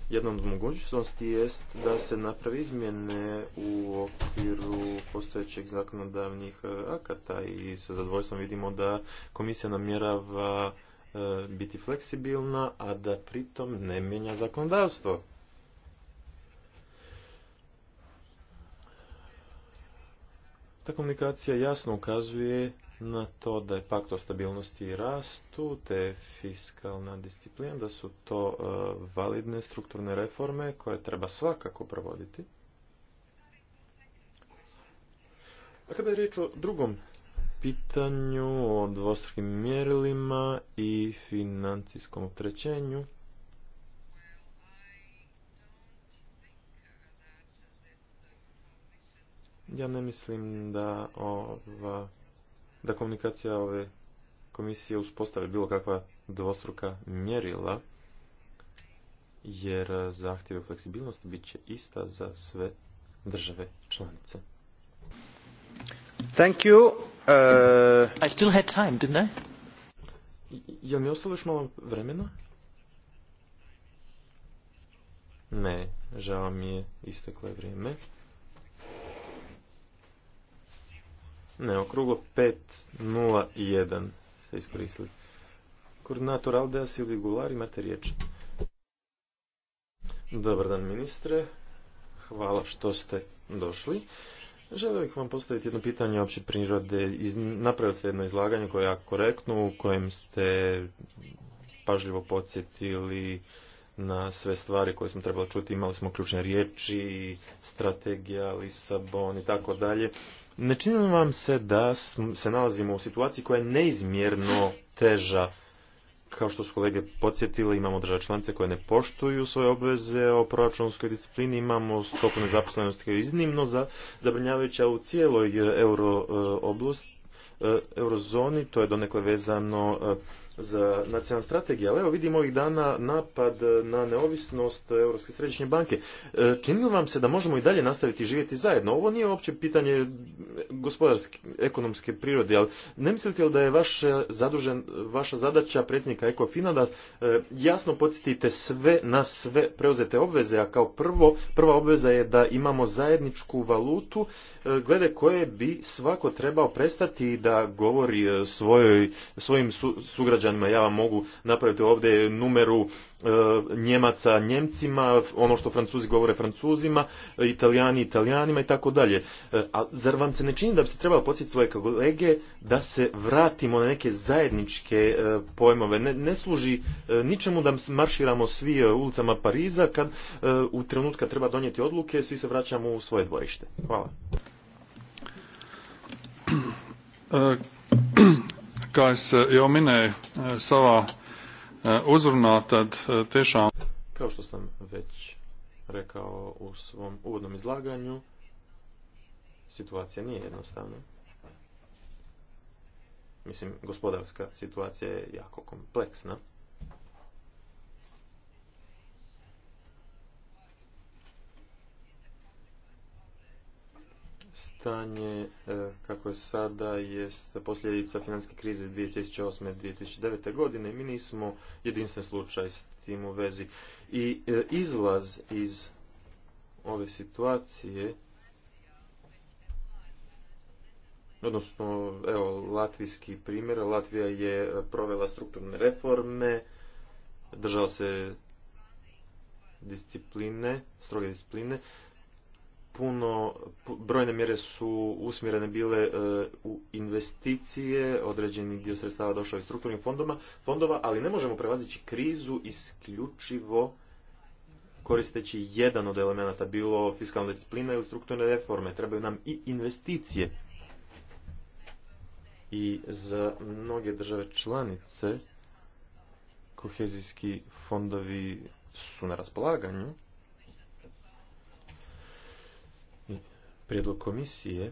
Jedna od mogućnosti jest da se napravi izmjene u okviru postojećeg zakonodavnih akata i sa zadovoljstvom vidimo da komisija namjerava E, biti fleksibilna, a da pritom ne mijenja zakonodavstvo. Ta komunikacija jasno ukazuje na to da je pakt o stabilnosti i rastu, te fiskalna disciplina, da su to e, validne strukturne reforme koje treba svakako provoditi. A kada je riječ o drugom pitanju o dvostrukim mjerilima i financijskom opterećenju. Ja ne mislim da ova, da komunikacija ove komisije uspostavi bilo kakva dvostruka mjerila, jer zahtjeve fleksibilnosti bit će ista za sve države članice. Thank you. Uh... I still had time, didn't I? mi ostalo još malo vremena? Ne, žao mi je, isteklo je vrijeme. Ne, okruglo 5.01 se iskoristili. Koordinator Aldea Silvi Gular, imate riječ. Dobar dan ministre, hvala što ste došli. Želio bih vam postaviti jedno pitanje opće prirode. Napravili ste jedno izlaganje koje je jako korektno, u kojem ste pažljivo podsjetili na sve stvari koje smo trebali čuti. Imali smo ključne riječi, strategija, Lisabon i tako dalje. Ne čini vam se da se nalazimo u situaciji koja je neizmjerno teža kao što su kolege podsjetili, imamo države članice koje ne poštuju svoje obveze o proračunskoj disciplini, imamo stopu nezaposlenosti koja je iznimno zabrinjavajuća u cijeloj eh, euro eh, oblast, eh, eurozoni, to je donekle vezano za nacionalnu strategiju, ali evo vidimo ovih dana napad na neovisnost Europske središnje banke. E, Čini vam se da možemo i dalje nastaviti živjeti zajedno? Ovo nije uopće pitanje gospodarske, ekonomske prirode, ali ne mislite li da je vaš zadužen, vaša zadaća predsjednika Ekofina da e, jasno podsjetite sve na sve preuzete obveze, a kao prvo, prva obveza je da imamo zajedničku valutu e, glede koje bi svako trebao prestati da govori svojoj, svojim su, sugrađanima, ja vam mogu napraviti ovdje numeru e, Njemaca Njemcima, ono što Francuzi govore Francuzima, Italijani Italijanima i tako dalje. E, a zar vam se ne čini da bi se trebalo podsjetiti svoje kolege da se vratimo na neke zajedničke e, pojmove? Ne, ne služi e, ničemu da marširamo svi ulicama Pariza kad u trenutka treba donijeti odluke, svi se vraćamo u svoje dvorište. Hvala. Kā eh, jau minēju eh, savā eh, tad Kao što sam već rekao u svom uvodnom izlaganju, situacija nije jednostavna. Mislim, gospodarska situacija je jako kompleksna. stanje e, kako je sada jest posljedica financijske krize 2008. 2009. godine i mi nismo jedinstven slučaj s tim u vezi. I e, izlaz iz ove situacije odnosno evo latvijski primjer, Latvija je provela strukturne reforme, držala se discipline, stroge discipline, puno, brojne mjere su usmjerene bile e, u investicije, određeni dio sredstava došao iz strukturnih fondova, fondova, ali ne možemo prevazići krizu isključivo koristeći jedan od elemenata, bilo fiskalna disciplina ili strukturne reforme. Trebaju nam i investicije. I za mnoge države članice kohezijski fondovi su na raspolaganju, prijedlog komisije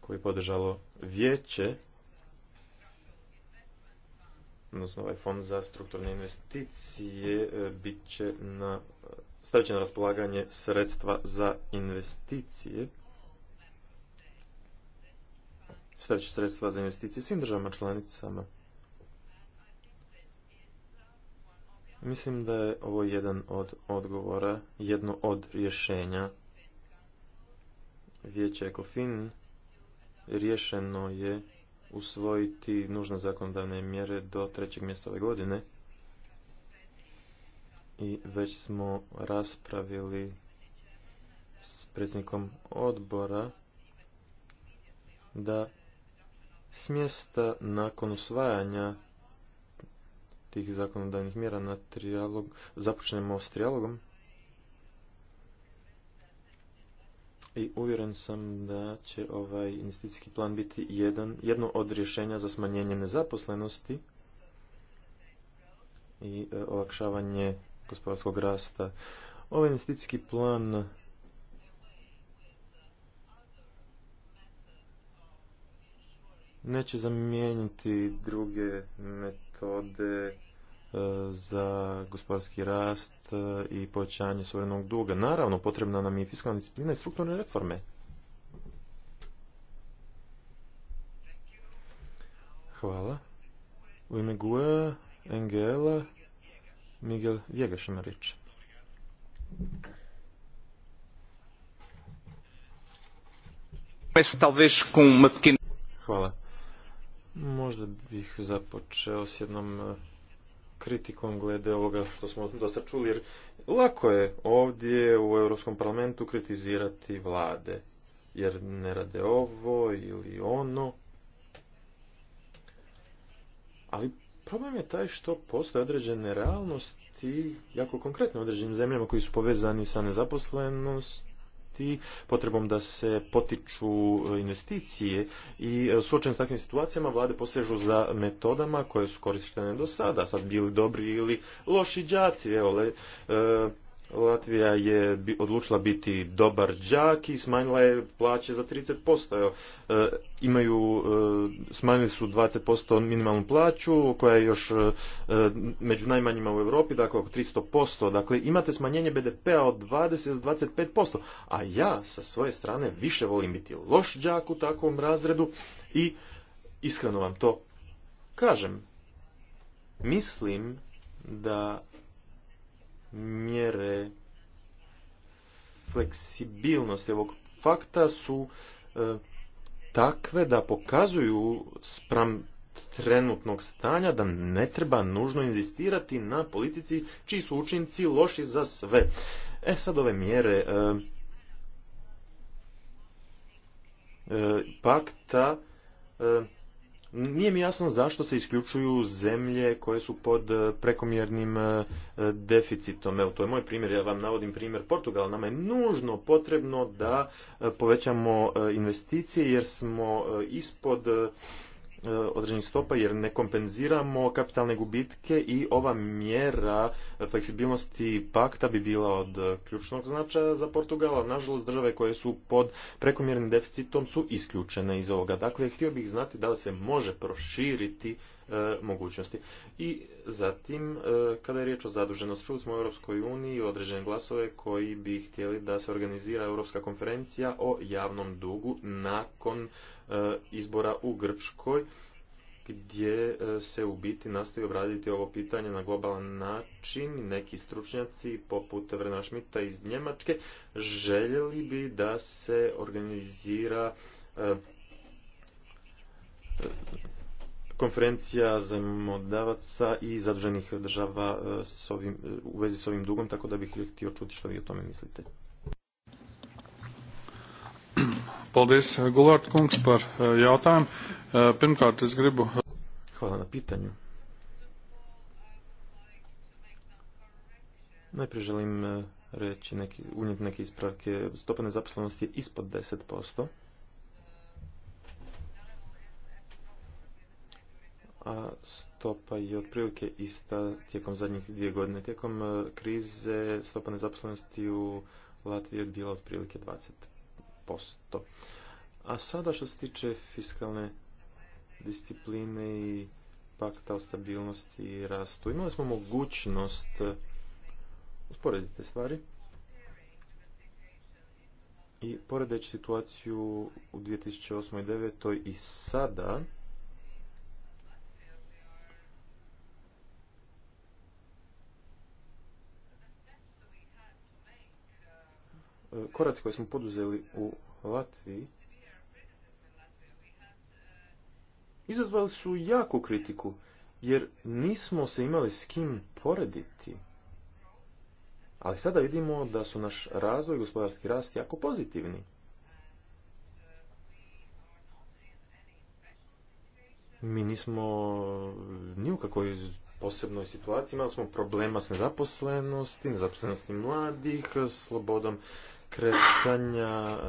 koji je podržalo vijeće, odnosno ovaj fond za strukturne investicije, e, bit će na, stavit će na raspolaganje sredstva za investicije. Stavit će sredstva za investicije svim državama članicama. Mislim da je ovo jedan od odgovora, jedno od rješenja vijeće ECOFIN rješeno je usvojiti nužne zakonodavne mjere do trećeg mjesta ove godine i već smo raspravili s predsjednikom odbora da mjesta nakon usvajanja tih zakonodavnih mjera na trijalog, započnemo s trijalogom i uvjeren sam da će ovaj investicijski plan biti jedan, jedno od rješenja za smanjenje nezaposlenosti i e, olakšavanje gospodarskog rasta. Ovaj investicijski plan neće zamijeniti druge metode za gospodarski rast e, i povećanje suverenog duga. Naravno, potrebna nam je fiskalna disciplina i strukturne reforme. Hvala. U ime GUE, ngl Miguel Vjegaš ima Hvala. Možda bih započeo s jednom kritikom glede ovoga što smo do sad čuli, jer lako je ovdje u Europskom parlamentu kritizirati vlade, jer ne rade ovo ili ono. Ali problem je taj što postoje određene realnosti, jako konkretno određenim zemljama koji su povezani sa nezaposlenost, potrebom da se potiču e, investicije i e, suočen s takvim situacijama vlade posežu za metodama koje su korištene do sada, sad bili dobri ili loši đaci, evo, le, e, Latvija je odlučila biti dobar đak i smanjila je plaće za 30%. Evo, e, imaju, e, smanjili su 20% minimalnu plaću koja je još e, među najmanjima u Europi, dakle oko 300%. Dakle, imate smanjenje BDP-a od 20 do 25%. A ja sa svoje strane više volim biti loš đak u takvom razredu i iskreno vam to kažem. Mislim da mjere fleksibilnosti ovog fakta su e, takve da pokazuju spram trenutnog stanja da ne treba nužno inzistirati na politici čiji su učinci loši za sve. E sad ove mjere e, e, e nije mi jasno zašto se isključuju zemlje koje su pod e, prekomjernim e, deficitom. Evo, to je moj primjer, ja vam navodim primjer Portugal. Nama je nužno potrebno da e, povećamo investicije jer smo ispod E, određenih stopa jer ne kompenziramo kapitalne gubitke i ova mjera fleksibilnosti pakta bi bila od ključnog značaja za Portugal, nažalost države koje su pod prekomjernim deficitom su isključene iz ovoga. Dakle, htio bih znati da li se može proširiti E, mogućnosti. I zatim, e, kada je riječ o zaduženosti, čuli u Europskoj uniji određene glasove koji bi htjeli da se organizira Europska konferencija o javnom dugu nakon e, izbora u Grčkoj gdje se u biti nastoji obraditi ovo pitanje na globalan način. Neki stručnjaci poput Vrena Šmita iz Njemačke željeli bi da se organizira konferencija zajmodavaca i zaduženih država e, s ovim, e, u vezi s ovim dugom, tako da bih htio čuti što vi o tome mislite. Paldies, e, kungs, par Hvala na pitanju. Najprije želim reći unijeti neke ispravke. Stopa nezaposlenosti je ispod 10%. a stopa je otprilike ista tijekom zadnjih dvije godine. Tijekom e, krize stopa nezaposlenosti u Latviji je bila otprilike 20%. A sada što se tiče fiskalne discipline i pakta o stabilnosti i rastu, imali smo mogućnost e, usporediti stvari i poredeći situaciju u 2008. i 2009. i sada koraci koje smo poduzeli u Latviji izazvali su jaku kritiku, jer nismo se imali s kim porediti. Ali sada vidimo da su naš razvoj i gospodarski rast jako pozitivni. Mi nismo ni u kakvoj posebnoj situaciji, imali smo problema s nezaposlenosti, nezaposlenosti mladih, slobodom kretanja e,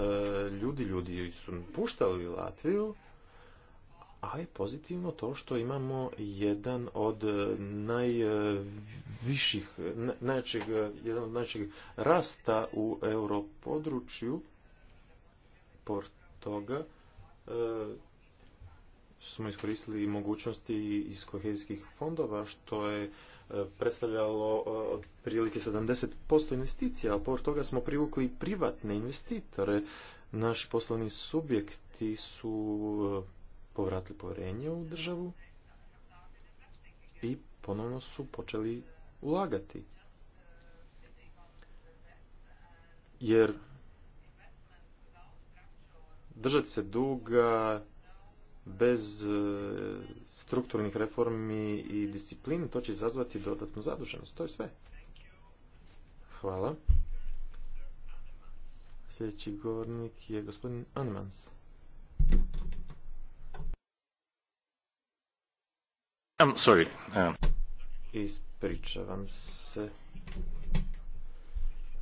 ljudi, ljudi su puštali Latviju, a je pozitivno to što imamo jedan od najviših, najčeg, jedan od najčeg rasta u europodručju, Portoga toga e, smo iskoristili mogućnosti iz kohezijskih fondova, što je E, predstavljalo e, otprilike 70% investicija, a pored toga smo privukli privatne investitore. Naši poslovni subjekti su e, povratili povjerenje u državu i ponovno su počeli ulagati. Jer držati se duga bez e, strukturnih reformi i discipline to će izazvati dodatnu zaduženost. To je sve. Hvala. Sljedeći govornik je gospodin Anmans. I'm um, sorry. Um. Ispričavam se.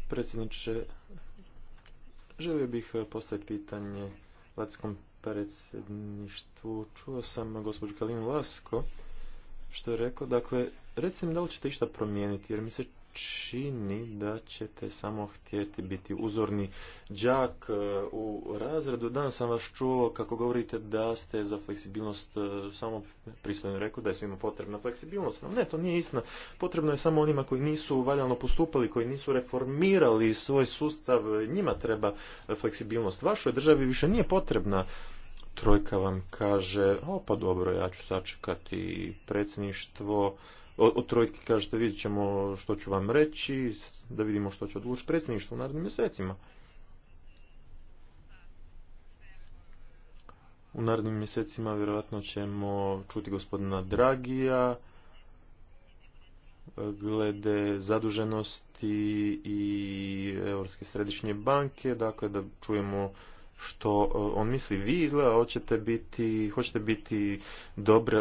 Predsjedniče, želio bih postaviti pitanje Latvijskom predsjedništvu. Čuo sam gospođu Kalinu Lasko što je rekla. Dakle, recite mi da li ćete išta promijeniti jer mi se čini da ćete samo htjeti biti uzorni đak e, u razredu. Danas sam vas čuo kako govorite da ste za fleksibilnost e, samo pristojno rekli da je svima potrebna fleksibilnost. ne, to nije istina. Potrebno je samo onima koji nisu valjano postupali, koji nisu reformirali svoj sustav. Njima treba fleksibilnost. Vašoj državi više nije potrebna trojka vam kaže, o pa dobro, ja ću sačekati predsjedništvo, o, trojki kažete vidjet ćemo što ću vam reći, da vidimo što će odlučiti predsjedništvo u narednim mjesecima. U narednim mjesecima vjerojatno ćemo čuti gospodina Dragija glede zaduženosti i Europske središnje banke, dakle da čujemo što e, on misli vi izgleda, hoćete biti, hoćete biti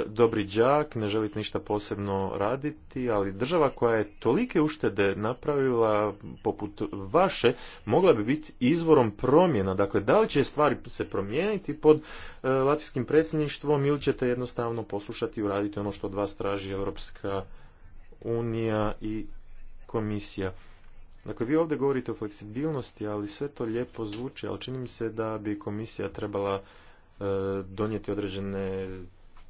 dobri đak, ne želite ništa posebno raditi, ali država koja je tolike uštede napravila poput vaše, mogla bi biti izvorom promjena. Dakle, da li će stvari se promijeniti pod e, latvijskim predsjedništvom ili ćete jednostavno poslušati i uraditi ono što od vas traži Europska unija i komisija. Dakle, vi ovdje govorite o fleksibilnosti, ali sve to lijepo zvuči, ali čini mi se da bi komisija trebala e, donijeti određene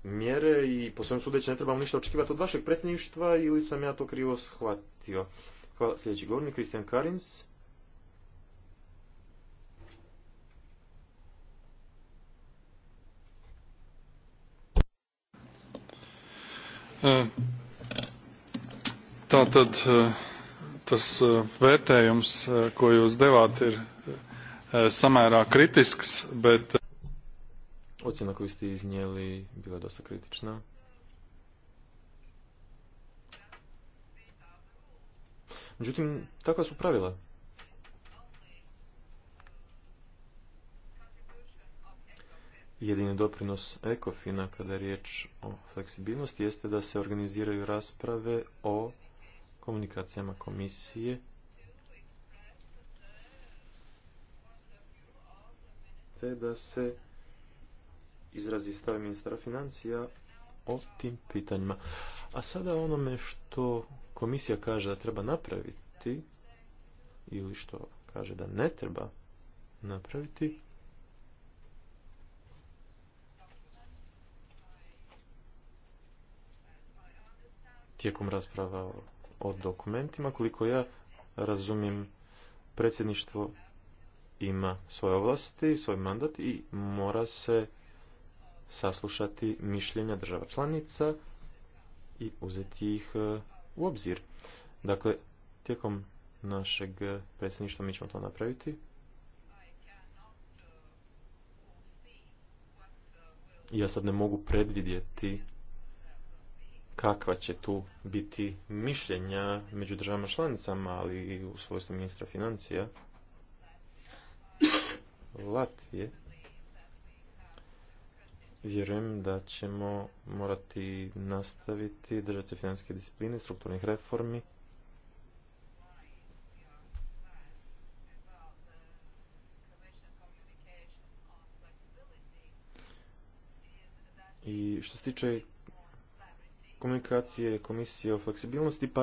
mjere i po svojom sudeći ne trebamo ništa očekivati od vašeg predsjedništva ili sam ja to krivo shvatio. Hvala sljedeći govornik, Kristijan Karins. E, e, tas e, vērtējums, e, ko jūs devāt, ir e, samērā kritisks, bet... Ocjena koju ste iznijeli bila dosta kritična. Međutim, tako su pravila. jedini doprinos Ekofina kada je riječ o fleksibilnosti jeste da se organiziraju rasprave o komunikacijama komisije te da se izrazi stav ministra financija o tim pitanjima. A sada onome što komisija kaže da treba napraviti ili što kaže da ne treba napraviti tijekom rasprava o o dokumentima. Koliko ja razumijem, predsjedništvo ima svoje ovlasti, svoj mandat i mora se saslušati mišljenja država članica i uzeti ih e, u obzir. Dakle, tijekom našeg predsjedništva mi ćemo to napraviti. Ja sad ne mogu predvidjeti kakva će tu biti mišljenja među državama članicama, ali i u svojstvu ministra financija Latvije. Vjerujem da ćemo morati nastaviti držati financijske discipline, strukturnih reformi. I što se tiče komunikacije komisije o fleksibilnosti, pa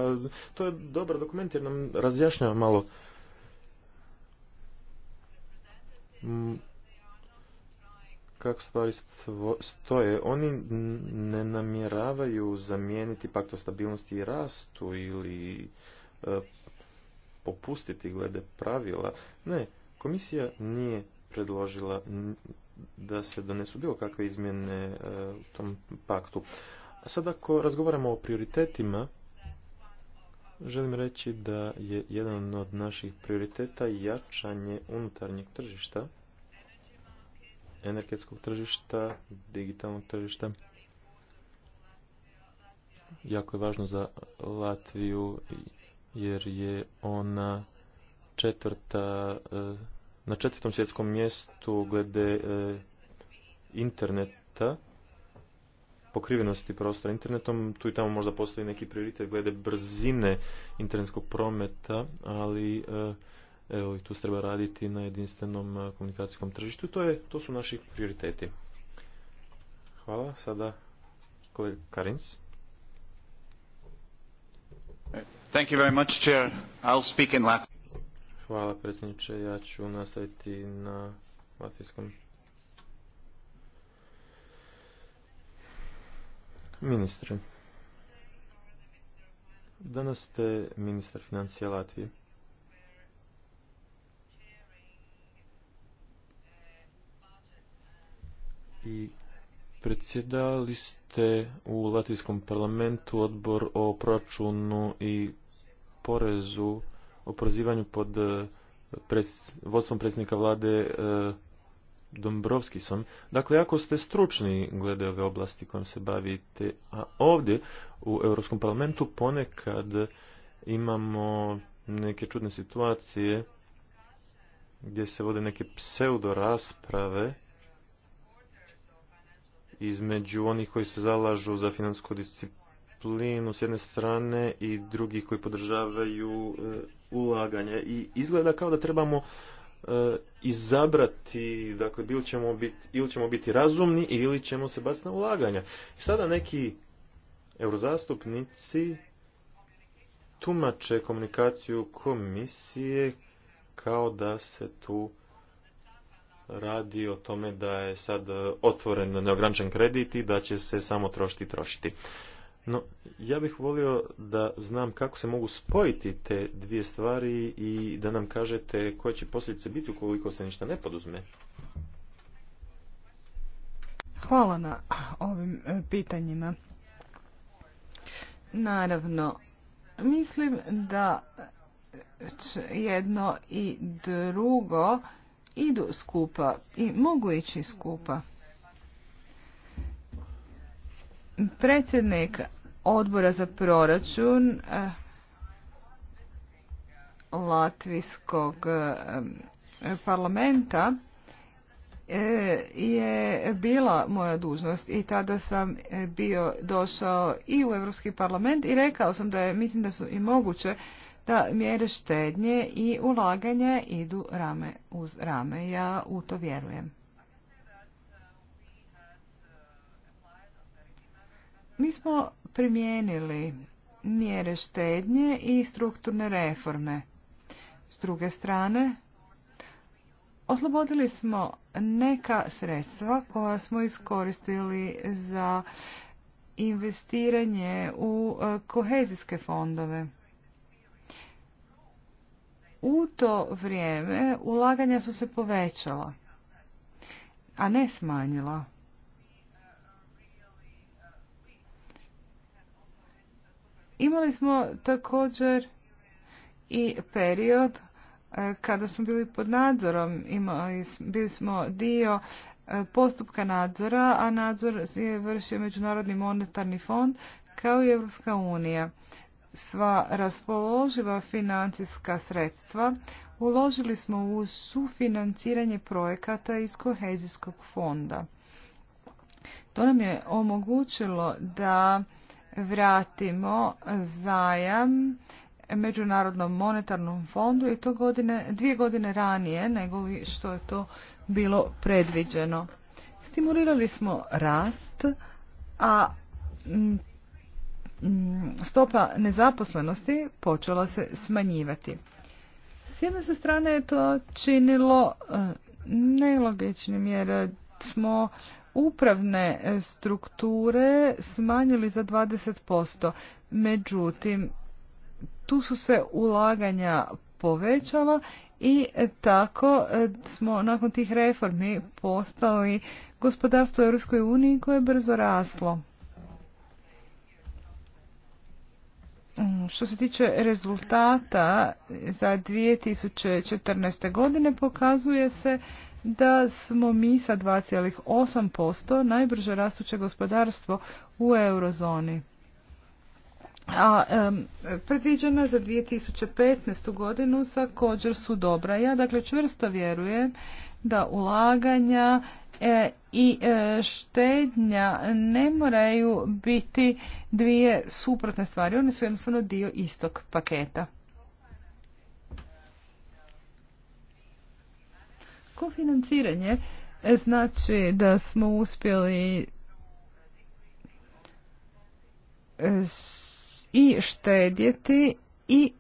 to je dobar dokument jer nam razjašnjava malo mm, kako stvari stoje. Oni ne namjeravaju zamijeniti pakt o stabilnosti i rastu ili e, popustiti glede pravila. Ne, komisija nije predložila da se donesu bilo kakve izmjene e, u tom paktu sad ako razgovaramo o prioritetima, želim reći da je jedan od naših prioriteta jačanje unutarnjeg tržišta, energetskog tržišta, digitalnog tržišta. Jako je važno za Latviju jer je ona četvrta, eh, na četvrtom svjetskom mjestu glede eh, interneta pokrivenosti prostora internetom. Tu i tamo možda postoji neki prioritet glede brzine internetskog prometa, ali eh, evo i tu treba raditi na jedinstvenom eh, komunikacijskom tržištu. To, je, to su naši prioriteti. Hvala. Sada kolega Karins. Thank you very much, Chair. I'll speak in Latin. Hvala predsjedniče, ja ću nastaviti na latinskom. Ministre, danas ste ministar financija Latvije. I predsjedali ste u Latvijskom parlamentu odbor o proračunu i porezu, oporezivanju pod eh, vodstvom predsjednika vlade eh, Dombrovskisom. Dakle, ako ste stručni glede ove oblasti kojom se bavite, a ovdje u Europskom parlamentu ponekad imamo neke čudne situacije gdje se vode neke pseudo rasprave između onih koji se zalažu za finansku disciplinu s jedne strane i drugih koji podržavaju e, ulaganje i izgleda kao da trebamo E, izabrati, dakle, ili ćemo, biti, ili ćemo biti razumni ili ćemo se baciti na ulaganja. I sada neki eurozastupnici tumače komunikaciju komisije kao da se tu radi o tome da je sad otvoren neograničen kredit i da će se samo trošiti i trošiti. No, ja bih volio da znam kako se mogu spojiti te dvije stvari i da nam kažete koje će posljedice biti ukoliko se ništa ne poduzme. Hvala na ovim e, pitanjima. Naravno, mislim da jedno i drugo idu skupa i mogu ići skupa. Predsjednik odbora za proračun eh, Latvijskog eh, parlamenta eh, je bila moja dužnost i tada sam bio došao i u Europski parlament i rekao sam da je, mislim da su i moguće da mjere štednje i ulaganja idu rame uz rame. Ja u to vjerujem. Mi smo primijenili mjere štednje i strukturne reforme. S druge strane, oslobodili smo neka sredstva koja smo iskoristili za investiranje u e, kohezijske fondove. U to vrijeme ulaganja su se povećala, a ne smanjila. Imali smo također i period e, kada smo bili pod nadzorom, imali, bili smo dio e, postupka nadzora, a nadzor je vršio Međunarodni monetarni fond kao i Europska unija. Sva raspoloživa financijska sredstva uložili smo u sufinanciranje projekata iz kohezijskog fonda. To nam je omogućilo da vratimo zajam Međunarodnom monetarnom fondu i to godine, dvije godine ranije nego što je to bilo predviđeno. Stimulirali smo rast, a stopa nezaposlenosti počela se smanjivati. S jedne se strane je to činilo e, nelogičnim jer smo upravne e, strukture smanjili za 20%. Međutim, tu su se ulaganja povećala i e, tako e, smo nakon tih reformi postali gospodarstvo u EU koje je brzo raslo. Mm, što se tiče rezultata za 2014. godine pokazuje se da smo mi sa 2,8% najbrže rastuće gospodarstvo u eurozoni. A um, predviđena za 2015. godinu također su dobra. Ja dakle čvrsto vjerujem da ulaganja e, i e, štednja ne moraju biti dvije suprotne stvari. One su jednostavno dio istog paketa. Financiranje e, znači da smo uspjeli e, i štedjeti i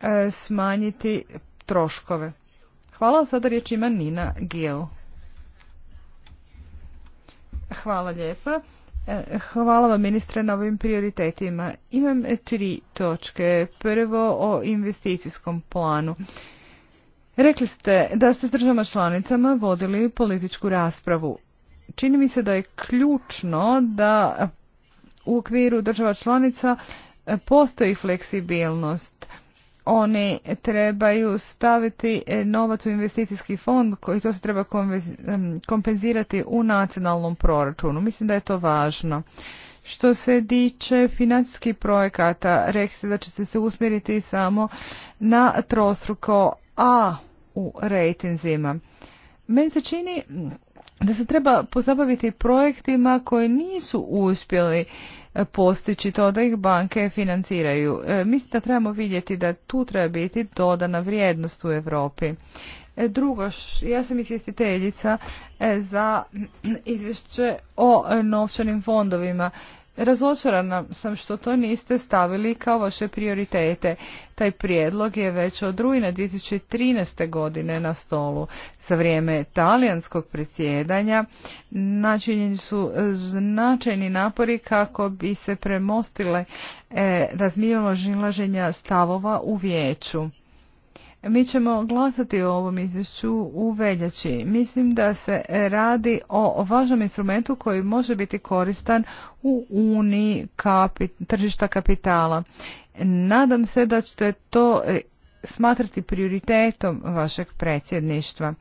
e, smanjiti troškove. Hvala, sada riječ ima Nina Gil. Hvala lijepa. Hvala vam ministre na ovim prioritetima. Imam tri točke. Prvo o investicijskom planu. Rekli ste da ste s državama članicama vodili političku raspravu. Čini mi se da je ključno da u okviru država članica postoji fleksibilnost. Oni trebaju staviti novac u investicijski fond koji to se treba kompenzirati u nacionalnom proračunu. Mislim da je to važno. Što se diče financijskih projekata, rekli ste da će se usmjeriti samo na trostruko A u rejtinzima. Meni se čini da se treba pozabaviti projektima koji nisu uspjeli e, postići to da ih banke financiraju. E, mislim da trebamo vidjeti da tu treba biti dodana vrijednost u Europi. E, drugo, ja sam izvjestiteljica za izvješće o novčanim fondovima. Razočarana sam što to niste stavili kao vaše prioritete. Taj prijedlog je već od rujna 2013. godine na stolu. Za vrijeme talijanskog predsjedanja načinjeni su značajni napori kako bi se premostile e, žilaženja stavova u vijeću. Mi ćemo glasati o ovom izvješću u veljači. Mislim da se radi o važnom instrumentu koji može biti koristan u Uniji tržišta kapitala. Nadam se da ćete to e, smatrati prioritetom vašeg predsjedništva.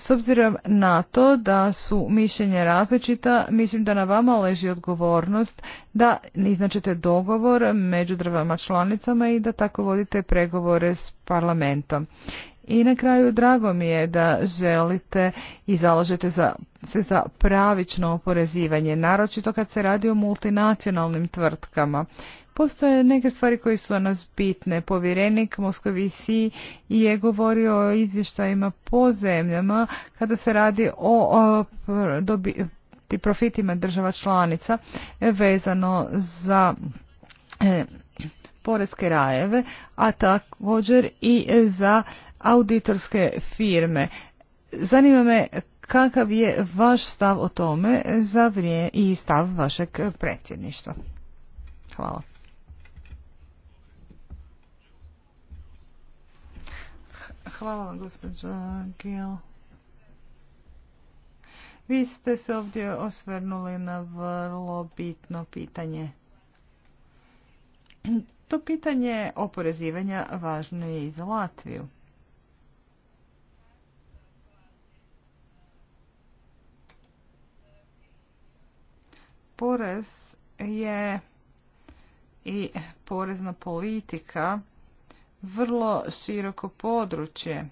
S obzirom na to da su mišljenja različita, mislim da na vama leži odgovornost da iznačete dogovor među državama članicama i da tako vodite pregovore s parlamentom. I na kraju drago mi je da želite i zalažete se za pravično oporezivanje, naročito kad se radi o multinacionalnim tvrtkama. Postoje neke stvari koje su nas bitne. Povjerenik si je govorio o izvještajima po zemljama kada se radi o, profitima država članica vezano za e, poreske rajeve, a također i za auditorske firme. Zanima me kakav je vaš stav o tome za i stav vašeg predsjedništva. Hvala. Hvala vam, gospođa Gil. Vi ste se ovdje osvrnuli na vrlo bitno pitanje. To pitanje oporezivanja važno je i za Latviju. Porez je i porezna politika vrlo široko područje.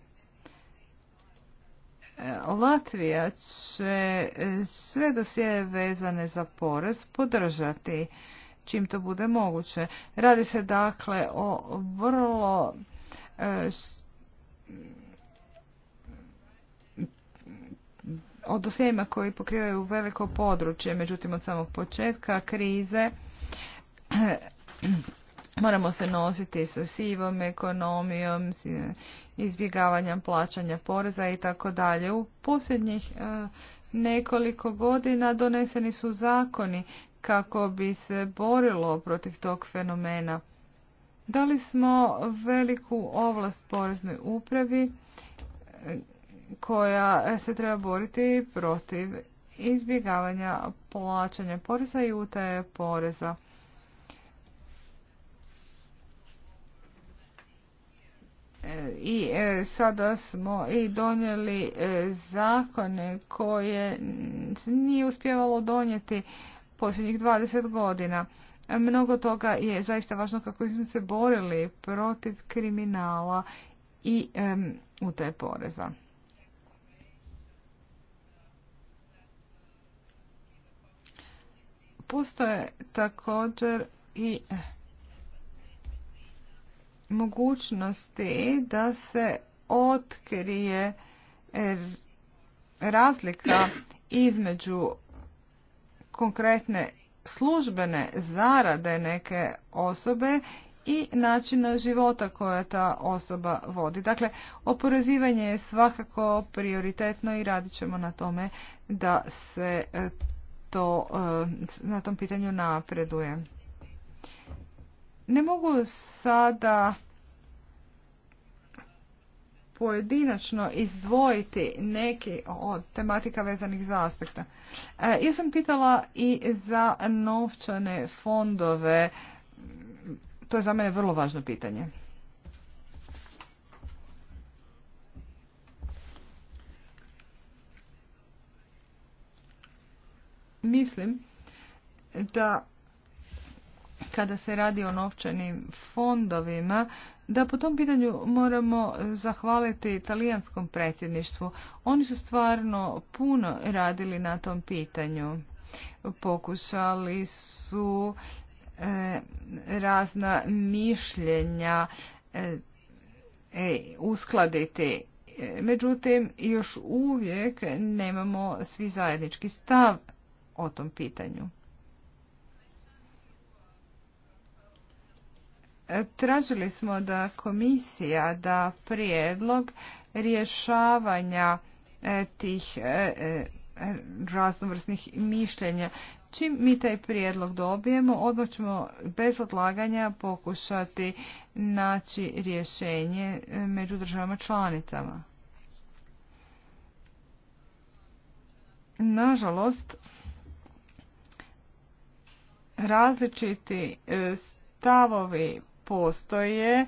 E, Latvija će sve dosije vezane za porez podržati čim to bude moguće. Radi se dakle o vrlo e, o dosijema koji pokrivaju veliko područje, međutim od samog početka krize Moramo se nositi sa sivom ekonomijom, izbjegavanjem plaćanja poreza i tako dalje. U posljednjih e, nekoliko godina doneseni su zakoni kako bi se borilo protiv tog fenomena. Dali smo veliku ovlast poreznoj upravi e, koja se treba boriti protiv izbjegavanja plaćanja poreza i utaje poreza. i e, sada smo i donijeli e, zakone koje nije uspjevalo donijeti posljednjih 20 godina. Mnogo toga je zaista važno kako smo se borili protiv kriminala i u te poreza. Postoje također i mogućnosti da se otkrije e, razlika između konkretne službene zarade neke osobe i načina života koja ta osoba vodi. Dakle, oporezivanje je svakako prioritetno i radit ćemo na tome da se e, to, e, na tom pitanju napreduje. Ne mogu sada pojedinačno izdvojiti neki od tematika vezanih za aspekta. E, ja sam pitala i za novčane fondove. To je za mene vrlo važno pitanje. Mislim da kada se radi o novčanim fondovima, da po tom pitanju moramo zahvaliti italijanskom predsjedništvu. Oni su stvarno puno radili na tom pitanju. Pokušali su e, razna mišljenja e, e, uskladiti. Međutim, još uvijek nemamo svi zajednički stav o tom pitanju. Tražili smo da komisija da prijedlog rješavanja e, tih e, e, raznovrsnih mišljenja. Čim mi taj prijedlog dobijemo, odmah ćemo bez odlaganja pokušati naći rješenje među državama članicama. Nažalost, različiti stavovi postoje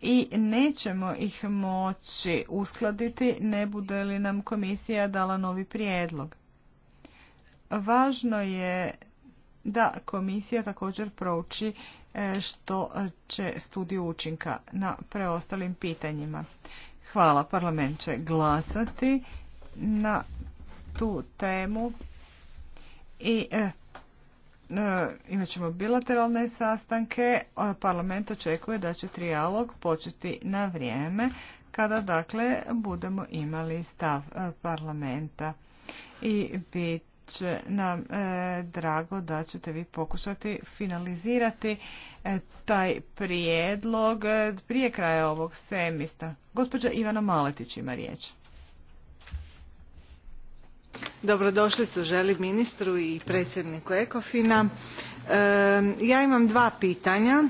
i nećemo ih moći uskladiti ne bude li nam komisija dala novi prijedlog. Važno je da komisija također prouči e, što će studiju učinka na preostalim pitanjima. Hvala, parlament će glasati na tu temu i e, E, imat ćemo bilateralne sastanke. Parlament očekuje da će trijalog početi na vrijeme kada dakle budemo imali stav e, parlamenta i bit će nam e, drago da ćete vi pokušati finalizirati taj prijedlog prije kraja ovog semista. Gospođa Ivana Maletić ima riječ su želi ministru i predsjedniku Ekofina. E, ja imam dva pitanja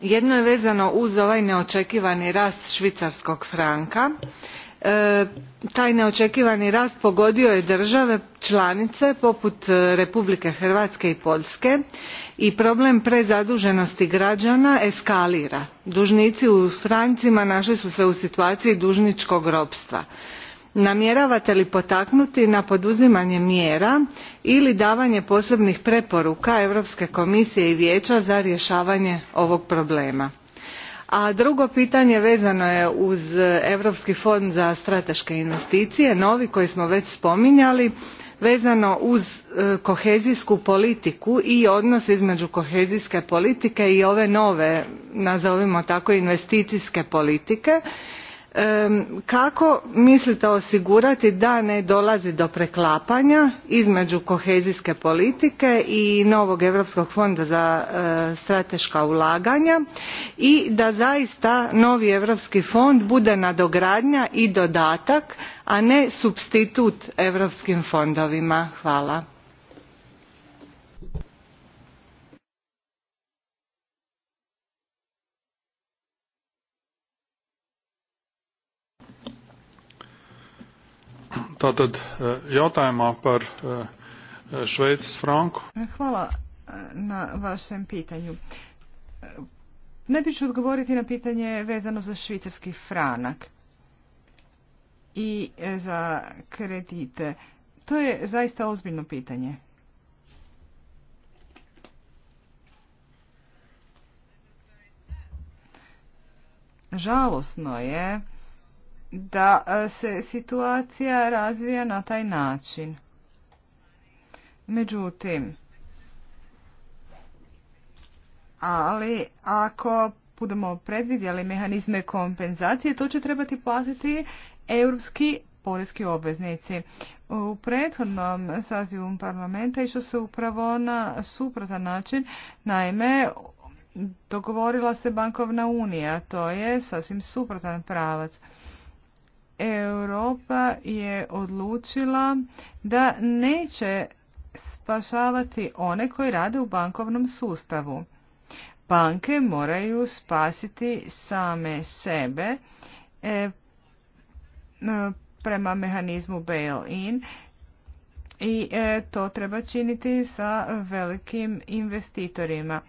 jedno je vezano uz ovaj neočekivani rast švicarskog franka e, taj neočekivani rast pogodio je države članice poput e, republike hrvatske i poljske i problem prezaduženosti građana eskalira dužnici u francima našli su se u situaciji dužničkog ropstva namjeravate li potaknuti na poduzimanje mjera ili davanje posebnih preporuka europske komisije i vijeća za rješavanje ovog problema? a drugo pitanje vezano je uz europski fond za strateške investicije novi koji smo već spominjali vezano uz e, kohezijsku politiku i odnos između kohezijske politike i ove nove nazovimo tako investicijske politike kako mislite osigurati da ne dolazi do preklapanja između kohezijske politike i novog europskog fonda za e, strateška ulaganja i da zaista novi europski fond bude nadogradnja i dodatak a ne supstitut europskim fondovima hvala E, par e, e, Hvala na vašem pitanju. bi ću odgovoriti na pitanje vezano za švicarski franak i za kredite. To je zaista ozbiljno pitanje. Žalosno je da e, se situacija razvija na taj način. Međutim, ali ako budemo predvidjeli mehanizme kompenzacije, to će trebati platiti europski porezki obveznici. U prethodnom sazivu parlamenta išlo se upravo na suprotan način, naime, dogovorila se bankovna unija, to je sasvim suprotan pravac. Europa je odlučila da neće spašavati one koji rade u bankovnom sustavu. Banke moraju spasiti same sebe e, e, prema mehanizmu bail-in i e, to treba činiti sa velikim investitorima.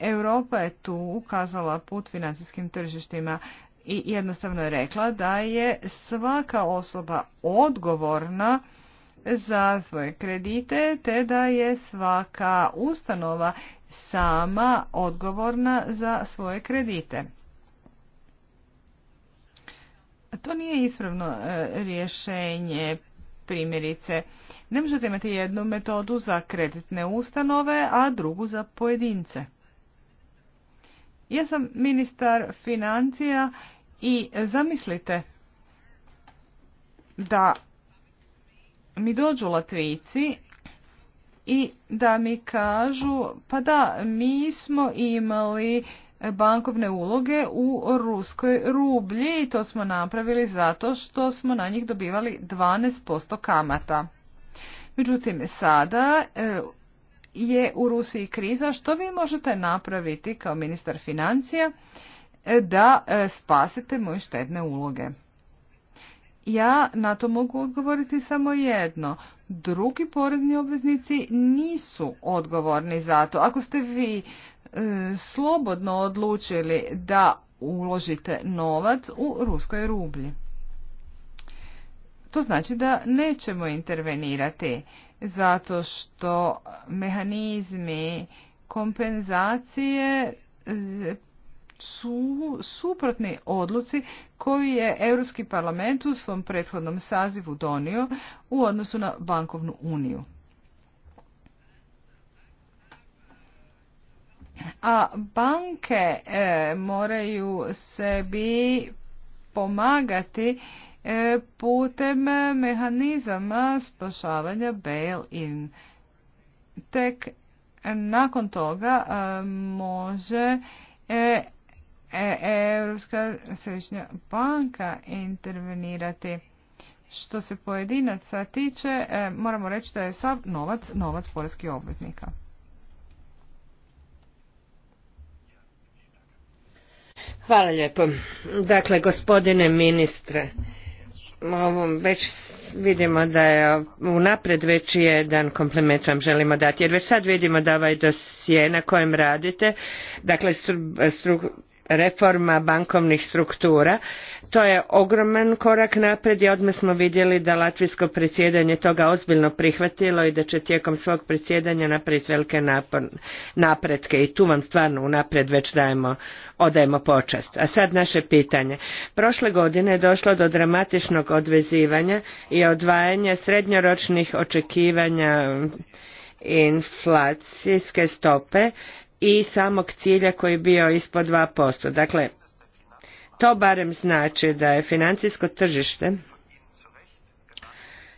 Europa je tu ukazala put financijskim tržištima i jednostavno je rekla da je svaka osoba odgovorna za svoje kredite te da je svaka ustanova sama odgovorna za svoje kredite. To nije ispravno e, rješenje primjerice. Ne možete imati jednu metodu za kreditne ustanove, a drugu za pojedince. Ja sam ministar financija i zamislite da mi dođu Latvici i da mi kažu pa da mi smo imali bankovne uloge u ruskoj rublji i to smo napravili zato što smo na njih dobivali 12% kamata. Međutim, sada e, je u Rusiji kriza, što vi možete napraviti kao ministar financija e, da e, spasite moje štedne uloge? Ja na to mogu odgovoriti samo jedno. Drugi porezni obveznici nisu odgovorni za to. Ako ste vi e, slobodno odlučili da uložite novac u ruskoj rublji. To znači da nećemo intervenirati zato što mehanizmi kompenzacije su suprotni odluci koju je Europski parlament u svom prethodnom sazivu donio u odnosu na bankovnu uniju. A banke e, moraju sebi pomagati E, putem e, mehanizama spašavanja bail-in. Tek nakon toga e, može Europska središnja banka intervenirati. Što se pojedinaca tiče, moramo reći da je sav novac, novac poreskih obveznika. Hvala lijepo. Dakle, gospodine ministre, ovom već vidimo da je unaprijed već jedan komplement vam želimo dati jer već sad vidimo da ovaj dosije na kojem radite dakle stru, reforma bankovnih struktura. To je ogroman korak naprijed i odmah smo vidjeli da latvijsko predsjedanje toga ozbiljno prihvatilo i da će tijekom svog predsjedanja napraviti velike napretke i tu vam stvarno unaprijed već dajemo, odajemo počast. A sad naše pitanje. Prošle godine je došlo do dramatičnog odvezivanja i odvajanja srednjoročnih očekivanja inflacijske stope i samog cilja koji je bio ispod 2%. Dakle, to barem znači da je financijsko tržište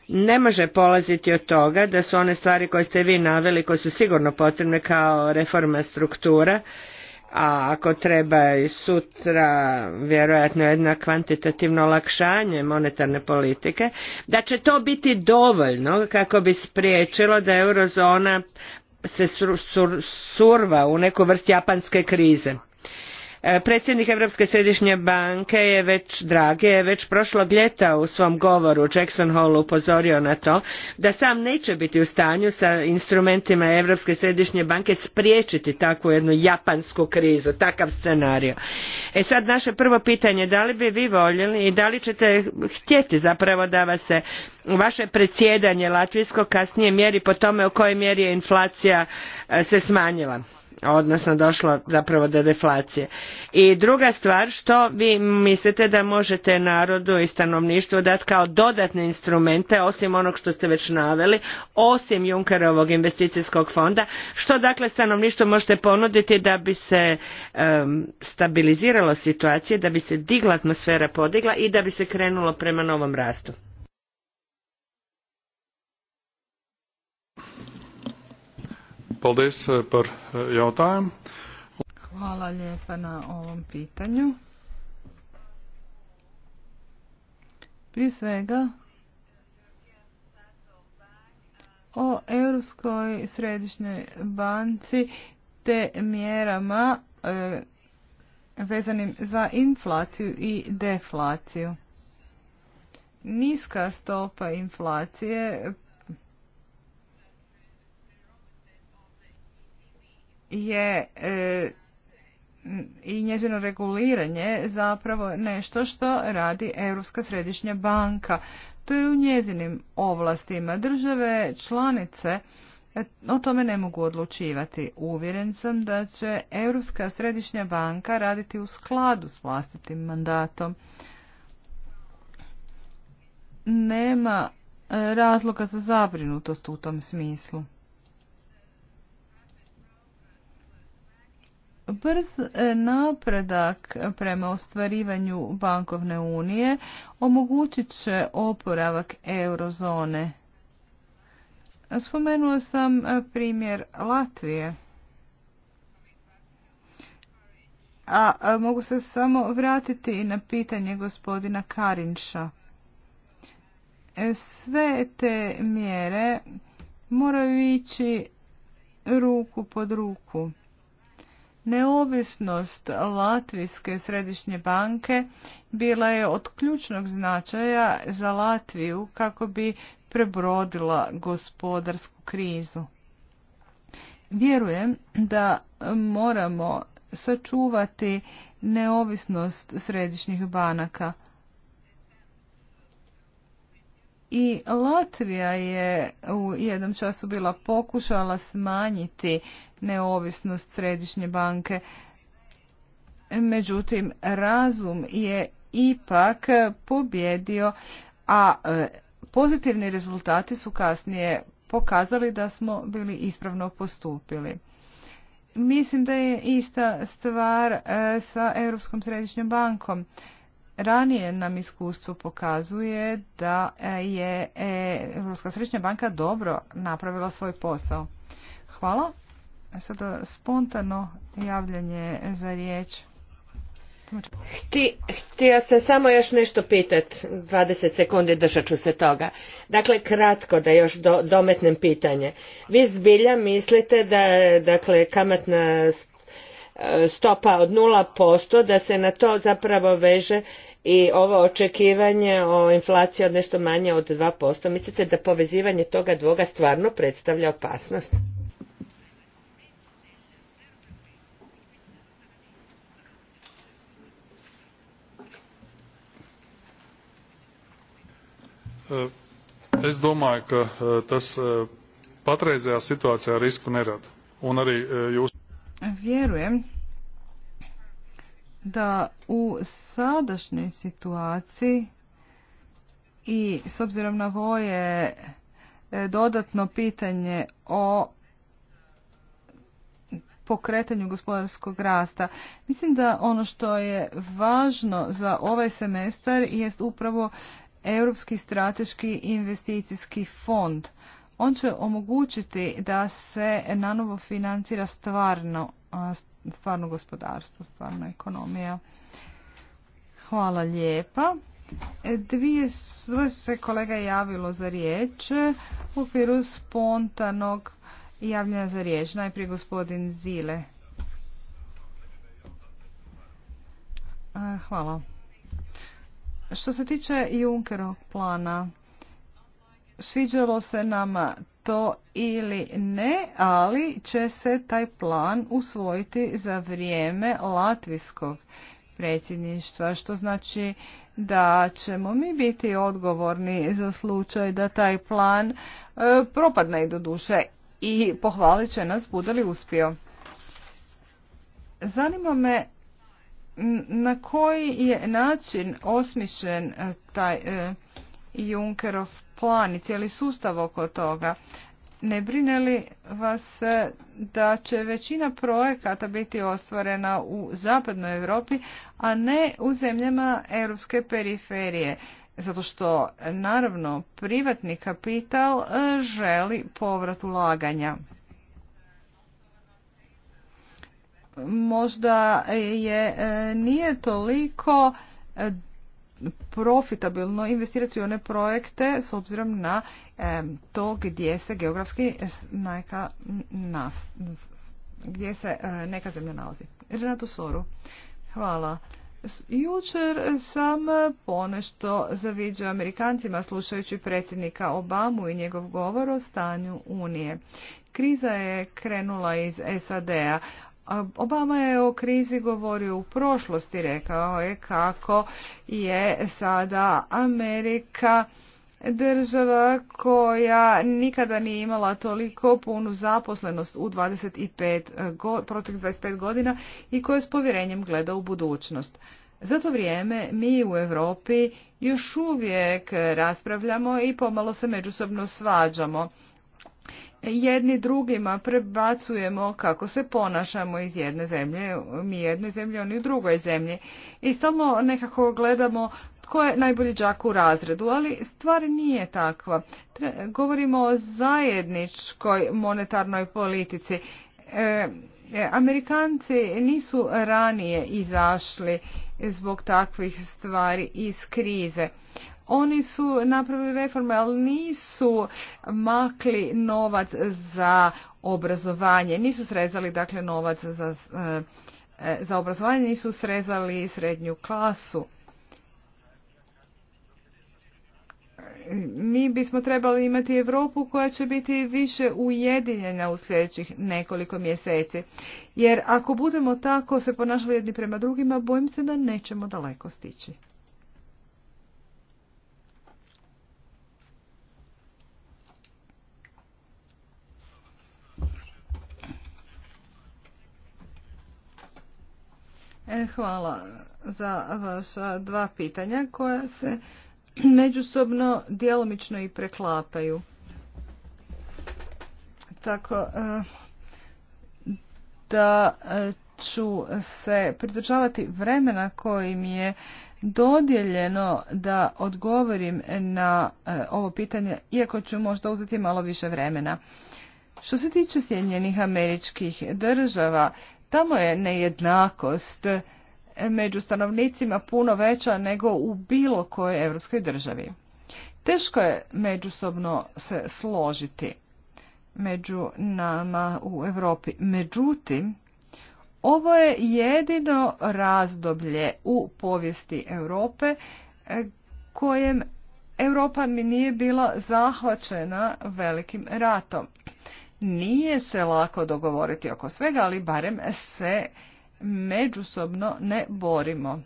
ne može polaziti od toga da su one stvari koje ste vi naveli, koje su sigurno potrebne kao reforma struktura, a ako treba i sutra vjerojatno jedno kvantitativno olakšanje monetarne politike, da će to biti dovoljno kako bi spriječilo da eurozona se survao u neku vrst japanske krize. E, predsjednik europske središnje banke je već dragi je već prošlog ljeta u svom govoru u jackson hallu upozorio na to da sam neće biti u stanju sa instrumentima europske središnje banke spriječiti takvu jednu japansku krizu takav scenario e sad naše prvo pitanje da li bi vi voljeli i da li ćete htjeti zapravo da vas se vaše predsjedanje latvijsko kasnije mjeri po tome u kojoj mjeri je inflacija e, se smanjila odnosno došlo zapravo do deflacije. I druga stvar, što vi mislite da možete narodu i stanovništvu dati kao dodatne instrumente, osim onog što ste već naveli, osim Junkerovog investicijskog fonda, što dakle stanovništvo možete ponuditi da bi se um, stabiliziralo situacije, da bi se digla atmosfera podigla i da bi se krenulo prema novom rastu? Eh, eh, Hvala lijepa na ovom pitanju. Prije svega o Europskoj središnjoj banci te mjerama eh, vezanim za inflaciju i deflaciju. Niska stopa inflacije je e, i njezino reguliranje zapravo nešto što radi Europska središnja banka. To je u njezinim ovlastima. Države članice e, o tome ne mogu odlučivati. Uvjeren sam da će Europska središnja banka raditi u skladu s vlastitim mandatom. Nema e, razloga za zabrinutost u tom smislu. Brz e, napredak prema ostvarivanju bankovne unije omogućit će oporavak eurozone. Spomenula sam e, primjer Latvije. A mogu se samo vratiti na pitanje gospodina Karinša. E, sve te mjere moraju ići ruku pod ruku. Neovisnost Latvijske središnje banke bila je od ključnog značaja za Latviju kako bi prebrodila gospodarsku krizu. Vjerujem da moramo sačuvati neovisnost središnjih banaka i Latvija je u jednom času bila pokušala smanjiti neovisnost središnje banke. Međutim, razum je ipak pobjedio, a e, pozitivni rezultati su kasnije pokazali da smo bili ispravno postupili. Mislim da je ista stvar e, sa Europskom središnjom bankom. Ranije nam iskustvo pokazuje da je Europska središnja banka dobro napravila svoj posao. Hvala. Sada spontano javljanje za riječ. htio se samo još nešto pitat, 20 sekundi držat ću se toga. Dakle, kratko da još do, dometnem pitanje. Vi zbilja mislite da dakle, kamatna E, stopa od nula posto da se na to zapravo veže i ovo očekivanje o inflaciji od nešto manje od posto Mislite da povezivanje toga dvoga stvarno predstavlja opasnost? E, es domāju, ka e, tas patreizējā situācijā risku nerada. arī Vjerujem da u sadašnjoj situaciji i s obzirom na voje e, dodatno pitanje o pokretanju gospodarskog rasta. Mislim da ono što je važno za ovaj semestar jest upravo Europski strateški investicijski fond. On će omogućiti da se novo financira stvarno, stvarno gospodarstvo, stvarno ekonomija. Hvala lijepa. Dvije se kolega javilo za riječ u okviru spontanog javljanja za riječ. Najprije gospodin Zile. Hvala. Što se tiče Junckerog plana, sviđalo se nama to ili ne, ali će se taj plan usvojiti za vrijeme latvijskog predsjedništva, što znači da ćemo mi biti odgovorni za slučaj da taj plan e, propadne i do duše i pohvalit će nas bude li uspio. Zanima me na koji je način osmišljen e, taj e, Junkerov plan i cijeli sustav oko toga. Ne brine li vas da će većina projekata biti ostvarena u zapadnoj Europi, a ne u zemljama europske periferije? Zato što, naravno, privatni kapital e, želi povrat ulaganja. Možda je, e, nije toliko profitabilno investirati u one projekte s obzirom na to gdje se geografski neka nas, gdje se e, neka zemlja nalazi. Renato Soru, hvala. Jučer sam ponešto zaviđao Amerikancima slušajući predsjednika Obamu i njegov govor o stanju Unije. Kriza je krenula iz SAD-a. Obama je o krizi govorio u prošlosti, rekao je kako je sada Amerika država koja nikada nije imala toliko punu zaposlenost u 25, protiv 25 godina i koja s povjerenjem gleda u budućnost. Za to vrijeme mi u Europi još uvijek raspravljamo i pomalo se međusobno svađamo jedni drugima prebacujemo kako se ponašamo iz jedne zemlje, mi jednoj zemlji, oni u drugoj zemlji. I samo nekako gledamo tko je najbolji džak u razredu, ali stvar nije takva. Govorimo o zajedničkoj monetarnoj politici. E, e, Amerikanci nisu ranije izašli zbog takvih stvari iz krize. Oni su napravili reforme, ali nisu makli novac za obrazovanje, nisu srezali dakle novac za, e, e, za obrazovanje, nisu srezali srednju klasu. mi bismo trebali imati Europu koja će biti više ujedinjena u sljedećih nekoliko mjeseci. Jer ako budemo tako se ponašali jedni prema drugima, bojim se da nećemo daleko stići. E, hvala za vaša dva pitanja koja se međusobno djelomično i preklapaju. Tako e, da e, ću se pridržavati vremena kojim je dodjeljeno da odgovorim na ovo pitanje, iako ću možda uzeti malo više vremena. Što se tiče Sjedinjenih američkih država, Tamo je nejednakost među stanovnicima puno veća nego u bilo kojoj evropskoj državi. Teško je međusobno se složiti među nama u Europi. Međutim, ovo je jedino razdoblje u povijesti Europe e, kojem Europa mi nije bila zahvaćena velikim ratom. Nije se lako dogovoriti oko svega, ali barem se međusobno ne borimo.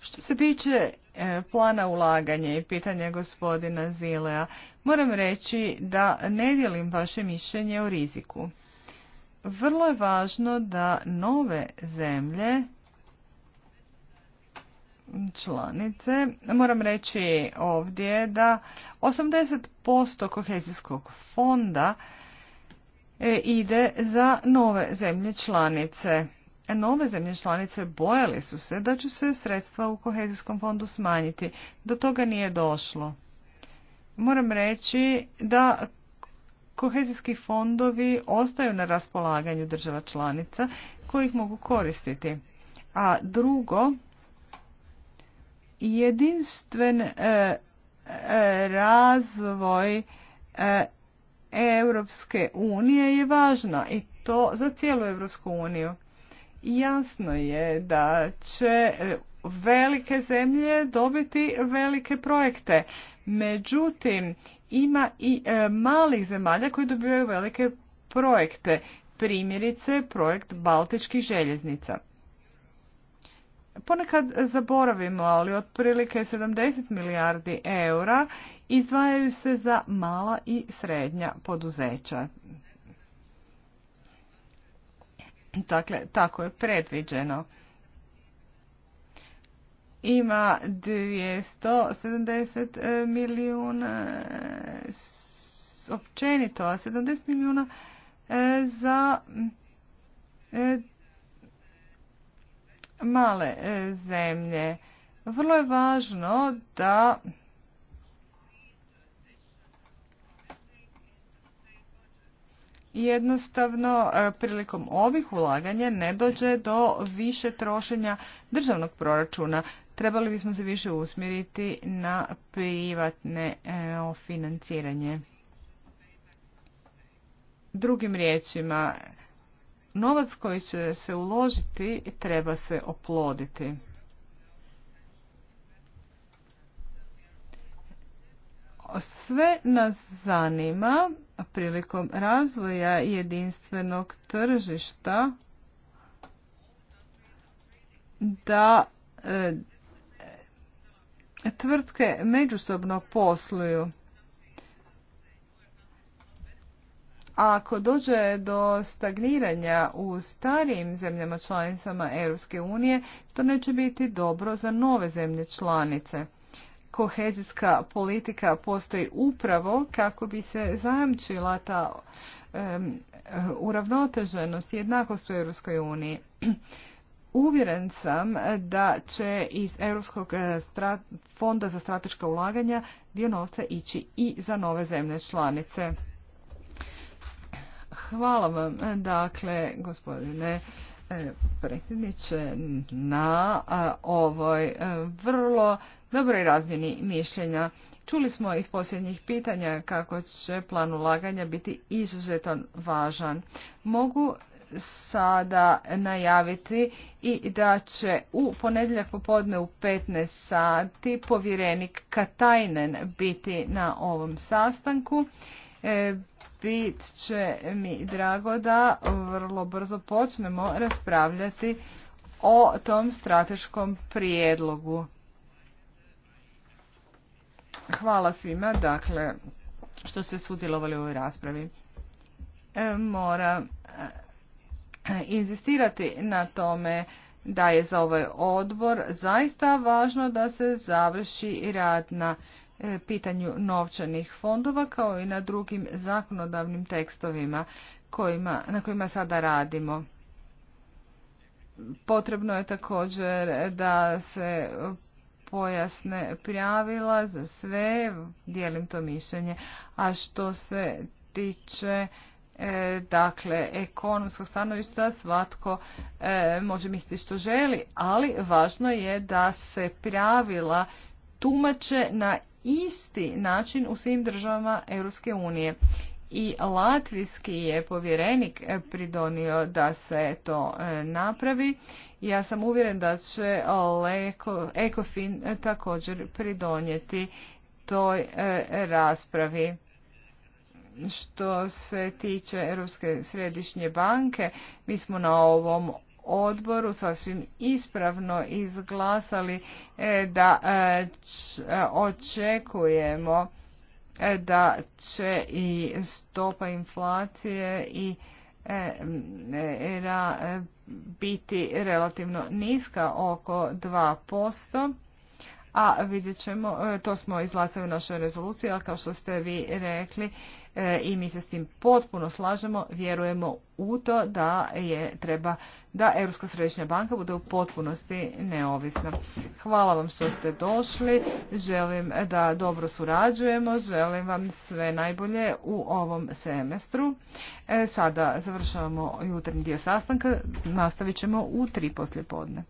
Što se tiče e, plana ulaganja i pitanja gospodina Zilea, moram reći da ne dijelim vaše mišljenje o riziku. Vrlo je važno da nove zemlje članice. Moram reći ovdje da 80% kohezijskog fonda e, ide za nove zemlje članice. Nove zemlje članice bojali su se da će se sredstva u kohezijskom fondu smanjiti. Do toga nije došlo. Moram reći da kohezijski fondovi ostaju na raspolaganju država članica kojih mogu koristiti. A drugo, jedinstven e, e, razvoj e, Europske unije je važna i to za cijelu Europsku uniju. Jasno je da će velike zemlje dobiti velike projekte. Međutim, ima i malih zemalja koji dobivaju velike projekte. Primjerice, projekt Baltičkih željeznica ponekad zaboravimo, ali otprilike 70 milijardi eura izdvajaju se za mala i srednja poduzeća. Dakle, tako je predviđeno. Ima 270 e, milijuna općenito, a 70 milijuna e, za e, male e, zemlje. Vrlo je važno da jednostavno e, prilikom ovih ulaganja ne dođe do više trošenja državnog proračuna. Trebali bismo se više usmjeriti na privatne e, financiranje. Drugim riječima, Novac koji će se uložiti treba se oploditi. Sve nas zanima prilikom razvoja jedinstvenog tržišta da e, tvrtke međusobno posluju ako dođe do stagniranja u starijim zemljama članicama Europske unije, to neće biti dobro za nove zemlje članice. Kohezijska politika postoji upravo kako bi se zajamčila ta uravnoteženost i jednakost u Europskoj uniji. Uvjeren sam da će iz Europskog eh, fonda za strateška ulaganja dio novca ići i za nove zemlje članice. Hvala vam, dakle, gospodine e, predsjedniče, na ovoj e, vrlo dobroj razmjeni mišljenja. Čuli smo iz posljednjih pitanja kako će plan ulaganja biti izuzetno važan. Mogu sada najaviti i da će u ponedjeljak popodne u 15 sati povjerenik Katajnen biti na ovom sastanku. E, bit će mi drago da vrlo brzo počnemo raspravljati o tom strateškom prijedlogu. Hvala svima, dakle, što ste sudjelovali u ovoj raspravi. E, moram e, inzistirati na tome da je za ovaj odbor zaista važno da se završi rad na E, pitanju novčanih fondova kao i na drugim zakonodavnim tekstovima kojima, na kojima sada radimo. Potrebno je također da se pojasne pravila za sve, dijelim to mišljenje, a što se tiče e, dakle ekonomskog stanovišta svatko e, može misliti što želi, ali važno je da se pravila tumače na isti način u svim državama Europske unije. I latvijski je povjerenik e, pridonio da se to e, napravi. Ja sam uvjeren da će ECOFIN e, također pridonijeti toj raspravi. Što se tiče Europske središnje banke, mi smo na ovom odboru sasvim ispravno izglasali e, da e, e, očekujemo da će i stopa inflacije i biti relativno niska oko 2%. A vidjet ćemo, to smo izglasali u našoj rezoluciji, ali kao što ste vi rekli, E, i mi se s tim potpuno slažemo, vjerujemo u to da je treba da Europska središnja banka bude u potpunosti neovisna. Hvala vam što ste došli, želim da dobro surađujemo, želim vam sve najbolje u ovom semestru. E, sada završavamo jutarnji dio sastanka, nastavit ćemo u tri podne.